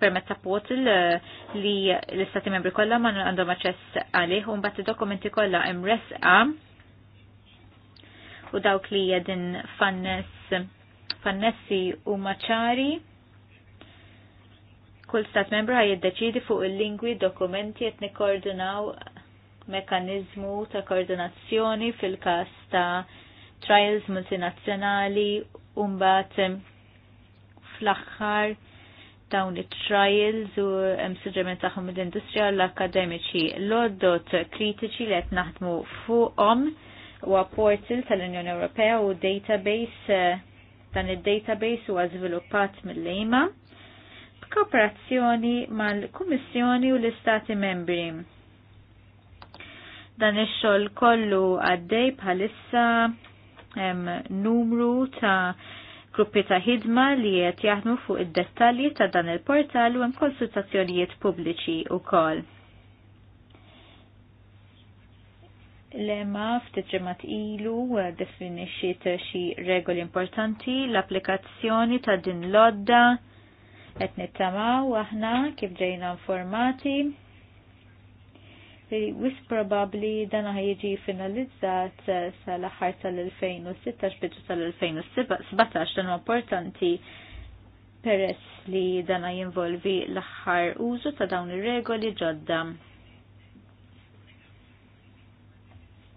permezz ta' potl eh, li l-istati membri kollha ma għandhom aċċess għalih u mbagħad id-dokumenti kollha hemm resqa u dawk li jedin fannes fannessi u maċari kull stat membru ħaj jiddeċidi fuq il-lingwi dokumenti qed nikkoordinaw mekanizmu ta' koordinazzjoni fil-każ ta' trials multinazzjonali u mbagħad fl-aħħar dawn it-trials u hemm suġġerment tagħhom mill-industrija l-akademiċi. L-oddot kritiċi li qed naħdmu fuqhom huwa portal tal-Unjoni Ewropea u database eh, Dan id-database huwa żviluppat mill-lejma b'kooperazzjoni mal-Kummissjoni u l-Istati Membri. Dan ix-xogħol kollu għaddej bħalissa numru ta' gruppi ta' ħidma li qed jaħdmu fuq id-dettalji ta' dan il-portal u hemm konsultazzjonijiet pubbliċi wkoll. Lema ftit ġemat ilu eh, definixxi xi regoli importanti l-applikazzjoni ta' din lodda qed nittamaw aħna kif ġejna informati wis probabbli dan jiġi finalizzat eh, sal-aħħar tal-2016 biġu tal-2017 dan importanti peress li dan jinvolvi l-aħħar użu ta' dawn ir-regoli ġodda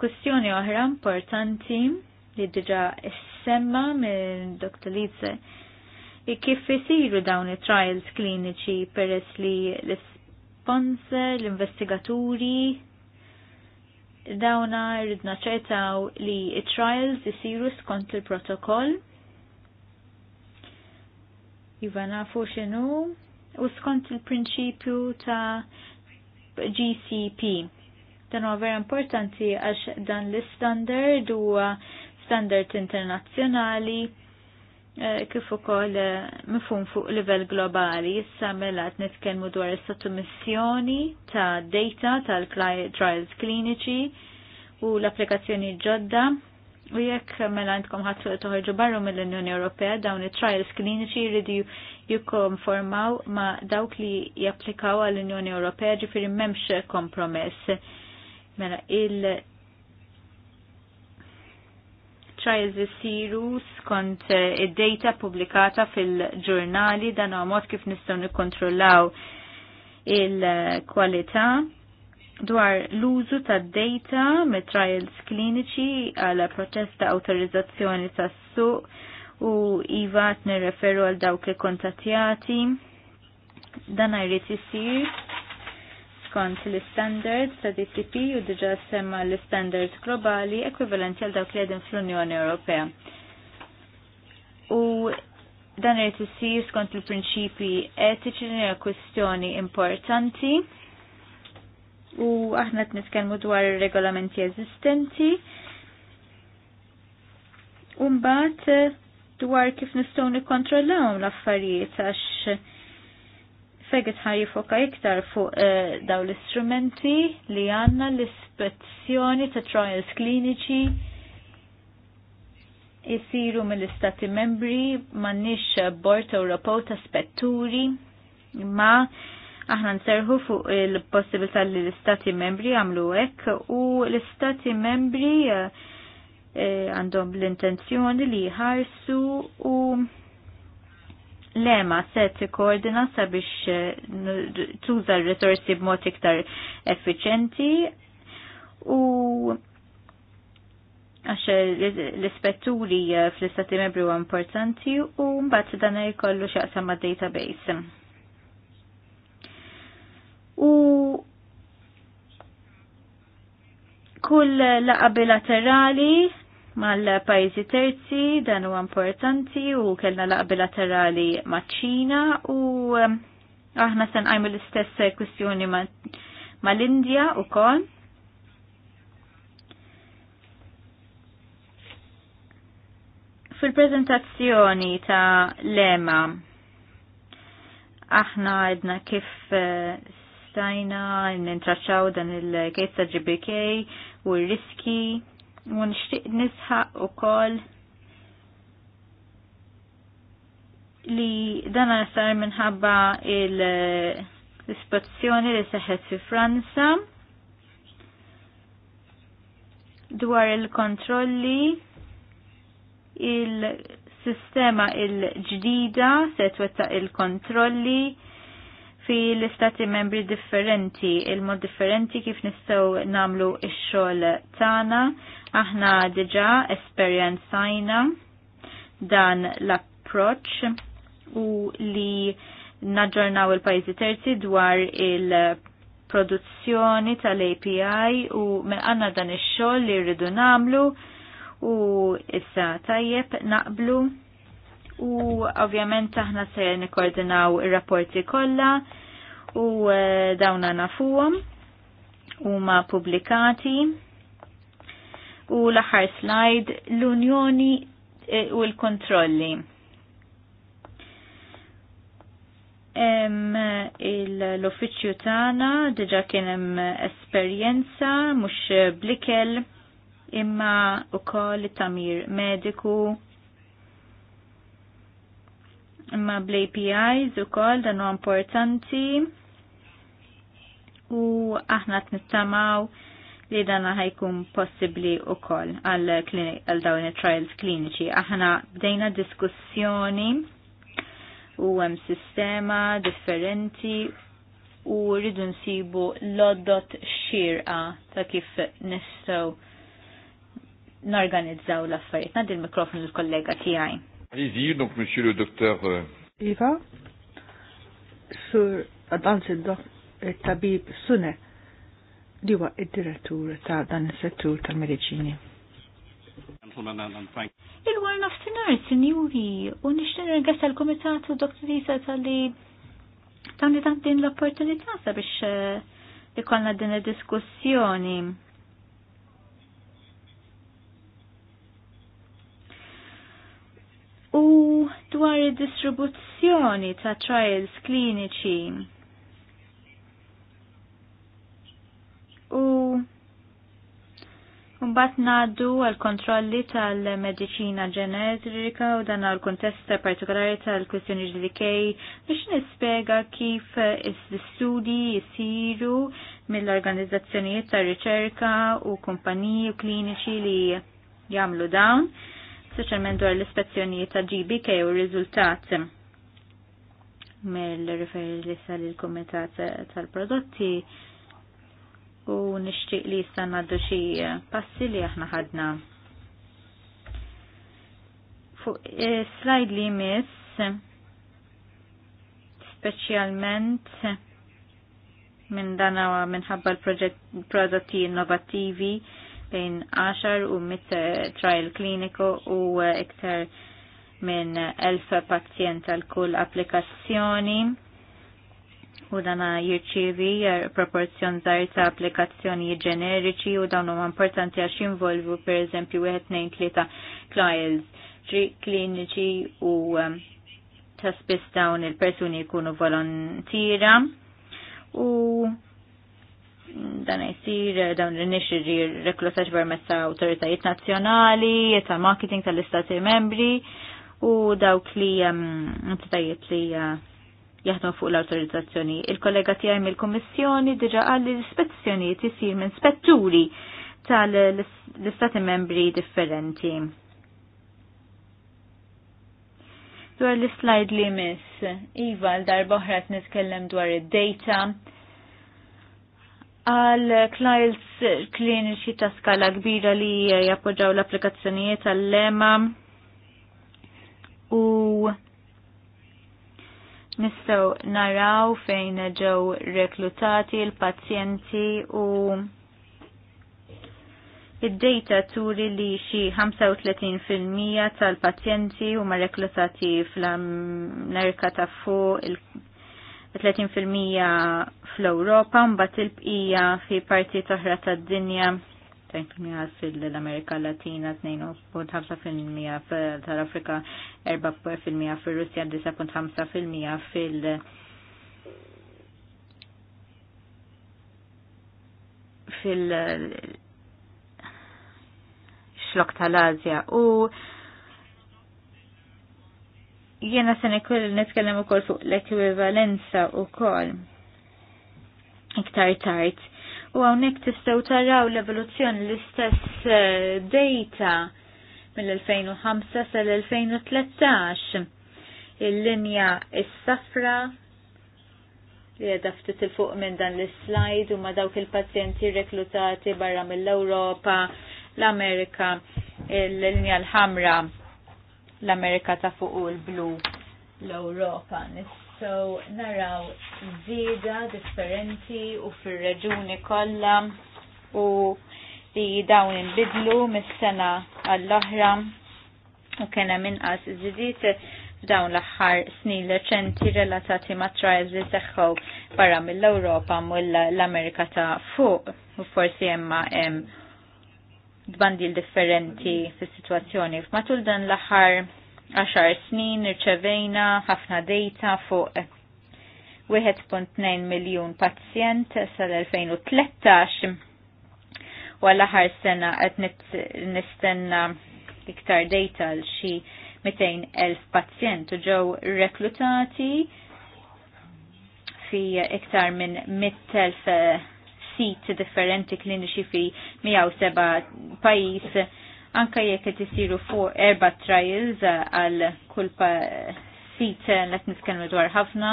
Kwestjoni oħra importanti li diġa semma minn Dr. Lize kif isiru dawn it-trials kliniċi peress li l-sponsor, l-investigaturi, dawna rridna ċertaw li it-trials isiru skont il-protokoll Iva nafu xinu u skont il-prinċipju ta' GCP Dan huwa vera importanti għax dan l-standard huwa standard internazzjonali eh, kif ukoll eh, mifhum fuq livell globali. Issa mela qed nitkellmu dwar is-sottomissjoni ta' data tal-trials kliniċi u l-applikazzjoni ġodda U jekk mela għandkom ħadd toħorġu barru mill-Unjoni Ewropea dawn it-trials kliniċi jridu jikkonformaw ma' dawk li japplikaw għall-Unjoni Ewropea ġifieri m'hemmx kompromess. Mela il trials isiru skont eh, id-data publikata fil-ġurnali dan huwa mod kif nistgħu nikkontrollaw il-kwalità dwar l-użu tad-data mit trials kliniċi għal proċess ta' awtorizzazzjoni tas-suq u ivat nirreferu għal dawk li kontatjati dan jrid jisir skont l standard ta' DCP u diġa semma l standard globali ekwivalenti għal dawk li għedin fl-Unjoni Ewropea. U dan irid isir skont il-prinċipi etiċi li hija kwistjoni importanti. U aħna qed nitkellmu dwar ir-regolamenti eżistenti. U mbagħad dwar kif nistgħu nikkontrollawhom l-affarijiet għax Fegħet ħaj iktar fuq eh, daw l-istrumenti li għanna l-ispezzjoni ta' trials kliniċi jisiru mill-istati membri mannix bord Ewropew ta' spetturi ma aħna nserħu fuq il-possibilità li l-istati membri għamlu hekk u l-istati membri eh, għandhom l-intenzjoni li jħarsu u lema se tikkoordina sabiex eh, tuża r resorsi b'mod iktar effiċenti u għax l-ispetturi eh, fl-istati membri huwa importanti u mbagħad dan jkollu x'jaqsam mad database. U kull laqa bilaterali mal-pajjiżi terzi dan huwa importanti u kellna laqgħa bilaterali maċ-Ċina u um, aħna se nqajmu l-istess kwistjoni mal-Indja ma wkoll. Fil-prezentazzjoni ta' Lema aħna għedna kif uh, stajna nintraċċaw dan il-case ta' GBK u r-riski u nixtieq nisħaq ukoll li dan sar minħabba eh, l-ispazzjoni li seħet fi Franza dwar il-kontrolli il-sistema il-ġdida se twetta il-kontrolli fi l-istati membri differenti, il-mod differenti kif nistaw namlu ix-xogħol tagħna Aħna diġa esperienzajna dan l-approċ u li naġġornaw il-pajzi terzi dwar il-produzzjoni tal-API u għanna dan ix-xogħol li rridu namlu u issa tajjeb naqblu u ovvjament aħna se nikkoordinaw ir-rapporti kollha u eh, dawna nafuhom huma pubblikati u l-aħħar slide l-Unjoni eh, u l-kontrolli. l-uffiċju tagħna diġà kien hemm esperjenza mhux blikel imma ukoll tamir mediku imma bl-APIs ukoll dan huwa importanti u aħna t-nittamaw li dana ħajkun possibli u koll għal dawni trials kliniċi. Aħna bdejna diskussjoni u hemm sistema differenti u rridu nsibu l-oddot xirqa ta' kif nistgħu narganizzaw l-affarijiet. Nadi l-mikrofon l-kollega tiegħi. Allez-y, monsieur le docteur. Euh, iva, sur, anzi, dok eh, tabib Sune li huwa id-direttur ta' dan is-settur tal-mediċini. Il-war nafsinar, sinjuri, u nishtin ringrazja l-Komitat u Dr. Isa tal-li tani tant din l-opportunità sabiex li eh, konna din il-diskussjoni. U dwar il-distribuzzjoni ta' trials kliniċi Mbagħad ngħaddu għal kontrolli tal-mediċina ġenetrika u dan għal kuntest partikolari tal-kwistjoni ġlikej biex nispjega kif is-studji jisiru mill-organizzazzjonijiet tar-riċerka u kumpaniji u kliniċi li jagħmlu dawn, speċjalment dwar l-ispezzjonijiet ta' GBK u r-riżultat mill-referi li sal il-Kumitat tal-Prodotti. tal prodotti u nixtieq li jistan ngħaddu xi passi li aħna ħadna. Fuq eh, slide li miss speċjalment minn dan minħabba l-prodotti innovattivi bejn 10 u 100 eh, trial kliniku u eh, iktar minn 1000 pazjent għal kull applikazzjoni u dana jirċivi eh, proporzjon zaħir ta' applikazzjoni ġeneriċi u dawn huma importanti għax jinvolvu per eżempju 1-2-3 trials, kliniċi u ehm, ta' spiss dawn il-persuni jkunu volontira u dan jisir eh, dawn l-inixiri reklutaċ permezz autoritajiet nazzjonali, ta' marketing tal-istati membri u dawk li ehm, entitajiet li eh, jaħdmu fuq l-autorizzazzjoni. Il-kollega tiegħi mill-Kummissjoni diġa qal li l-ispezzjonijiet isir minn spetturi tal-istati membri differenti. Dwar l-slide li miss, Iva l-darba oħra nitkellem dwar id-data għal clients kliniċi ta' skala kbira li jappoġġaw l-applikazzjonijiet għall-lema u Nistgħu naraw fejn ġew reklutati l-pazjenti u id-data turi li xi 35% tal-pazjenti huma reklutati fl-Amerika ta' fuq il 30% fl-Ewropa mbagħad il-bqija fi parti oħra tad-dinja 60% fil-Amerika Latina, 2.5% tal-Afrika, 4% fil russia 10.5% fil- fil xlok tal-Azja u jena sani se nikoll u kol fuq l-ekwivalenza kol iktar tard U hawnhekk tistgħu taraw l-evoluzzjoni l-istess eh, data mill-2005 sal-2013. Il-linja is-safra li għedha ftit il fuq minn dan l-slide u ma dawk il-pazjenti reklutati barra mill-Ewropa, l-Amerika, l-linja l-ħamra, l-Amerika ta' fuq u l-blu l-Ewropa. Nis so naraw zida differenti u fir-reġuni kollha u li dawn inbidlu mis-sena għall-oħra u kena minqas zidit f'dawn l-aħħar snin reċenti relatati ma' trials li seħħu barra mill-Ewropa mill-Amerika ta' fuq u forsi hemma hemm dbandil differenti fis-sitwazzjoni. Matul dan l-aħħar 10 snin irċevejna ħafna data fuq 1.2 miljon pazjent sal-2013 u għall-aħar sena qed nistenna iktar data l xi 200.000 pazjent u ġew reklutati fi iktar minn 100.000 eh, sit differenti kliniċi fi 107 pajis anka jekk qed isiru fuq erba' trials eh, għal kull sit eh, qed nitkellmu dwar ħafna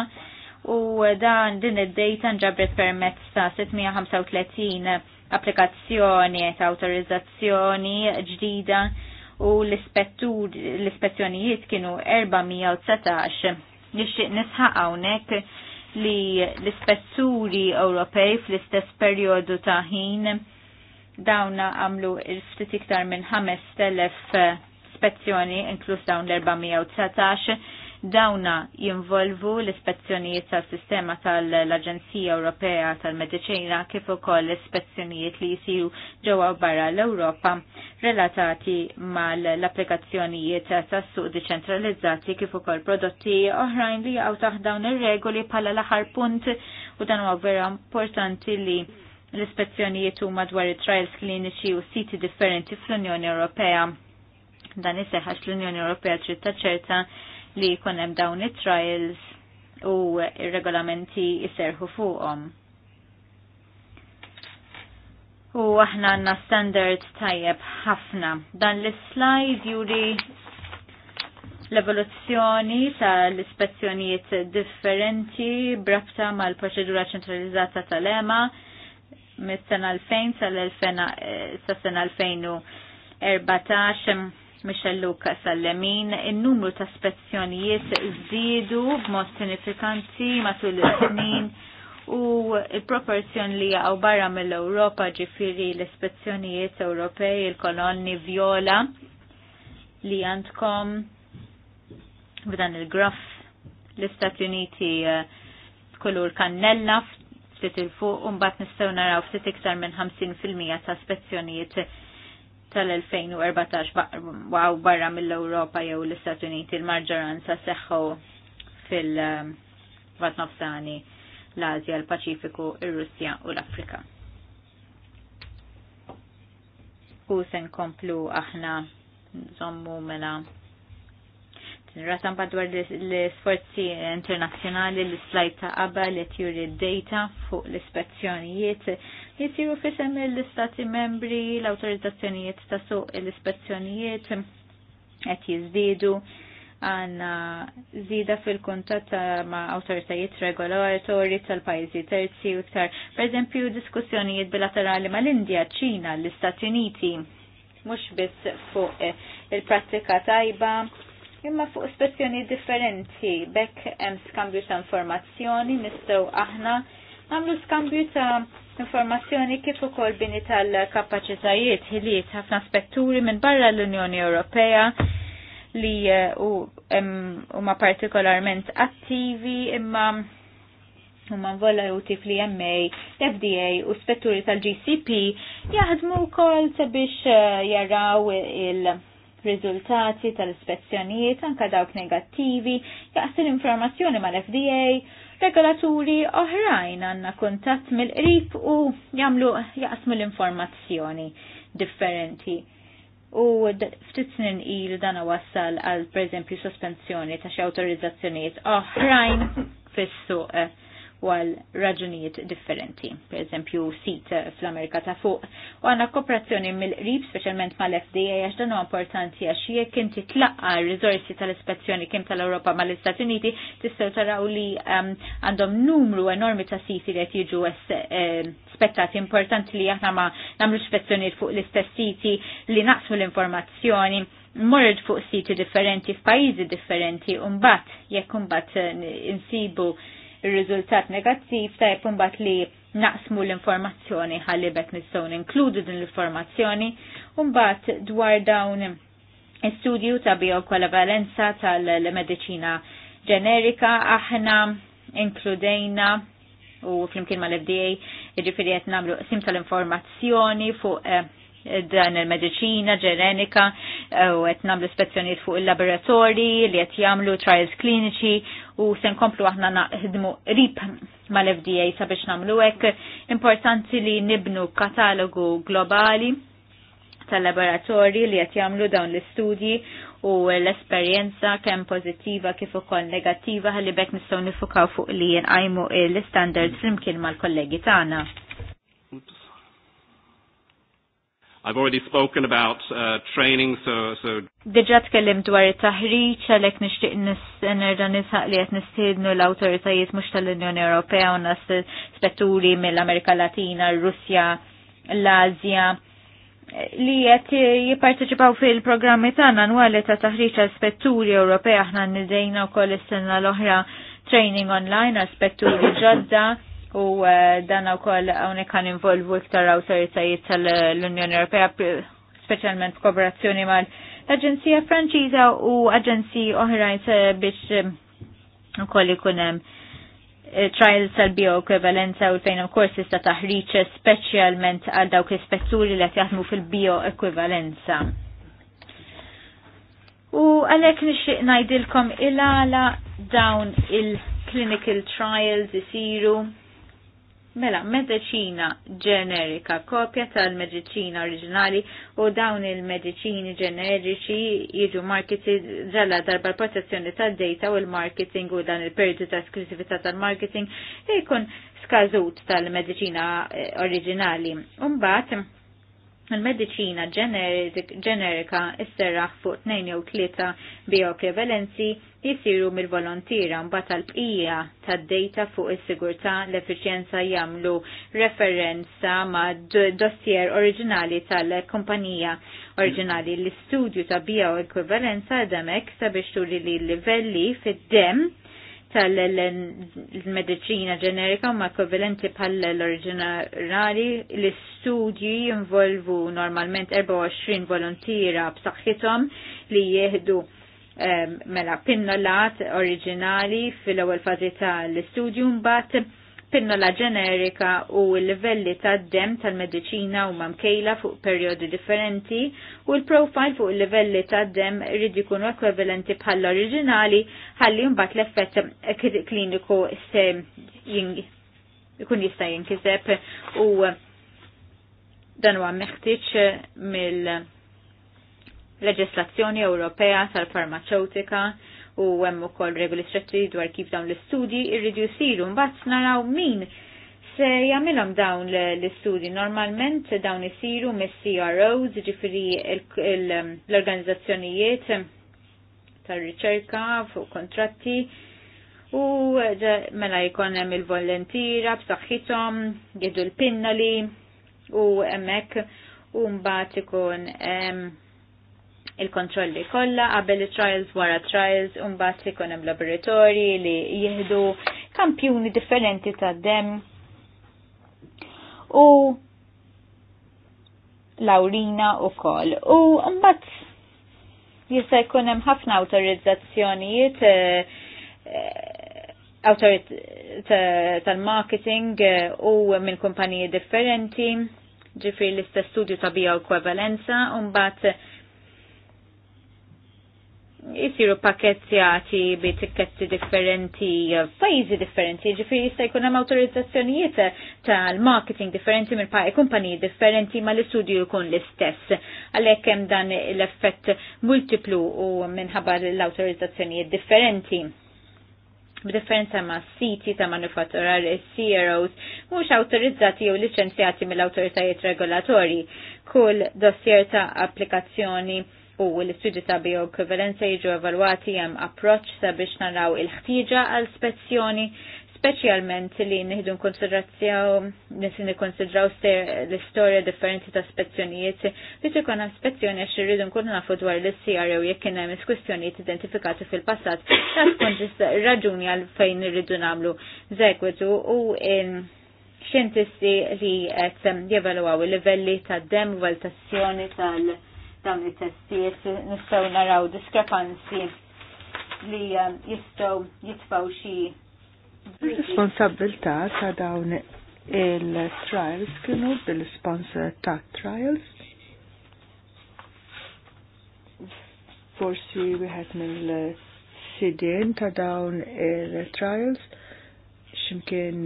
u dan din id-data nġabret permezz ta' 635 applikazzjoni ta' autorizzazzjoni ġdida u l-ispezzjonijiet kienu 419. Nixtieq nisħaq hawnhekk li l-ispetturi Ewropej fl-istess perjodu ta' ħin dawna għamlu il-ftit iktar minn 5,000 eh, spezzjoni, inkluż dawn l-419, dawna jinvolvu l-ispezzjonijiet tal-sistema tal-Aġenzija Ewropea tal-Mediċina kif ukoll l-ispezzjonijiet li jisiru ġewwa barra l-Ewropa relatati mal-applikazzjonijiet tas-suq deċentralizzati kif ukoll prodotti oħrajn li jaqgħu taħt dawn ir-regoli bħala l-aħħar punt u dan huwa vera importanti li L-ispezzjonijiet huma dwar it-trials kliniċi u siti differenti fl-Unjoni Ewropea. Dan iseħħax l-Unjoni Ewropea trid taċċerta li jkun hemm dawn it-trials u ir-regolamenti jserħu fuqhom. U aħna għandna standard tajjeb ħafna. Dan l-slide juri l-evoluzzjoni tal-ispezzjonijiet differenti brabta mal-proċedura ċentralizzata tal-EMA mis-sena 2000 sal-sena 2014 Michel Luca Sallemin, il-numru ta' spezzjonijiet zidu b'mod sinifikanti matul is-snin u il-proporzjon li għaw barra mill-Europa ġifiri l-ispezzjonijiet Ewropej, il-kolonni viola li għandkom b'dan il-graf l-Istati Uniti eh, kulur kannella ftit il fuq u mbagħad nistgħu naraw ftit iktar minn 50% ta' spezzjonijiet tal-2014 waw barra mill-Ewropa jew l-Istati Uniti l marġoranza seħħu fil-Vat Nofsani l-Azja, l-Paċifiku, ir-Russja u l-Afrika. U se nkomplu aħna nżommu mela Rasan dwar l-sforzi internazzjonali l slajt ta' qaba li tjuri d-data fuq l-ispezzjonijiet jisiru fisem l-istati membri, l-autorizzazzjonijiet ta' suq l-ispezzjonijiet qed jizdidu għanna zida fil-kontat ma' autoritajiet regolatori tal-pajzi terzi u iktar. Per eżempju, diskussjonijiet bilaterali mal-Indja, ċina, l-Istati Uniti, mux biss fuq il-prattika tajba imma fuq spessjoni differenti bekk hemm skambju ta' informazzjoni nistgħu aħna nagħmlu skambju ta' informazzjoni kif ukoll bini tal-kapaċitajiet ħiliet ħafna spetturi minn barra l-Unjoni Ewropea li eh, huma partikolarment attivi imma huma involuti fl-EMA, FDA u spetturi tal-GCP jaħdmu wkoll sabiex eh, jaraw il- riżultati tal-ispezzjonijiet anka dawk negattivi, jaqsir informazzjoni mal-FDA, regolaturi oħrajn għanna kuntatt mill-qrib u jamlu jaqsmu l-informazzjoni differenti. U ftit snin ilu dan wassal għal per sospensjoni ta' xi awtorizzazzjonijiet oħrajn fis-suq u għal raġunijiet differenti, per eżempju sit fl-Amerika ta' fuq. U għanna kooperazzjoni mill-qrib, specialment mal-FDA, għax dan huwa importanti għax jekk inti tlaqqa r rizorsi tal-ispezzjoni kim tal-Ewropa mal-Istati Uniti, tistaw taraw li um, għandhom numru enormi ta' siti li qed jiġu eh, spettati importanti li għahna ma nagħmlu spezzjoni fuq l-istess siti li naqsmu l-informazzjoni morred fuq siti differenti f'pajjiżi differenti u mbagħad jekk mbagħad eh, insibu il riżultat negattiv ta' jpumbat li naqsmu l-informazzjoni bet nistgħu inkludu din l-informazzjoni u mbagħad dwar dawn istudju ta' biokolevalenza tal-medicina ġenerika aħna inkludejna u flimkien mal-FDA ġifiri qed nagħmlu sim tal-informazzjoni fuq eh, dan il-medicina ġenerika eh, u qed nagħmlu spezzjoniet fuq il-laboratori li qed jagħmlu trials kliniċi u se nkomplu aħna naħdmu rib mal-FDA sabiex namlu hekk. Importanti li nibnu katalogu globali tal-laboratorji li qed jagħmlu dawn l-istudji u l-esperjenza kemm pożittiva kif ukoll negattiva ħalli bekk nistgħu nifukaw fuq li jinqajmu l-standards flimkien mal-kollegi tagħna. I've already spoken about uh, training, so... so Diġa tkellim dwar it-taħriċ għalek nishtiq nerda nisaq li għet nistidnu l-autoritajiet mux tal-Unjoni Ewropea u nas spetturi mill-Amerika Latina, Russja, l-Azja li jett jiparteċipaw fil-programmi tagħna nwali ta' taħriċ għal spetturi Ewropea aħna nidejna wkoll is-sena l-oħra training online għal spetturi ġodda u eh, dan koll hawnhekk kan involvu iktar awtoritajiet tal-Unjoni Ewropea speċjalment kooperazzjoni mal-Aġenzija Franċiża u aġenziji oħrajn biex eh, ukoll ikun hemm eh, trials tal bioekvivalenza u fejn kors sta taħriċ speċjalment għal dawk l-ispetturi li qed jaħdmu fil-bioekwivalenza. U għalhekk nixtieq ngħidilkom il-għala dawn il-clinical trials isiru Mela, medicina ġenerika, kopja tal-medicina oriġinali u dawn il-medicini ġeneriċi jiġu marketi ġalla darba l-protezzjoni tal-data u l-marketing u dan il-periodu ta' esklusivita tal-marketing jkun skażut tal-medicina eh, oriġinali. Umbat, il-medicina ġenerika s-serraħ fuq 2 jew 3 bioekvivalenzi jisiru mill-volontira mbagħad tal-bqija tad-data fuq is-sigurtà l-effiċjenza jagħmlu referenza ma' dossier oriġinali tal-kumpanija oriġinali l-istudju ta' bioekvivalenza demek sabiex turi li l livelli fid-dem tal-medicina ġenerika ma kovalenti bħal l-oriġinali l-istudji jinvolvu normalment 24 volontira b'saħħithom li jieħdu eh, mela pinnolat oriġinali fil-ewwel fażi tal-istudju mbagħad pinnola ġenerika u l-livelli tad-dem tal-medicina u mamkejla fuq periodi differenti u l-profile fuq il-livelli tad-dem ridi kunu ekwivalenti bħall-oriġinali ħalli mbagħad l-effett kliniku se jkun jista' jinkiseb u dan huwa meħtieġ mill leġislazzjoni Ewropea tal-farmaceutika u hemm ukoll regoli stretti dwar kif dawn l-istudji irridu jsiru mbagħad naraw min se jagħmilhom dawn l-istudji. Normalment dawn isiru mis-CROs, ġifieri l-organizzazzjonijiet tar-riċerka fuq kontratti u mela jkun hemm il volentira b'saħħithom, jiedu l-pinnali u hemmhekk u mbagħad ikun il-kontrolli kollha qabel trials wara trials u li ikun hemm laboratorji li jieħdu kampjuni differenti ta' dem. U laurina u kol. U mbagħad jista' jkun hemm ħafna awtorizzazzjonijiet eh, tal-marketing eh, u minn kumpaniji differenti ġifri l-istess studju ta' bioekwivalenza, un bat jisiru pakkezzjati bi tikketti differenti, fajzi differenti, ġifiri jista' jkun hemm awtorizzazzjonijiet tal-marketing differenti minn pa' kumpaniji differenti ma l-istudju jkun l-istess. Għalhekk hemm dan l-effett multiplu u minħabba l-awtorizzazzjonijiet differenti b'differenza ma' siti ta' manufatturar CROs mhux awtorizzati jew liċenzjati mill-awtoritajiet regolatorji. Kull dossier ta' applikazzjoni u l-istudju ta' bioekvivalenza jiġu evalwati hemm approċċ sabiex naraw il-ħtieġa għal spezzjoni speċjalment li nieħdu nkonsidrazzjaw nisin nikkonsidraw l-istorja differenti ta' spezzjonijiet li hemm spezzjoni għax irridu nkunu nafu dwar l jew jekk kien hemm kwistjonijiet identifikati fil-passat ta' tkun raġuni għal fejn irridu nagħmlu żegwitu u xjentisti li qed jevalwaw il-livelli ta' dem tal- tal- dawn it-testijiet nistgħu naraw diskrepanzi li um, jistgħu jitfgħu xi responsabilità ta' dawn il-trials kienu bil-sponsor ta' trials. Forsi wieħed mill-sidien ta' dawn il-trials ximkien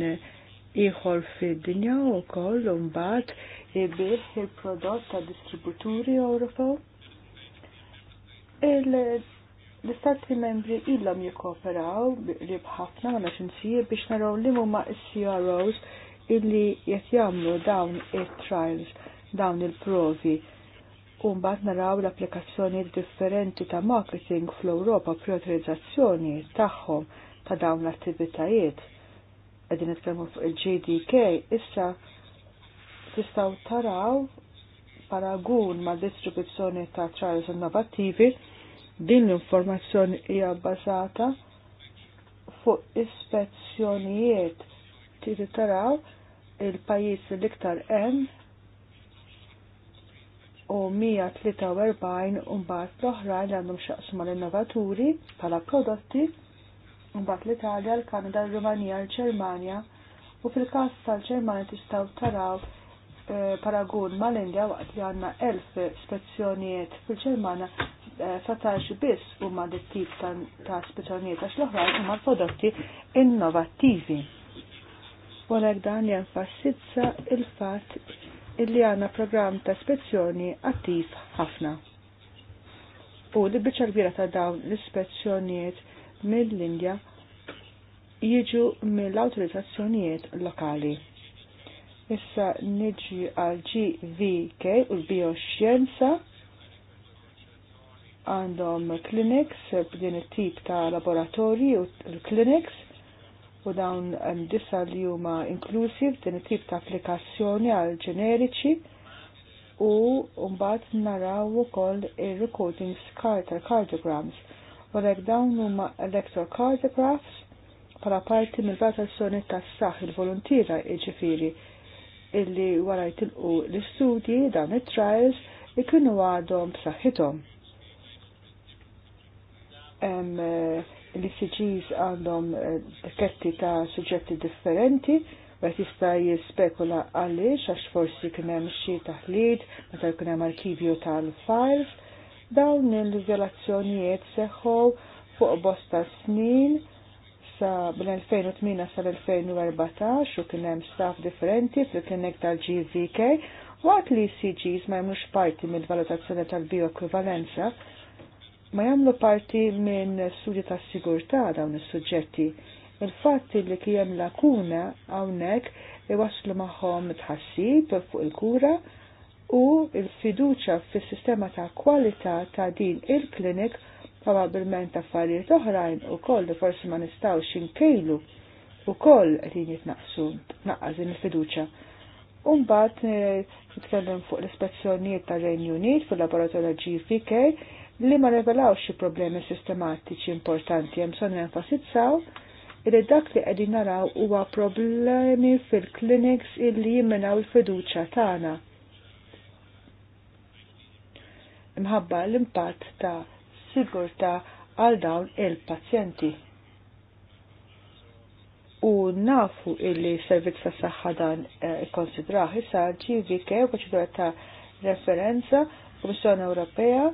ieħor fid-dinja u koll u mbagħad jibih il-prodott ta' distributuri Ewropew. L-istati membri illom jikoperaw bħafna għana xinsijiet biex naraw li huma CROs illi jett dawn il-trials, dawn il-provi. Umbat naraw l-applikazzjoni differenti ta' marketing fl-Europa priorizzazzjoni tagħhom ta' dawn l-attivitajiet. Edin nitkellmu fuq il-GDK issa tistaw taraw paragun ma' distribuzzjoni ta' trials innovativi din l-informazzjoni hija bbażata fuq ispezzjonijiet tiri taraw il-pajjiż l-iktar hemm u 143 mbagħad l-oħrajn li għandhom x'aqsma l-innovaturi bħala prodotti mbagħad l-Italja, l-Kanada, l-Rumanija, l-Ġermanja u fil-każ tal-Ġermanja tistgħu taraw Eh, paragun mal-Indja waqt li għanna 1000 spezzjonijiet fil-Ġermana eh, satax biss huma dit tip ta' spezzjonijiet għax l-oħrajn huma prodotti innovattivi. Walek dan jenfasizza il-fatt illi għanna programm ta' spezzjoni attiv ħafna. U li biċar kbira ta' dawn l-ispezzjonijiet mill-Indja jiġu mill-autorizzazzjonijiet lokali Issa niġi għal GVK u l-bioxjenza għandhom clinics b'din it-tip ta' laboratori u l-clinics u dawn disa li huma inklusiv b'din it-tip ta' applikazzjoni għal ġeneriċi u mbagħad naraw ukoll ir-recording cardiograms u l dawn huma electrocardiographs bħala parti mill-valutazzjoni tas-saħħ il-volontira jiġifieri illi wara jtilqu l-istudji dan it-trials ikunu għadhom b'saħħithom. Hemm eh, L-ICGs għandhom deketti eh, ta' suġġetti differenti, għet jista' jispekula għaliex għax forsi kien hemm xi taħlid meta jkun hemm arkivju tal-files, dawn il-vjolazzjonijiet seħħu fuq bosta snin sa bil-2008 sal-2014 u kien hemm staff differenti fil-klinik tal-GVK waqt li CGs ma jmux parti mill-valutazzjoni tal-bioekvivalenza ma jagħmlu parti minn studju tas-sigurtà dawn is-suġġetti. Il-fatt li kien hemm lakuna hawnhekk iwasslu magħhom tħassib fuq il-kura u il-fiduċa fis-sistema ta' kwalità ta' din il-klinik probabilment affarijiet oħrajn u koll li forsi ma nistawx inkejlu u koll qed jitnaqsu naqqas din il-fiduċa. Umbat eh, nitkellem fuq l-ispezzjonijiet tal-Renju Unit fil laboratorja GFK li ma revelawx xi problemi sistematiċi importanti hemm son enfasizzaw li dak li qegħdin naraw huwa problemi fil-clinics illi jimmenaw il-fiduċa tagħna. Imħabba l-impatt ta' sigurta għal dawn il-pazjenti. U nafu illi servizz ta' saħħa dan eh, ikkonsidraħ issa GVK u proċedura ta' referenza Komissjoni Ewropea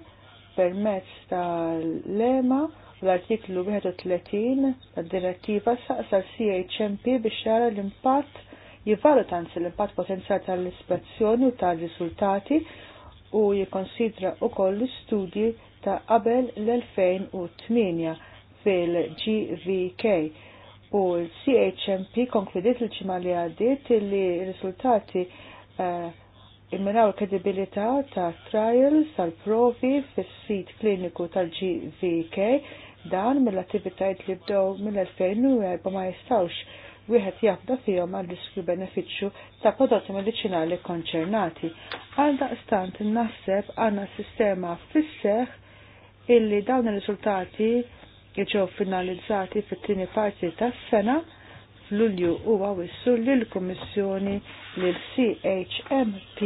permezz tal-lema u l-artiklu 31 tad-direttiva saqsar CHMP biex jara l-impatt jivvalutanz l-impatt potenzjal tal-ispezzjoni u tal-riżultati u jikonsidra u koll istudji ta' qabel l-2008 fil-GVK u l-CHMP konkludiet l ċimali li għaddiet li risultati uh, eh, immiraw l-kredibilità ta' trials tal-provi fis-sit kliniku tal-GVK dan mill-attivitajiet li bdew mill-2004 ma jistawx wieħed jafda fihom għal riskju benefiċċju ta' prodotti mediċinali konċernati. Għal daqstant naħseb għandna sistema fisseħ illi dawn ir-riżultati ġew finalizzati fit-tieni parti tas-sena f'Lulju huwa wissu lil kummissjoni l CHMP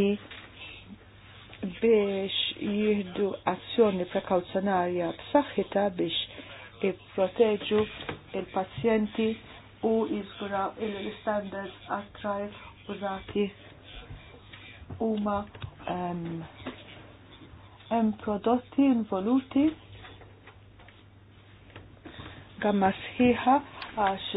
biex jieħdu azzjoni prekawzjonarja b'saħħitha biex jipproteġu il-pazjenti u jiżguraw il-standards attrajl użati huma ehm, hemm prodotti involuti gamma sħiħa għax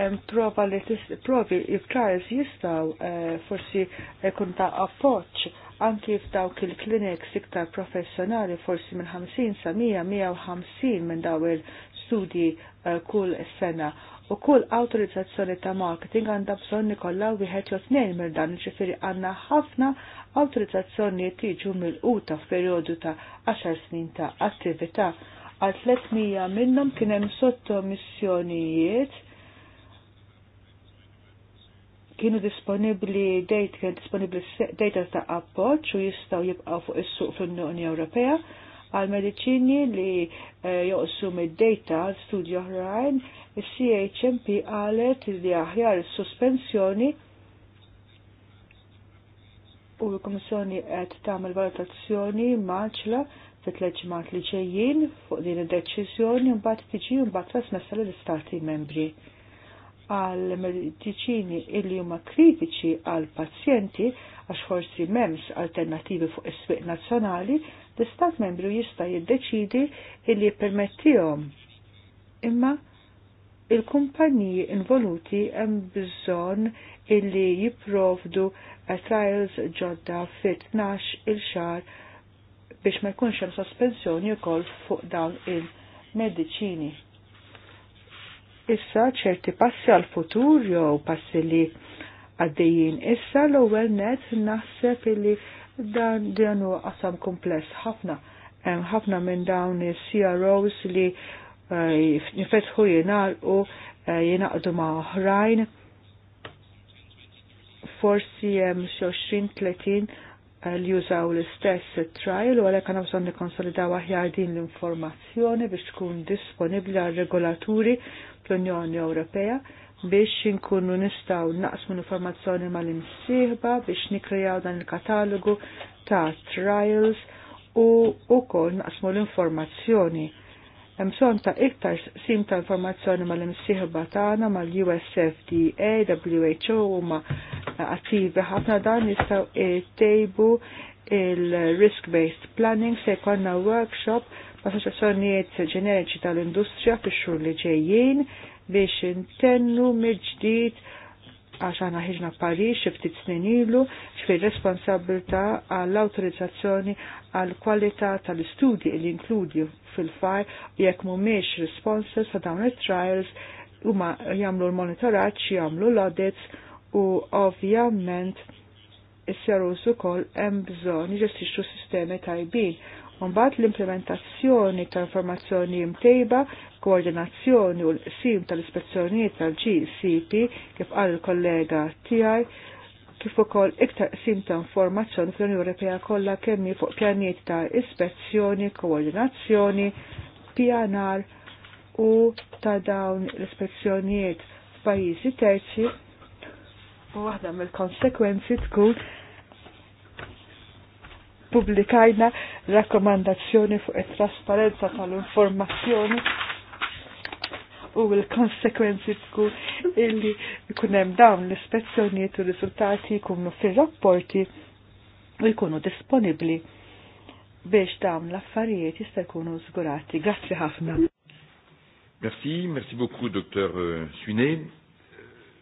hemm prova li provi il-trials jistgħu eh, forsi jkun ta' appoġġ anki f'dawk il-kliniks iktar professjonali forsi minn 50 sa 100 150 minn daw il-studji eh, kull sena u kull autorizzazzjoni ta' marketing għandha bżonn ikollha wieħed jew tnejn minn dan ġifieri għandna ħafna Awtorizzazzjonijiet jiġu mill-quta f'perjodu ta' 10 snin ta' attività għal 300 minnhom kien hemm sottomissjonijiet kienu disponibli dejt kien disponibli data ta' appoġġ u jistgħu jibqgħu fuq is-suq fl-Unjoni Ewropea għal mediċini li eh, joqsu mid-data studju oħrajn, is-CHMP qalet li aħjar is-suspensjoni u l-Komissjoni qed tagħmel valutazzjoni maċla fit leġmat li ġejjin fuq din id-deċiżjoni mbagħad tiġi mbagħad trasmessa lill-Istati membri għal mediċini illi huma kritiċi għal pazjenti għax forsi m'hemmx alternativi fuq is-swieq nazzjonali, l-Istat membru jista' jiddeċidi illi jippermettihom. Imma il-kumpaniji involuti hemm bżonn illi jipprovdu trials ġodda fit 12 il-xar biex ma jkunx hemm sospensjoni wkoll fuq dawn il-mediċini. Issa ċerti passi għal futur jew passi li għaddejjin issa l-ewwel net naħseb illi dan dan huwa qasam kumpless ħafna. Hemm ħafna minn dawn is-CROs li jifetħu u jenaqdu ma' oħrajn. Forsi jem 20-30 li jużaw l-istess trial u għalek għana bżon konsolidaw aħjar din l-informazzjoni biex tkun disponibli għal regolaturi fl-Unjoni Ewropea biex inkunu nistaw naqsmu l-informazzjoni mal-imsieħba biex nikrijaw dan il-katalogu ta' trials u u kol naqsmu l-informazzjoni hemm ta' iktar sim ta' informazzjoni mal batana tagħna mal-USFDA, WHO ma' attivi ħafna dan jistgħu tejbu il-risk-based planning se jkollna workshop ma' soċjazzjonijiet ġeneriċi tal-industrija fix-xhur li ġejjin biex intennu mill-ġdid għax għana ħiġna Parix ftit snin ilu xfir responsabilta għall-autorizzazzjoni għall-kwalità tal-istudji li inkludi fil-far jekk mumiex responses ta' dawn il-trials huma jagħmlu l-monitoraġġ, jagħmlu l-audits u ovvjament is-seru ukoll hemm bżonn jġestixxu sistemi tajbin Mbagħad l-implementazzjoni ta' informazzjoni imtejba koordinazzjoni u l-sim tal-ispezzjonijiet tal-GCP kif qal il-kollega tiegħi kif ukoll iktar sim ta' informazzjoni fl-Unjoni Ewropea kollha kemm fuq pjanijiet ta' ispezzjoni, koordinazzjoni, pjanar u ta' dawn l-ispezzjonijiet f'pajjiżi terzi. U waħda mill-konsekwenzi tkun pubblikajna rakkomandazzjoni fuq it-trasparenza tal-informazzjoni u l-konsekwenzi tku illi kunem dawn l-ispezzjoniet u r-riżultati jkunu fir-rapporti u jkunu disponibli biex dawn l-affarijiet jista' jkunu żgurati. Grazzi ħafna. Merci, merci beaucoup, docteur euh, Suinet.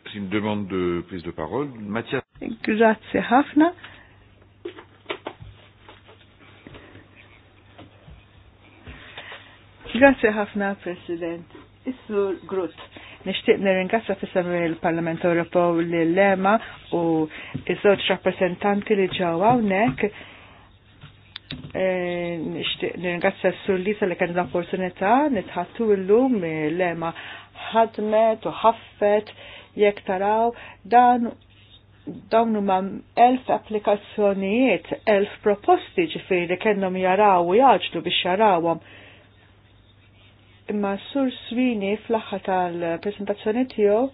C'est une demande de prise de parole. Mathias. Grazie, Hafna. Grazie, Hafna, President. Is-Sur Grut. Nishtiq nirringrazzja fissam il-Parlament Ewropew li l-lema u iż-żewġ rappresentanti li ġew hawnhekk. Eh, Nishtiq nirringrazzja s-Sur Lisa li kien l-opportunità nitħattu llum l-lema ħadmet u ħaffet jekk taraw dan dawn huma elf applikazzjonijiet, elf proposti ġifieri kellhom jaraw u jaġdu biex jarawhom imma Sur Swini fl-aħħa tal-presentazzjoni tiegħu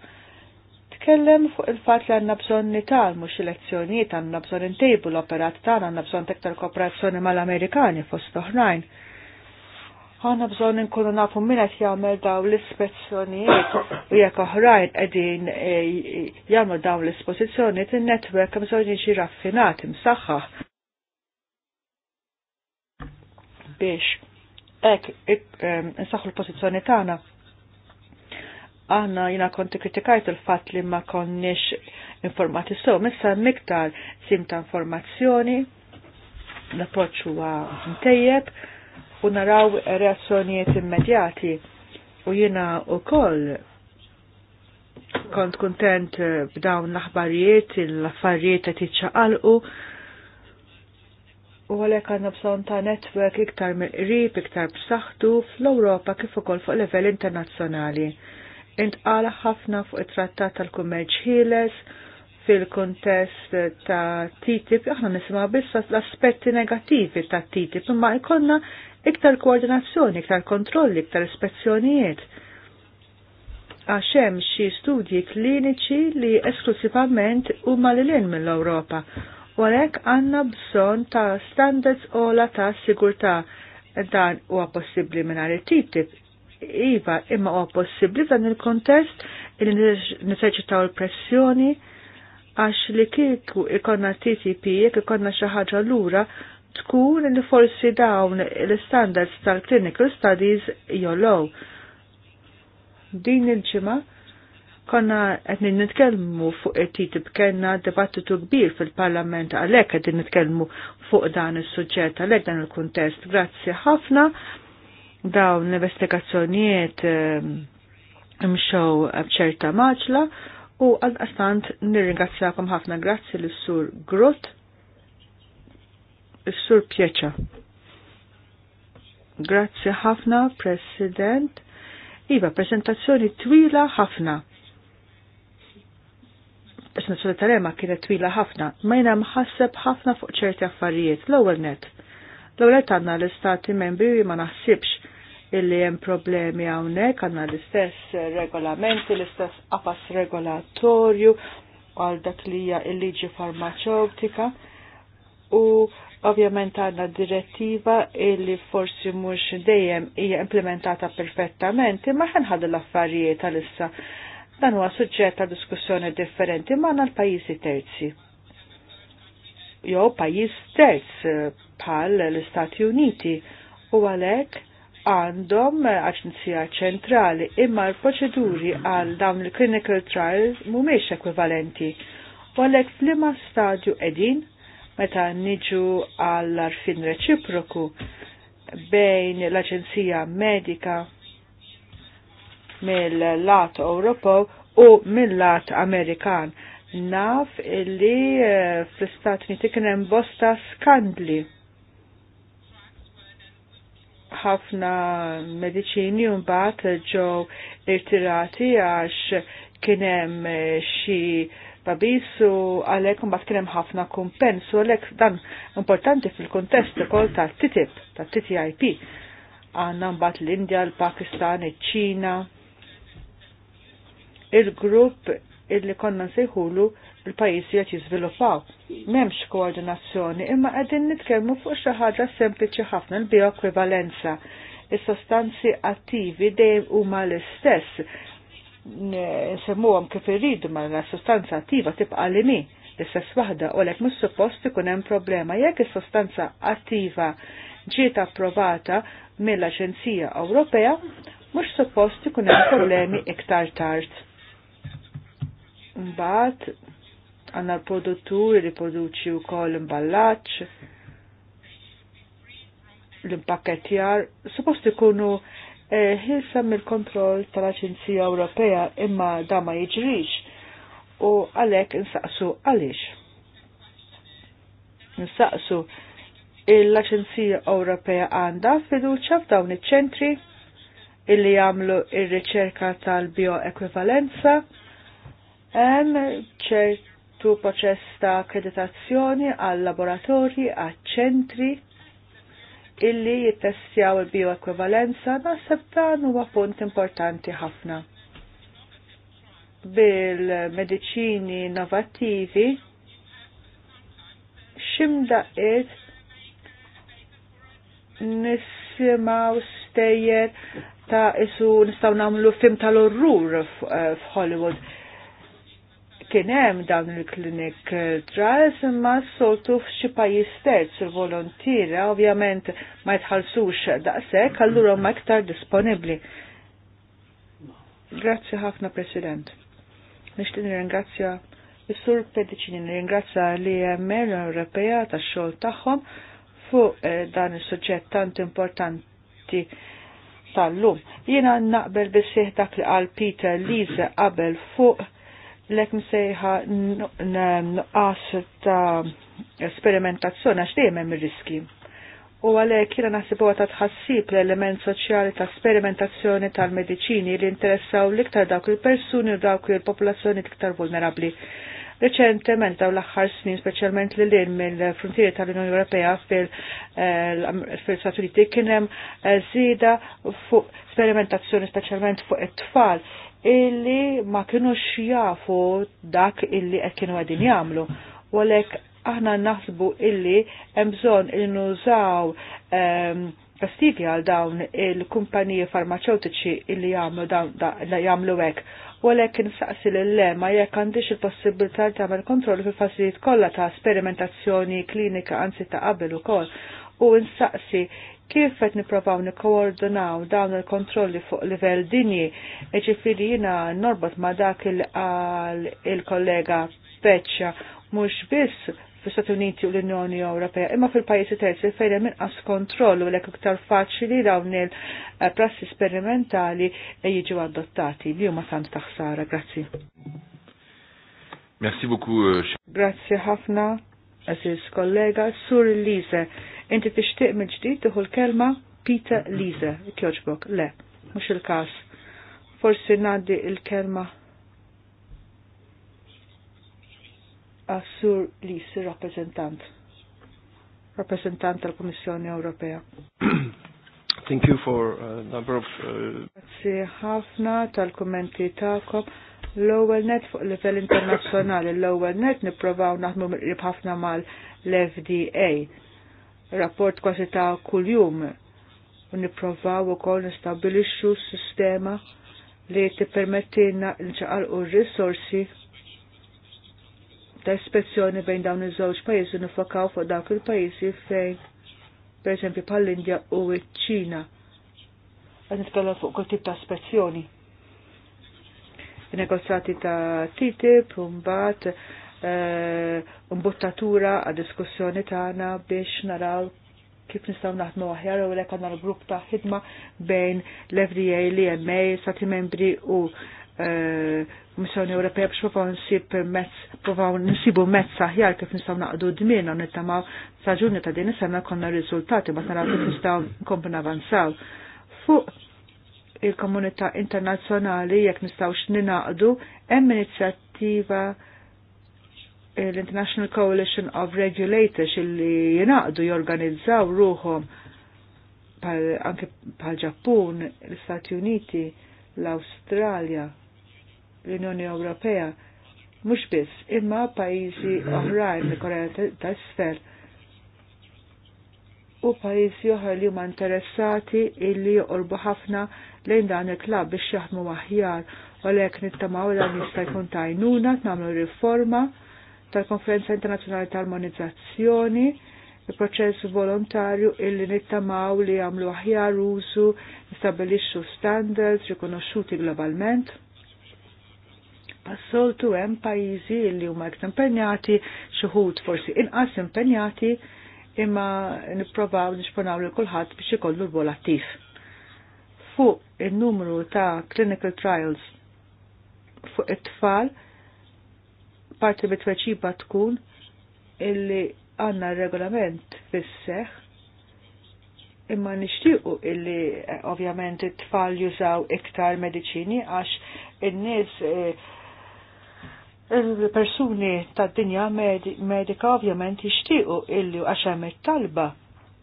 tkellem fuq il fatt li għandna bżonn nital, mhux elezzjonijiet għandna bżonn intejbu l-operat tagħna għandna bżonn tektar kooperazzjoni mal-Amerikani fost oħrajn. Għanna bżon nkunu nafu minna jgħamil daw l-ispezzjonijiet u jekk oħrajn edin eh, jgħamil daw l ispożizzjonijiet il-netwerk bżon jiġi raffinat, imsaxħa. Biex ek insaħħu l-pozizjoni tagħna. Aħna jina konti kritikajt il-fatt li ma konniex informati so, missa miktar sim ta' informazzjoni, l-approċċ huwa ntejjeb u naraw reazzjonijiet immedjati. U jina u koll kont kontent b'dawn l-aħbarijiet, l-affarijiet qed jiċċaqalqu u għalhekk għandna bżonn ta' netwerk iktar mill-qrib, iktar b'saħħtu fl-Ewropa kif ukoll fuq livell internazzjonali. Intqal ħafna fuq it-Trattat tal-Kummerċ Ħieles fil-kontest ta' TTIP, aħna nisimgħu biss l-aspetti negattivi ta' TTIP, imma jkollna iktar koordinazzjoni, iktar kontrolli, iktar ispezzjonijiet. Għax hemm xi studji kliniċi li esklusivament huma lilin mill-Ewropa u għalhekk għandna bżonn ta' standards ola ta' sigurtà dan huwa possibbli mingħajr it Iva, imma huwa possibbli f'dan il-kontest li neseċitaw il-pressjoni għax li kieku ikonna TTP jekk ikonna xi ħaġa lura tkun li forsi dawn l-standards tal-clinical studies jollow. Din il-ġimgħa Konna qed nitkellmu fuq il ttip kena dibattitu kbir fil-Parlament għalhekk qed nitkellmu fuq dan is-suġġett għalhekk dan il-kuntest. Grazzi ħafna dawn l-investigazzjonijiet eh, mxow b'ċerta maġla u għal-qastant nirringrazzjakom ħafna grazzi l-Sur Grot, l-Sur Pieċa. Grazzi ħafna, President. Iva, presentazzjoni twila ħafna is-natura tal-ema kienet twila ħafna, ma jena mħasseb ħafna fuq ċerti affarijiet l-ewwel net. L-ewwel net għandna l-istati membri ma naħsibx illi hemm problemi hawnhekk għandna l-istess regolamenti, l-istess qafas regolatorju għal dak li hija l-liġi farmaceutika u ovvjament għandna direttiva illi forsi mhux dejjem hija implementata perfettament, imma ħanħadu l-affarijiet għal issa Dan huwa suġġett ta' diskussjoni differenti magħna l-pajjiżi terzi. Jo pajjiż terz eh, bħal l-Istati Uniti u għalhekk għandhom eh, aġenzija ċentrali imma l-proċeduri għal dawn il-clinical trials mhumiex ekwivalenti. U għalhekk f'liema stadju qegħdin meta niġu għall-arfin reċiproku bejn l-Aġenzija Medika mill-lat Ewropew u mill-lat Amerikan. Naf illi eh, fl-Istat Uniti kien hemm bosta skandli ħafna mediċini mbagħad ġew irtirati għax kien hemm eh, xi babis u għalhekk mbagħad kien hemm ħafna kumpens u għalhekk dan importanti fil-kuntest ukoll tat-TTIP, tat-TTIP. Għandna mbagħad l-Indja, l-Pakistan, iċ-Ċina il-grupp illi konna nsejħulu il-pajjiżi qed jizviluppaw. M'hemmx koordinazzjoni imma qegħdin nitkellmu fuq xi ħaġa sempliċi ħafna l bioekvivalenza Is-sostanzi attivi dejjem huma l-istess nsemmuhom kif irridu ma l-sostanza attiva tibqa' li mi l-istess waħda u lek mhux suppost ikun hemm problema jekk is-sostanza attiva ġiet approvata mill-Aġenzija Ewropea mhux suppost ikun hemm problemi iktar tard mbaħt għandna l-produttur li produċi wkoll imballaġġ l-impakketjar suppost ikunu eh, ħilsa mill-kontroll tal-Aġenzija Ewropea imma da ma jiġrix u għalhekk nsaqsu għaliex. nsaqsu l-Aġenzija Ewropea għandha fiduċa f'dawn iċ-ċentri illi jagħmlu ir-riċerka tal-bioekwivalenza Hemm ċertu proċess ta' akkreditazzjoni għal laboratorji, għal ċentri illi jittestjaw il-bioekwivalenza naħseb dan huwa punt importanti ħafna. Bil-mediċini innovattivi ximdaqiet nisimaw stejjer ta' isu nistaw namlu film tal-orrur f'Hollywood kien hemm dawn il-klinik eh, trials imma soltu f'xi pajjiż terz il-volontira ovvjament ma jitħallsux daqshekk allura ma iktar disponibbli. Grazzi ħafna President. Nixtieq nirringrazzja is-Sur Pedicini nirringrazzja li hemm Ewropea tax-xogħol tagħhom fuq eh, dan is-suġġett tant importanti tal-lum. Jiena naqbel bisih dak li qal Peter Lise qabel fuq l-ek msejħa nqas ta' sperimentazzjoni għax dejjem hemm riski. U għalhekk jiena naħsibu ta' tħassib l-element soċjali ta' sperimentazzjoni tal-mediċini li interessaw l-iktar dawk il-persuni u dawk il-popolazzjoni l-iktar vulnerabbli. Reċentement daw l-aħħar snin, speċjalment li lin mill-frontieri tal-Unjoni Ewropea fil-Stati eh, Uniti kien hemm eh, żieda fuq sperimentazzjoni speċjalment fuq it-tfal illi ma kienu jafu dak illi qed kienu għedin jagħmlu. U għalhekk aħna naħsbu illi hemm bżonn nużaw ehm, kastigi għal dawn il-kumpaniji farmaceutiċi illi jagħmlu dawn jagħmlu hekk. U għalhekk insaqsi lil-lema jekk għandix il-possibilità li tagħmel kontroll fil-fażijiet kollha ta' sperimentazzjoni klinika anzi ta' qabel ukoll u nsaqsi kif qed nipprovaw nikkoordinaw dawn il-kontrolli fuq livell dinji, ġifieri jiena norbot ma' dak il-kollega Peċċa mhux biss fl-Stati Uniti u l-Unjoni Ewropea, imma fil-pajjiżi terzi fejn hemm inqas kontrollu lek iktar faċli dawn il-prassi sperimentali jiġu adottati li huma tant taħsara. Grazzi. Merci beaucoup. Euh, Grazie ħafna, aziz kollega, sur Lise. Inti tixtieq mill-ġdid tieħu l-kelma Peter Liza, kjoġbok, le, mhux il-każ. Forsi ngħaddi il-kelma Assur sur rappresentant. Rappresentant tal-Kummissjoni Ewropea. Thank you for a uh, number of... Uh, Grazie ħafna tal-kommenti ta'kom. L-ewwel net fuq livell internazzjonali, l-ewwel net nipprovaw naħdmu ħafna mal-FDA rapport kważi ta' kuljum u u ukoll nistabilixxu sistema li permettina nċaqal r-risorsi ta' ispezzjoni bejn dawn iż-żewġ pajjiżi nifokaw fuq dawk il-pajjiżi fejn pereżempju bħall-Indja u ċ-Ċina. Għan nitkellem fuq kull tip ta' ispezzjoni. Negozjati ta' TTIP u mbagħad Eh, mbuttatura għad diskussjoni tagħna biex naraw kif nistgħu naħdmu aħjar u lek għandna l-grupp ta' ħidma bejn l-FDA, l ma stati membri u eh, Missjoni Ewropea biex provaw nsib mezz, provaw nsibu mezz aħjar kif nistgħu naqdu dmien u nittamaw sa' ta' din is-sena konna riżultati ma naraw kif nistgħu nkompu navanzaw. Fuq il-komunità internazzjonali jekk nistgħux ninaqdu hemm inizjattiva l-International Coalition of Regulators illi jenaqdu jorganizzaw ruħom pal, anke pal ġappun l-Stati Uniti, l-Australja, l-Unjoni Ewropea, mhux biss, imma pajjiżi oħrajn li Korea ta' sfer u pajjiżi oħra li huma interessati illi jorbu ħafna lejn dan il-klab biex jaħdmu aħjar u lek nittamaw dan jista' jkun tajnuna, tagħmlu riforma tal-Konferenza Internazzjonali tal-Armonizzazzjoni, il-proċess volontarju illi nittamaw li għamlu aħjar użu, nistabilixxu standards rikonoxxuti globalment. Passoltu hemm pajjiżi li huma iktar impenjati, xi forsi inqas impenjati, imma nipprovaw nixponaw li kulħadd biex ikollu l-bol attiv. Fuq in-numru ta' clinical trials fuq it-tfal, parti bitweċiba tkun illi għanna regolament fisseħ imma nixtiequ illi eh, ovvjament it-tfal jużaw iktar medicini għax in-nies eh, il-persuni tad-dinja medika ovvjament jixtiequ illi għax hemm it-talba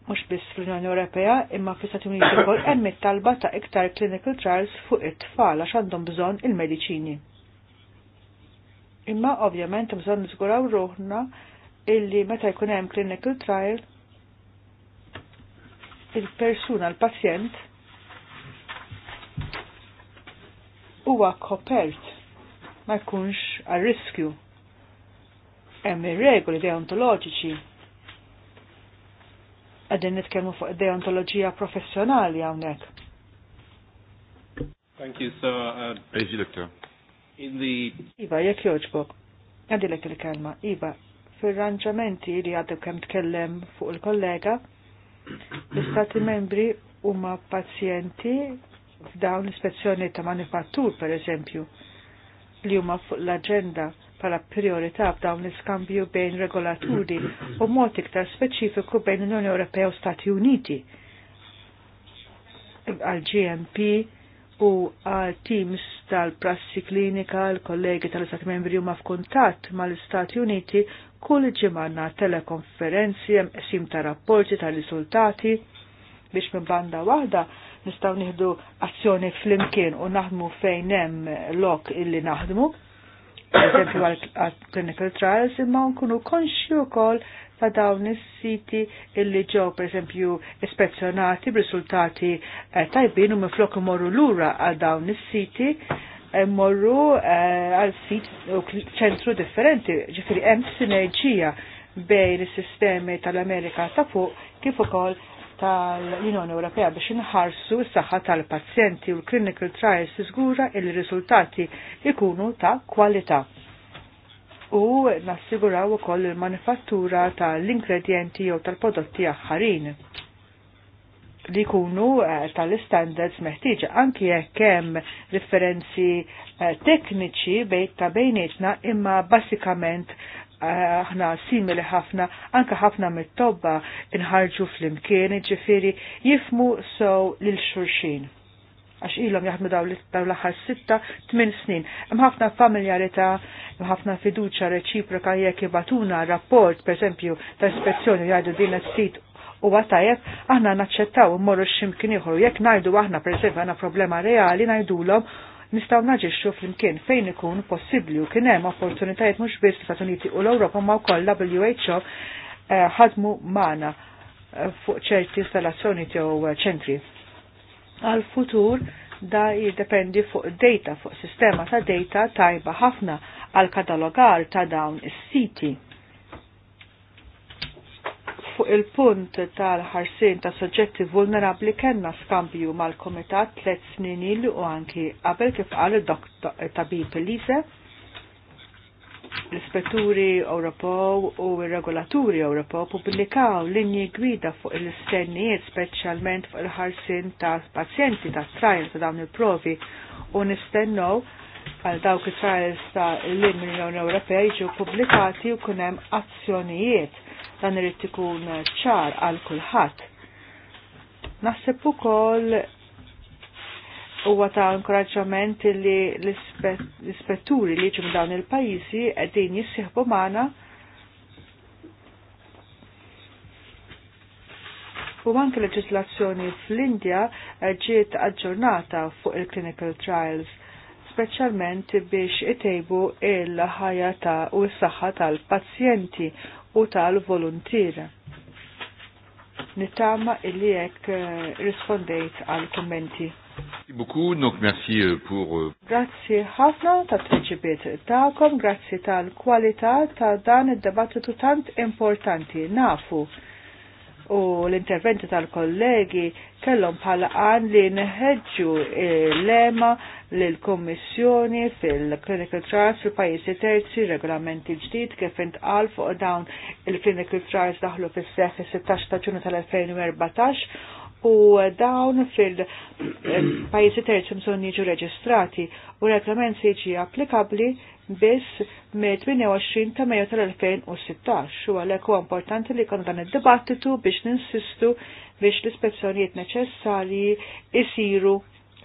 mhux biss fl-Unjoni Ewropea imma fl-Istati Uniti wkoll hemm it-talba ta' iktar clinical trials fuq it-tfal għax għandhom bżonn il-mediċini. Imma ovvjament bżonn niżguraw ruħna illi meta jkun hemm clinical trial il-persuna l-pazjent huwa kopert ma jkunx għal riskju. Hemm ir-regoli deontoloġiċi. Qegħdin nitkellmu fuq deontoloġija professjonali hawnhekk. Thank you, sir. Uh, Eżi, Doctor in the Iva, jekk joġbok, għadilek il-kelma, Iva, fil-ranġamenti li għadu kem tkellem fuq il-kollega, l-istati membri huma pazjenti f'dawn l-ispezzjoni ta' manifattur, per eżempju, li huma fuq l-agenda pala priorità f'dawn l-iskambju bejn regolaturi u mod iktar speċifiku bejn l-Unjoni Ewropea u Stati Uniti għal GMP u għal teams tal-prassi klinika l-kollegi tal-Istat Membri huma f'kuntatt mal-Istati Uniti kull ġimanna telekonferenzi jem sim ta' rapporti tal-riżultati biex minn banda waħda nistgħu nieħdu azzjoni flimkien u naħdmu fejn hemm lok illi naħdmu eżempju għal clinical trials imma nkunu konxju wkoll ta' dawn is-siti illi ġew pereżempju ispezzjonati b'risultati eh, tajbin u minflok imorru lura għal dawn is-siti morru eh, għal sit u ċentru differenti, ġifieri hemm sinerġija bejn is-sistemi tal-Amerika ta' fuq kif ukoll tal-Unjoni Ewropea biex inħarsu s-saħħa tal-pazjenti u l-clinical trials iżgura il-riżultati ikunu ta' kwalità u nassiguraw ukoll il-manifattura tal-ingredienti jew tal-prodotti aħħarin li jkunu eh, tal-standards meħtieġa anki jekk hemm differenzi eh, tekniċi bejt ta' bejnietna imma basikament eh, aħna simili ħafna, anka ħafna mit-tobba inħarġu fl-imkien, ġifiri jifmu sew lil xurxin għax ilhom jaħdmu daw l-aħħar sitta tmien snin. Hemm ħafna familjarità, ħafna fiduċja reċiproka jekk ibatuna rapport pereżempju ta' ispezzjoni jgħidu din sit u għatajek aħna naċċettaw immorru x'imkien ieħor jekk ngħidu aħna pereżempju għandna problema reali ngħidulhom nistaw naġixxu flimkien fejn ikun possibbli u kien hemm opportunitajiet mhux biss fl-Stati Uniti u l-Ewropa ma wkoll WHO eh, ħadmu eh, magħna fuq ċerti installazzjoni jew ċentri għal-futur da jiddependi fuq data, fuq sistema ta' data tajba ħafna għal katalogar ta' dawn is-siti. Fuq il-punt tal-ħarsin ta' soġġetti vulnerabli kellna skambju mal-komitat 3 snin ilu u anki qabel kif qal id-tabib Lise l-ispetturi Ewropew u r-regolaturi Ewropew pubblikaw linji gwida fuq il-istennijiet speċjalment fuq il-ħarsin ta' pazjenti ta' trials ta' dawn il-provi u nistennow għal dawk il trials ta' l-Unjoni Ewropea jiġu pubblikati u kunem hemm azzjonijiet dan irid ikun ċar għal kulħadd. Naħseb ukoll huwa ta' inkoraġġament li l-ispetturi li ġim dawn il-pajjiżi qegħdin jissieħbu magħna U anke leġislazzjoni fl-Indja ġiet aġġornata fuq il-clinical trials, speċjalment biex itejbu il-ħajja ta' u s-saħħa tal-pazjenti u tal-volontieri. Nittama illi jekk eh, rispondejt għal kommenti. Beaucoup, donc merci euh, pour... Euh, grazzi ħafna ta' t-reċibiet ta'kom, grazzi tal-kwalità ta' dan id-debattitu tant importanti, nafu. U l-interventi tal-kollegi kellhom bħala għan li nħedġu l-lema l-Kommissjoni fil-Clinical Trials fil-Pajjiżi Terzi, regolamenti ġdid kif intqal fuq dawn il-Clinical Trials daħlu fis-seħħ 16 ta' ġunju tal-2014 u dawn fil-pajjiżi terzi mżon jiġu reġistrati u reglament se jiġi applikabli biss me-28 ta' Mejju tal-2016 u għalhekk huwa importanti li jkun dan id-dibattitu biex ninsistu biex l-ispezzjonijiet neċessarji isiru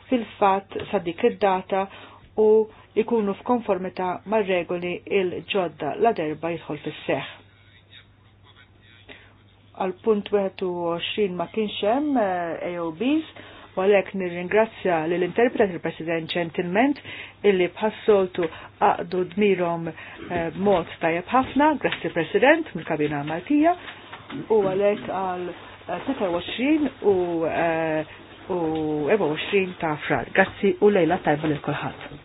fil-fatt sa' dik id-data u ikunu f'konformità mar-regoli il-ġodda la derba jidħol fis-seħħ għal punt 21 ma kienx hemm eh, AOBs u għalhekk nirringrazzja lill interpret il-President Gentilment illi bħassoltu għaqdu Dmirom eh, mod tajab ħafna, grazzi President mill-Kabina Maltija u għalhekk għal 23 eh, u u 24 ta' frar. Grazzi u lejla tajba lil kulħadd.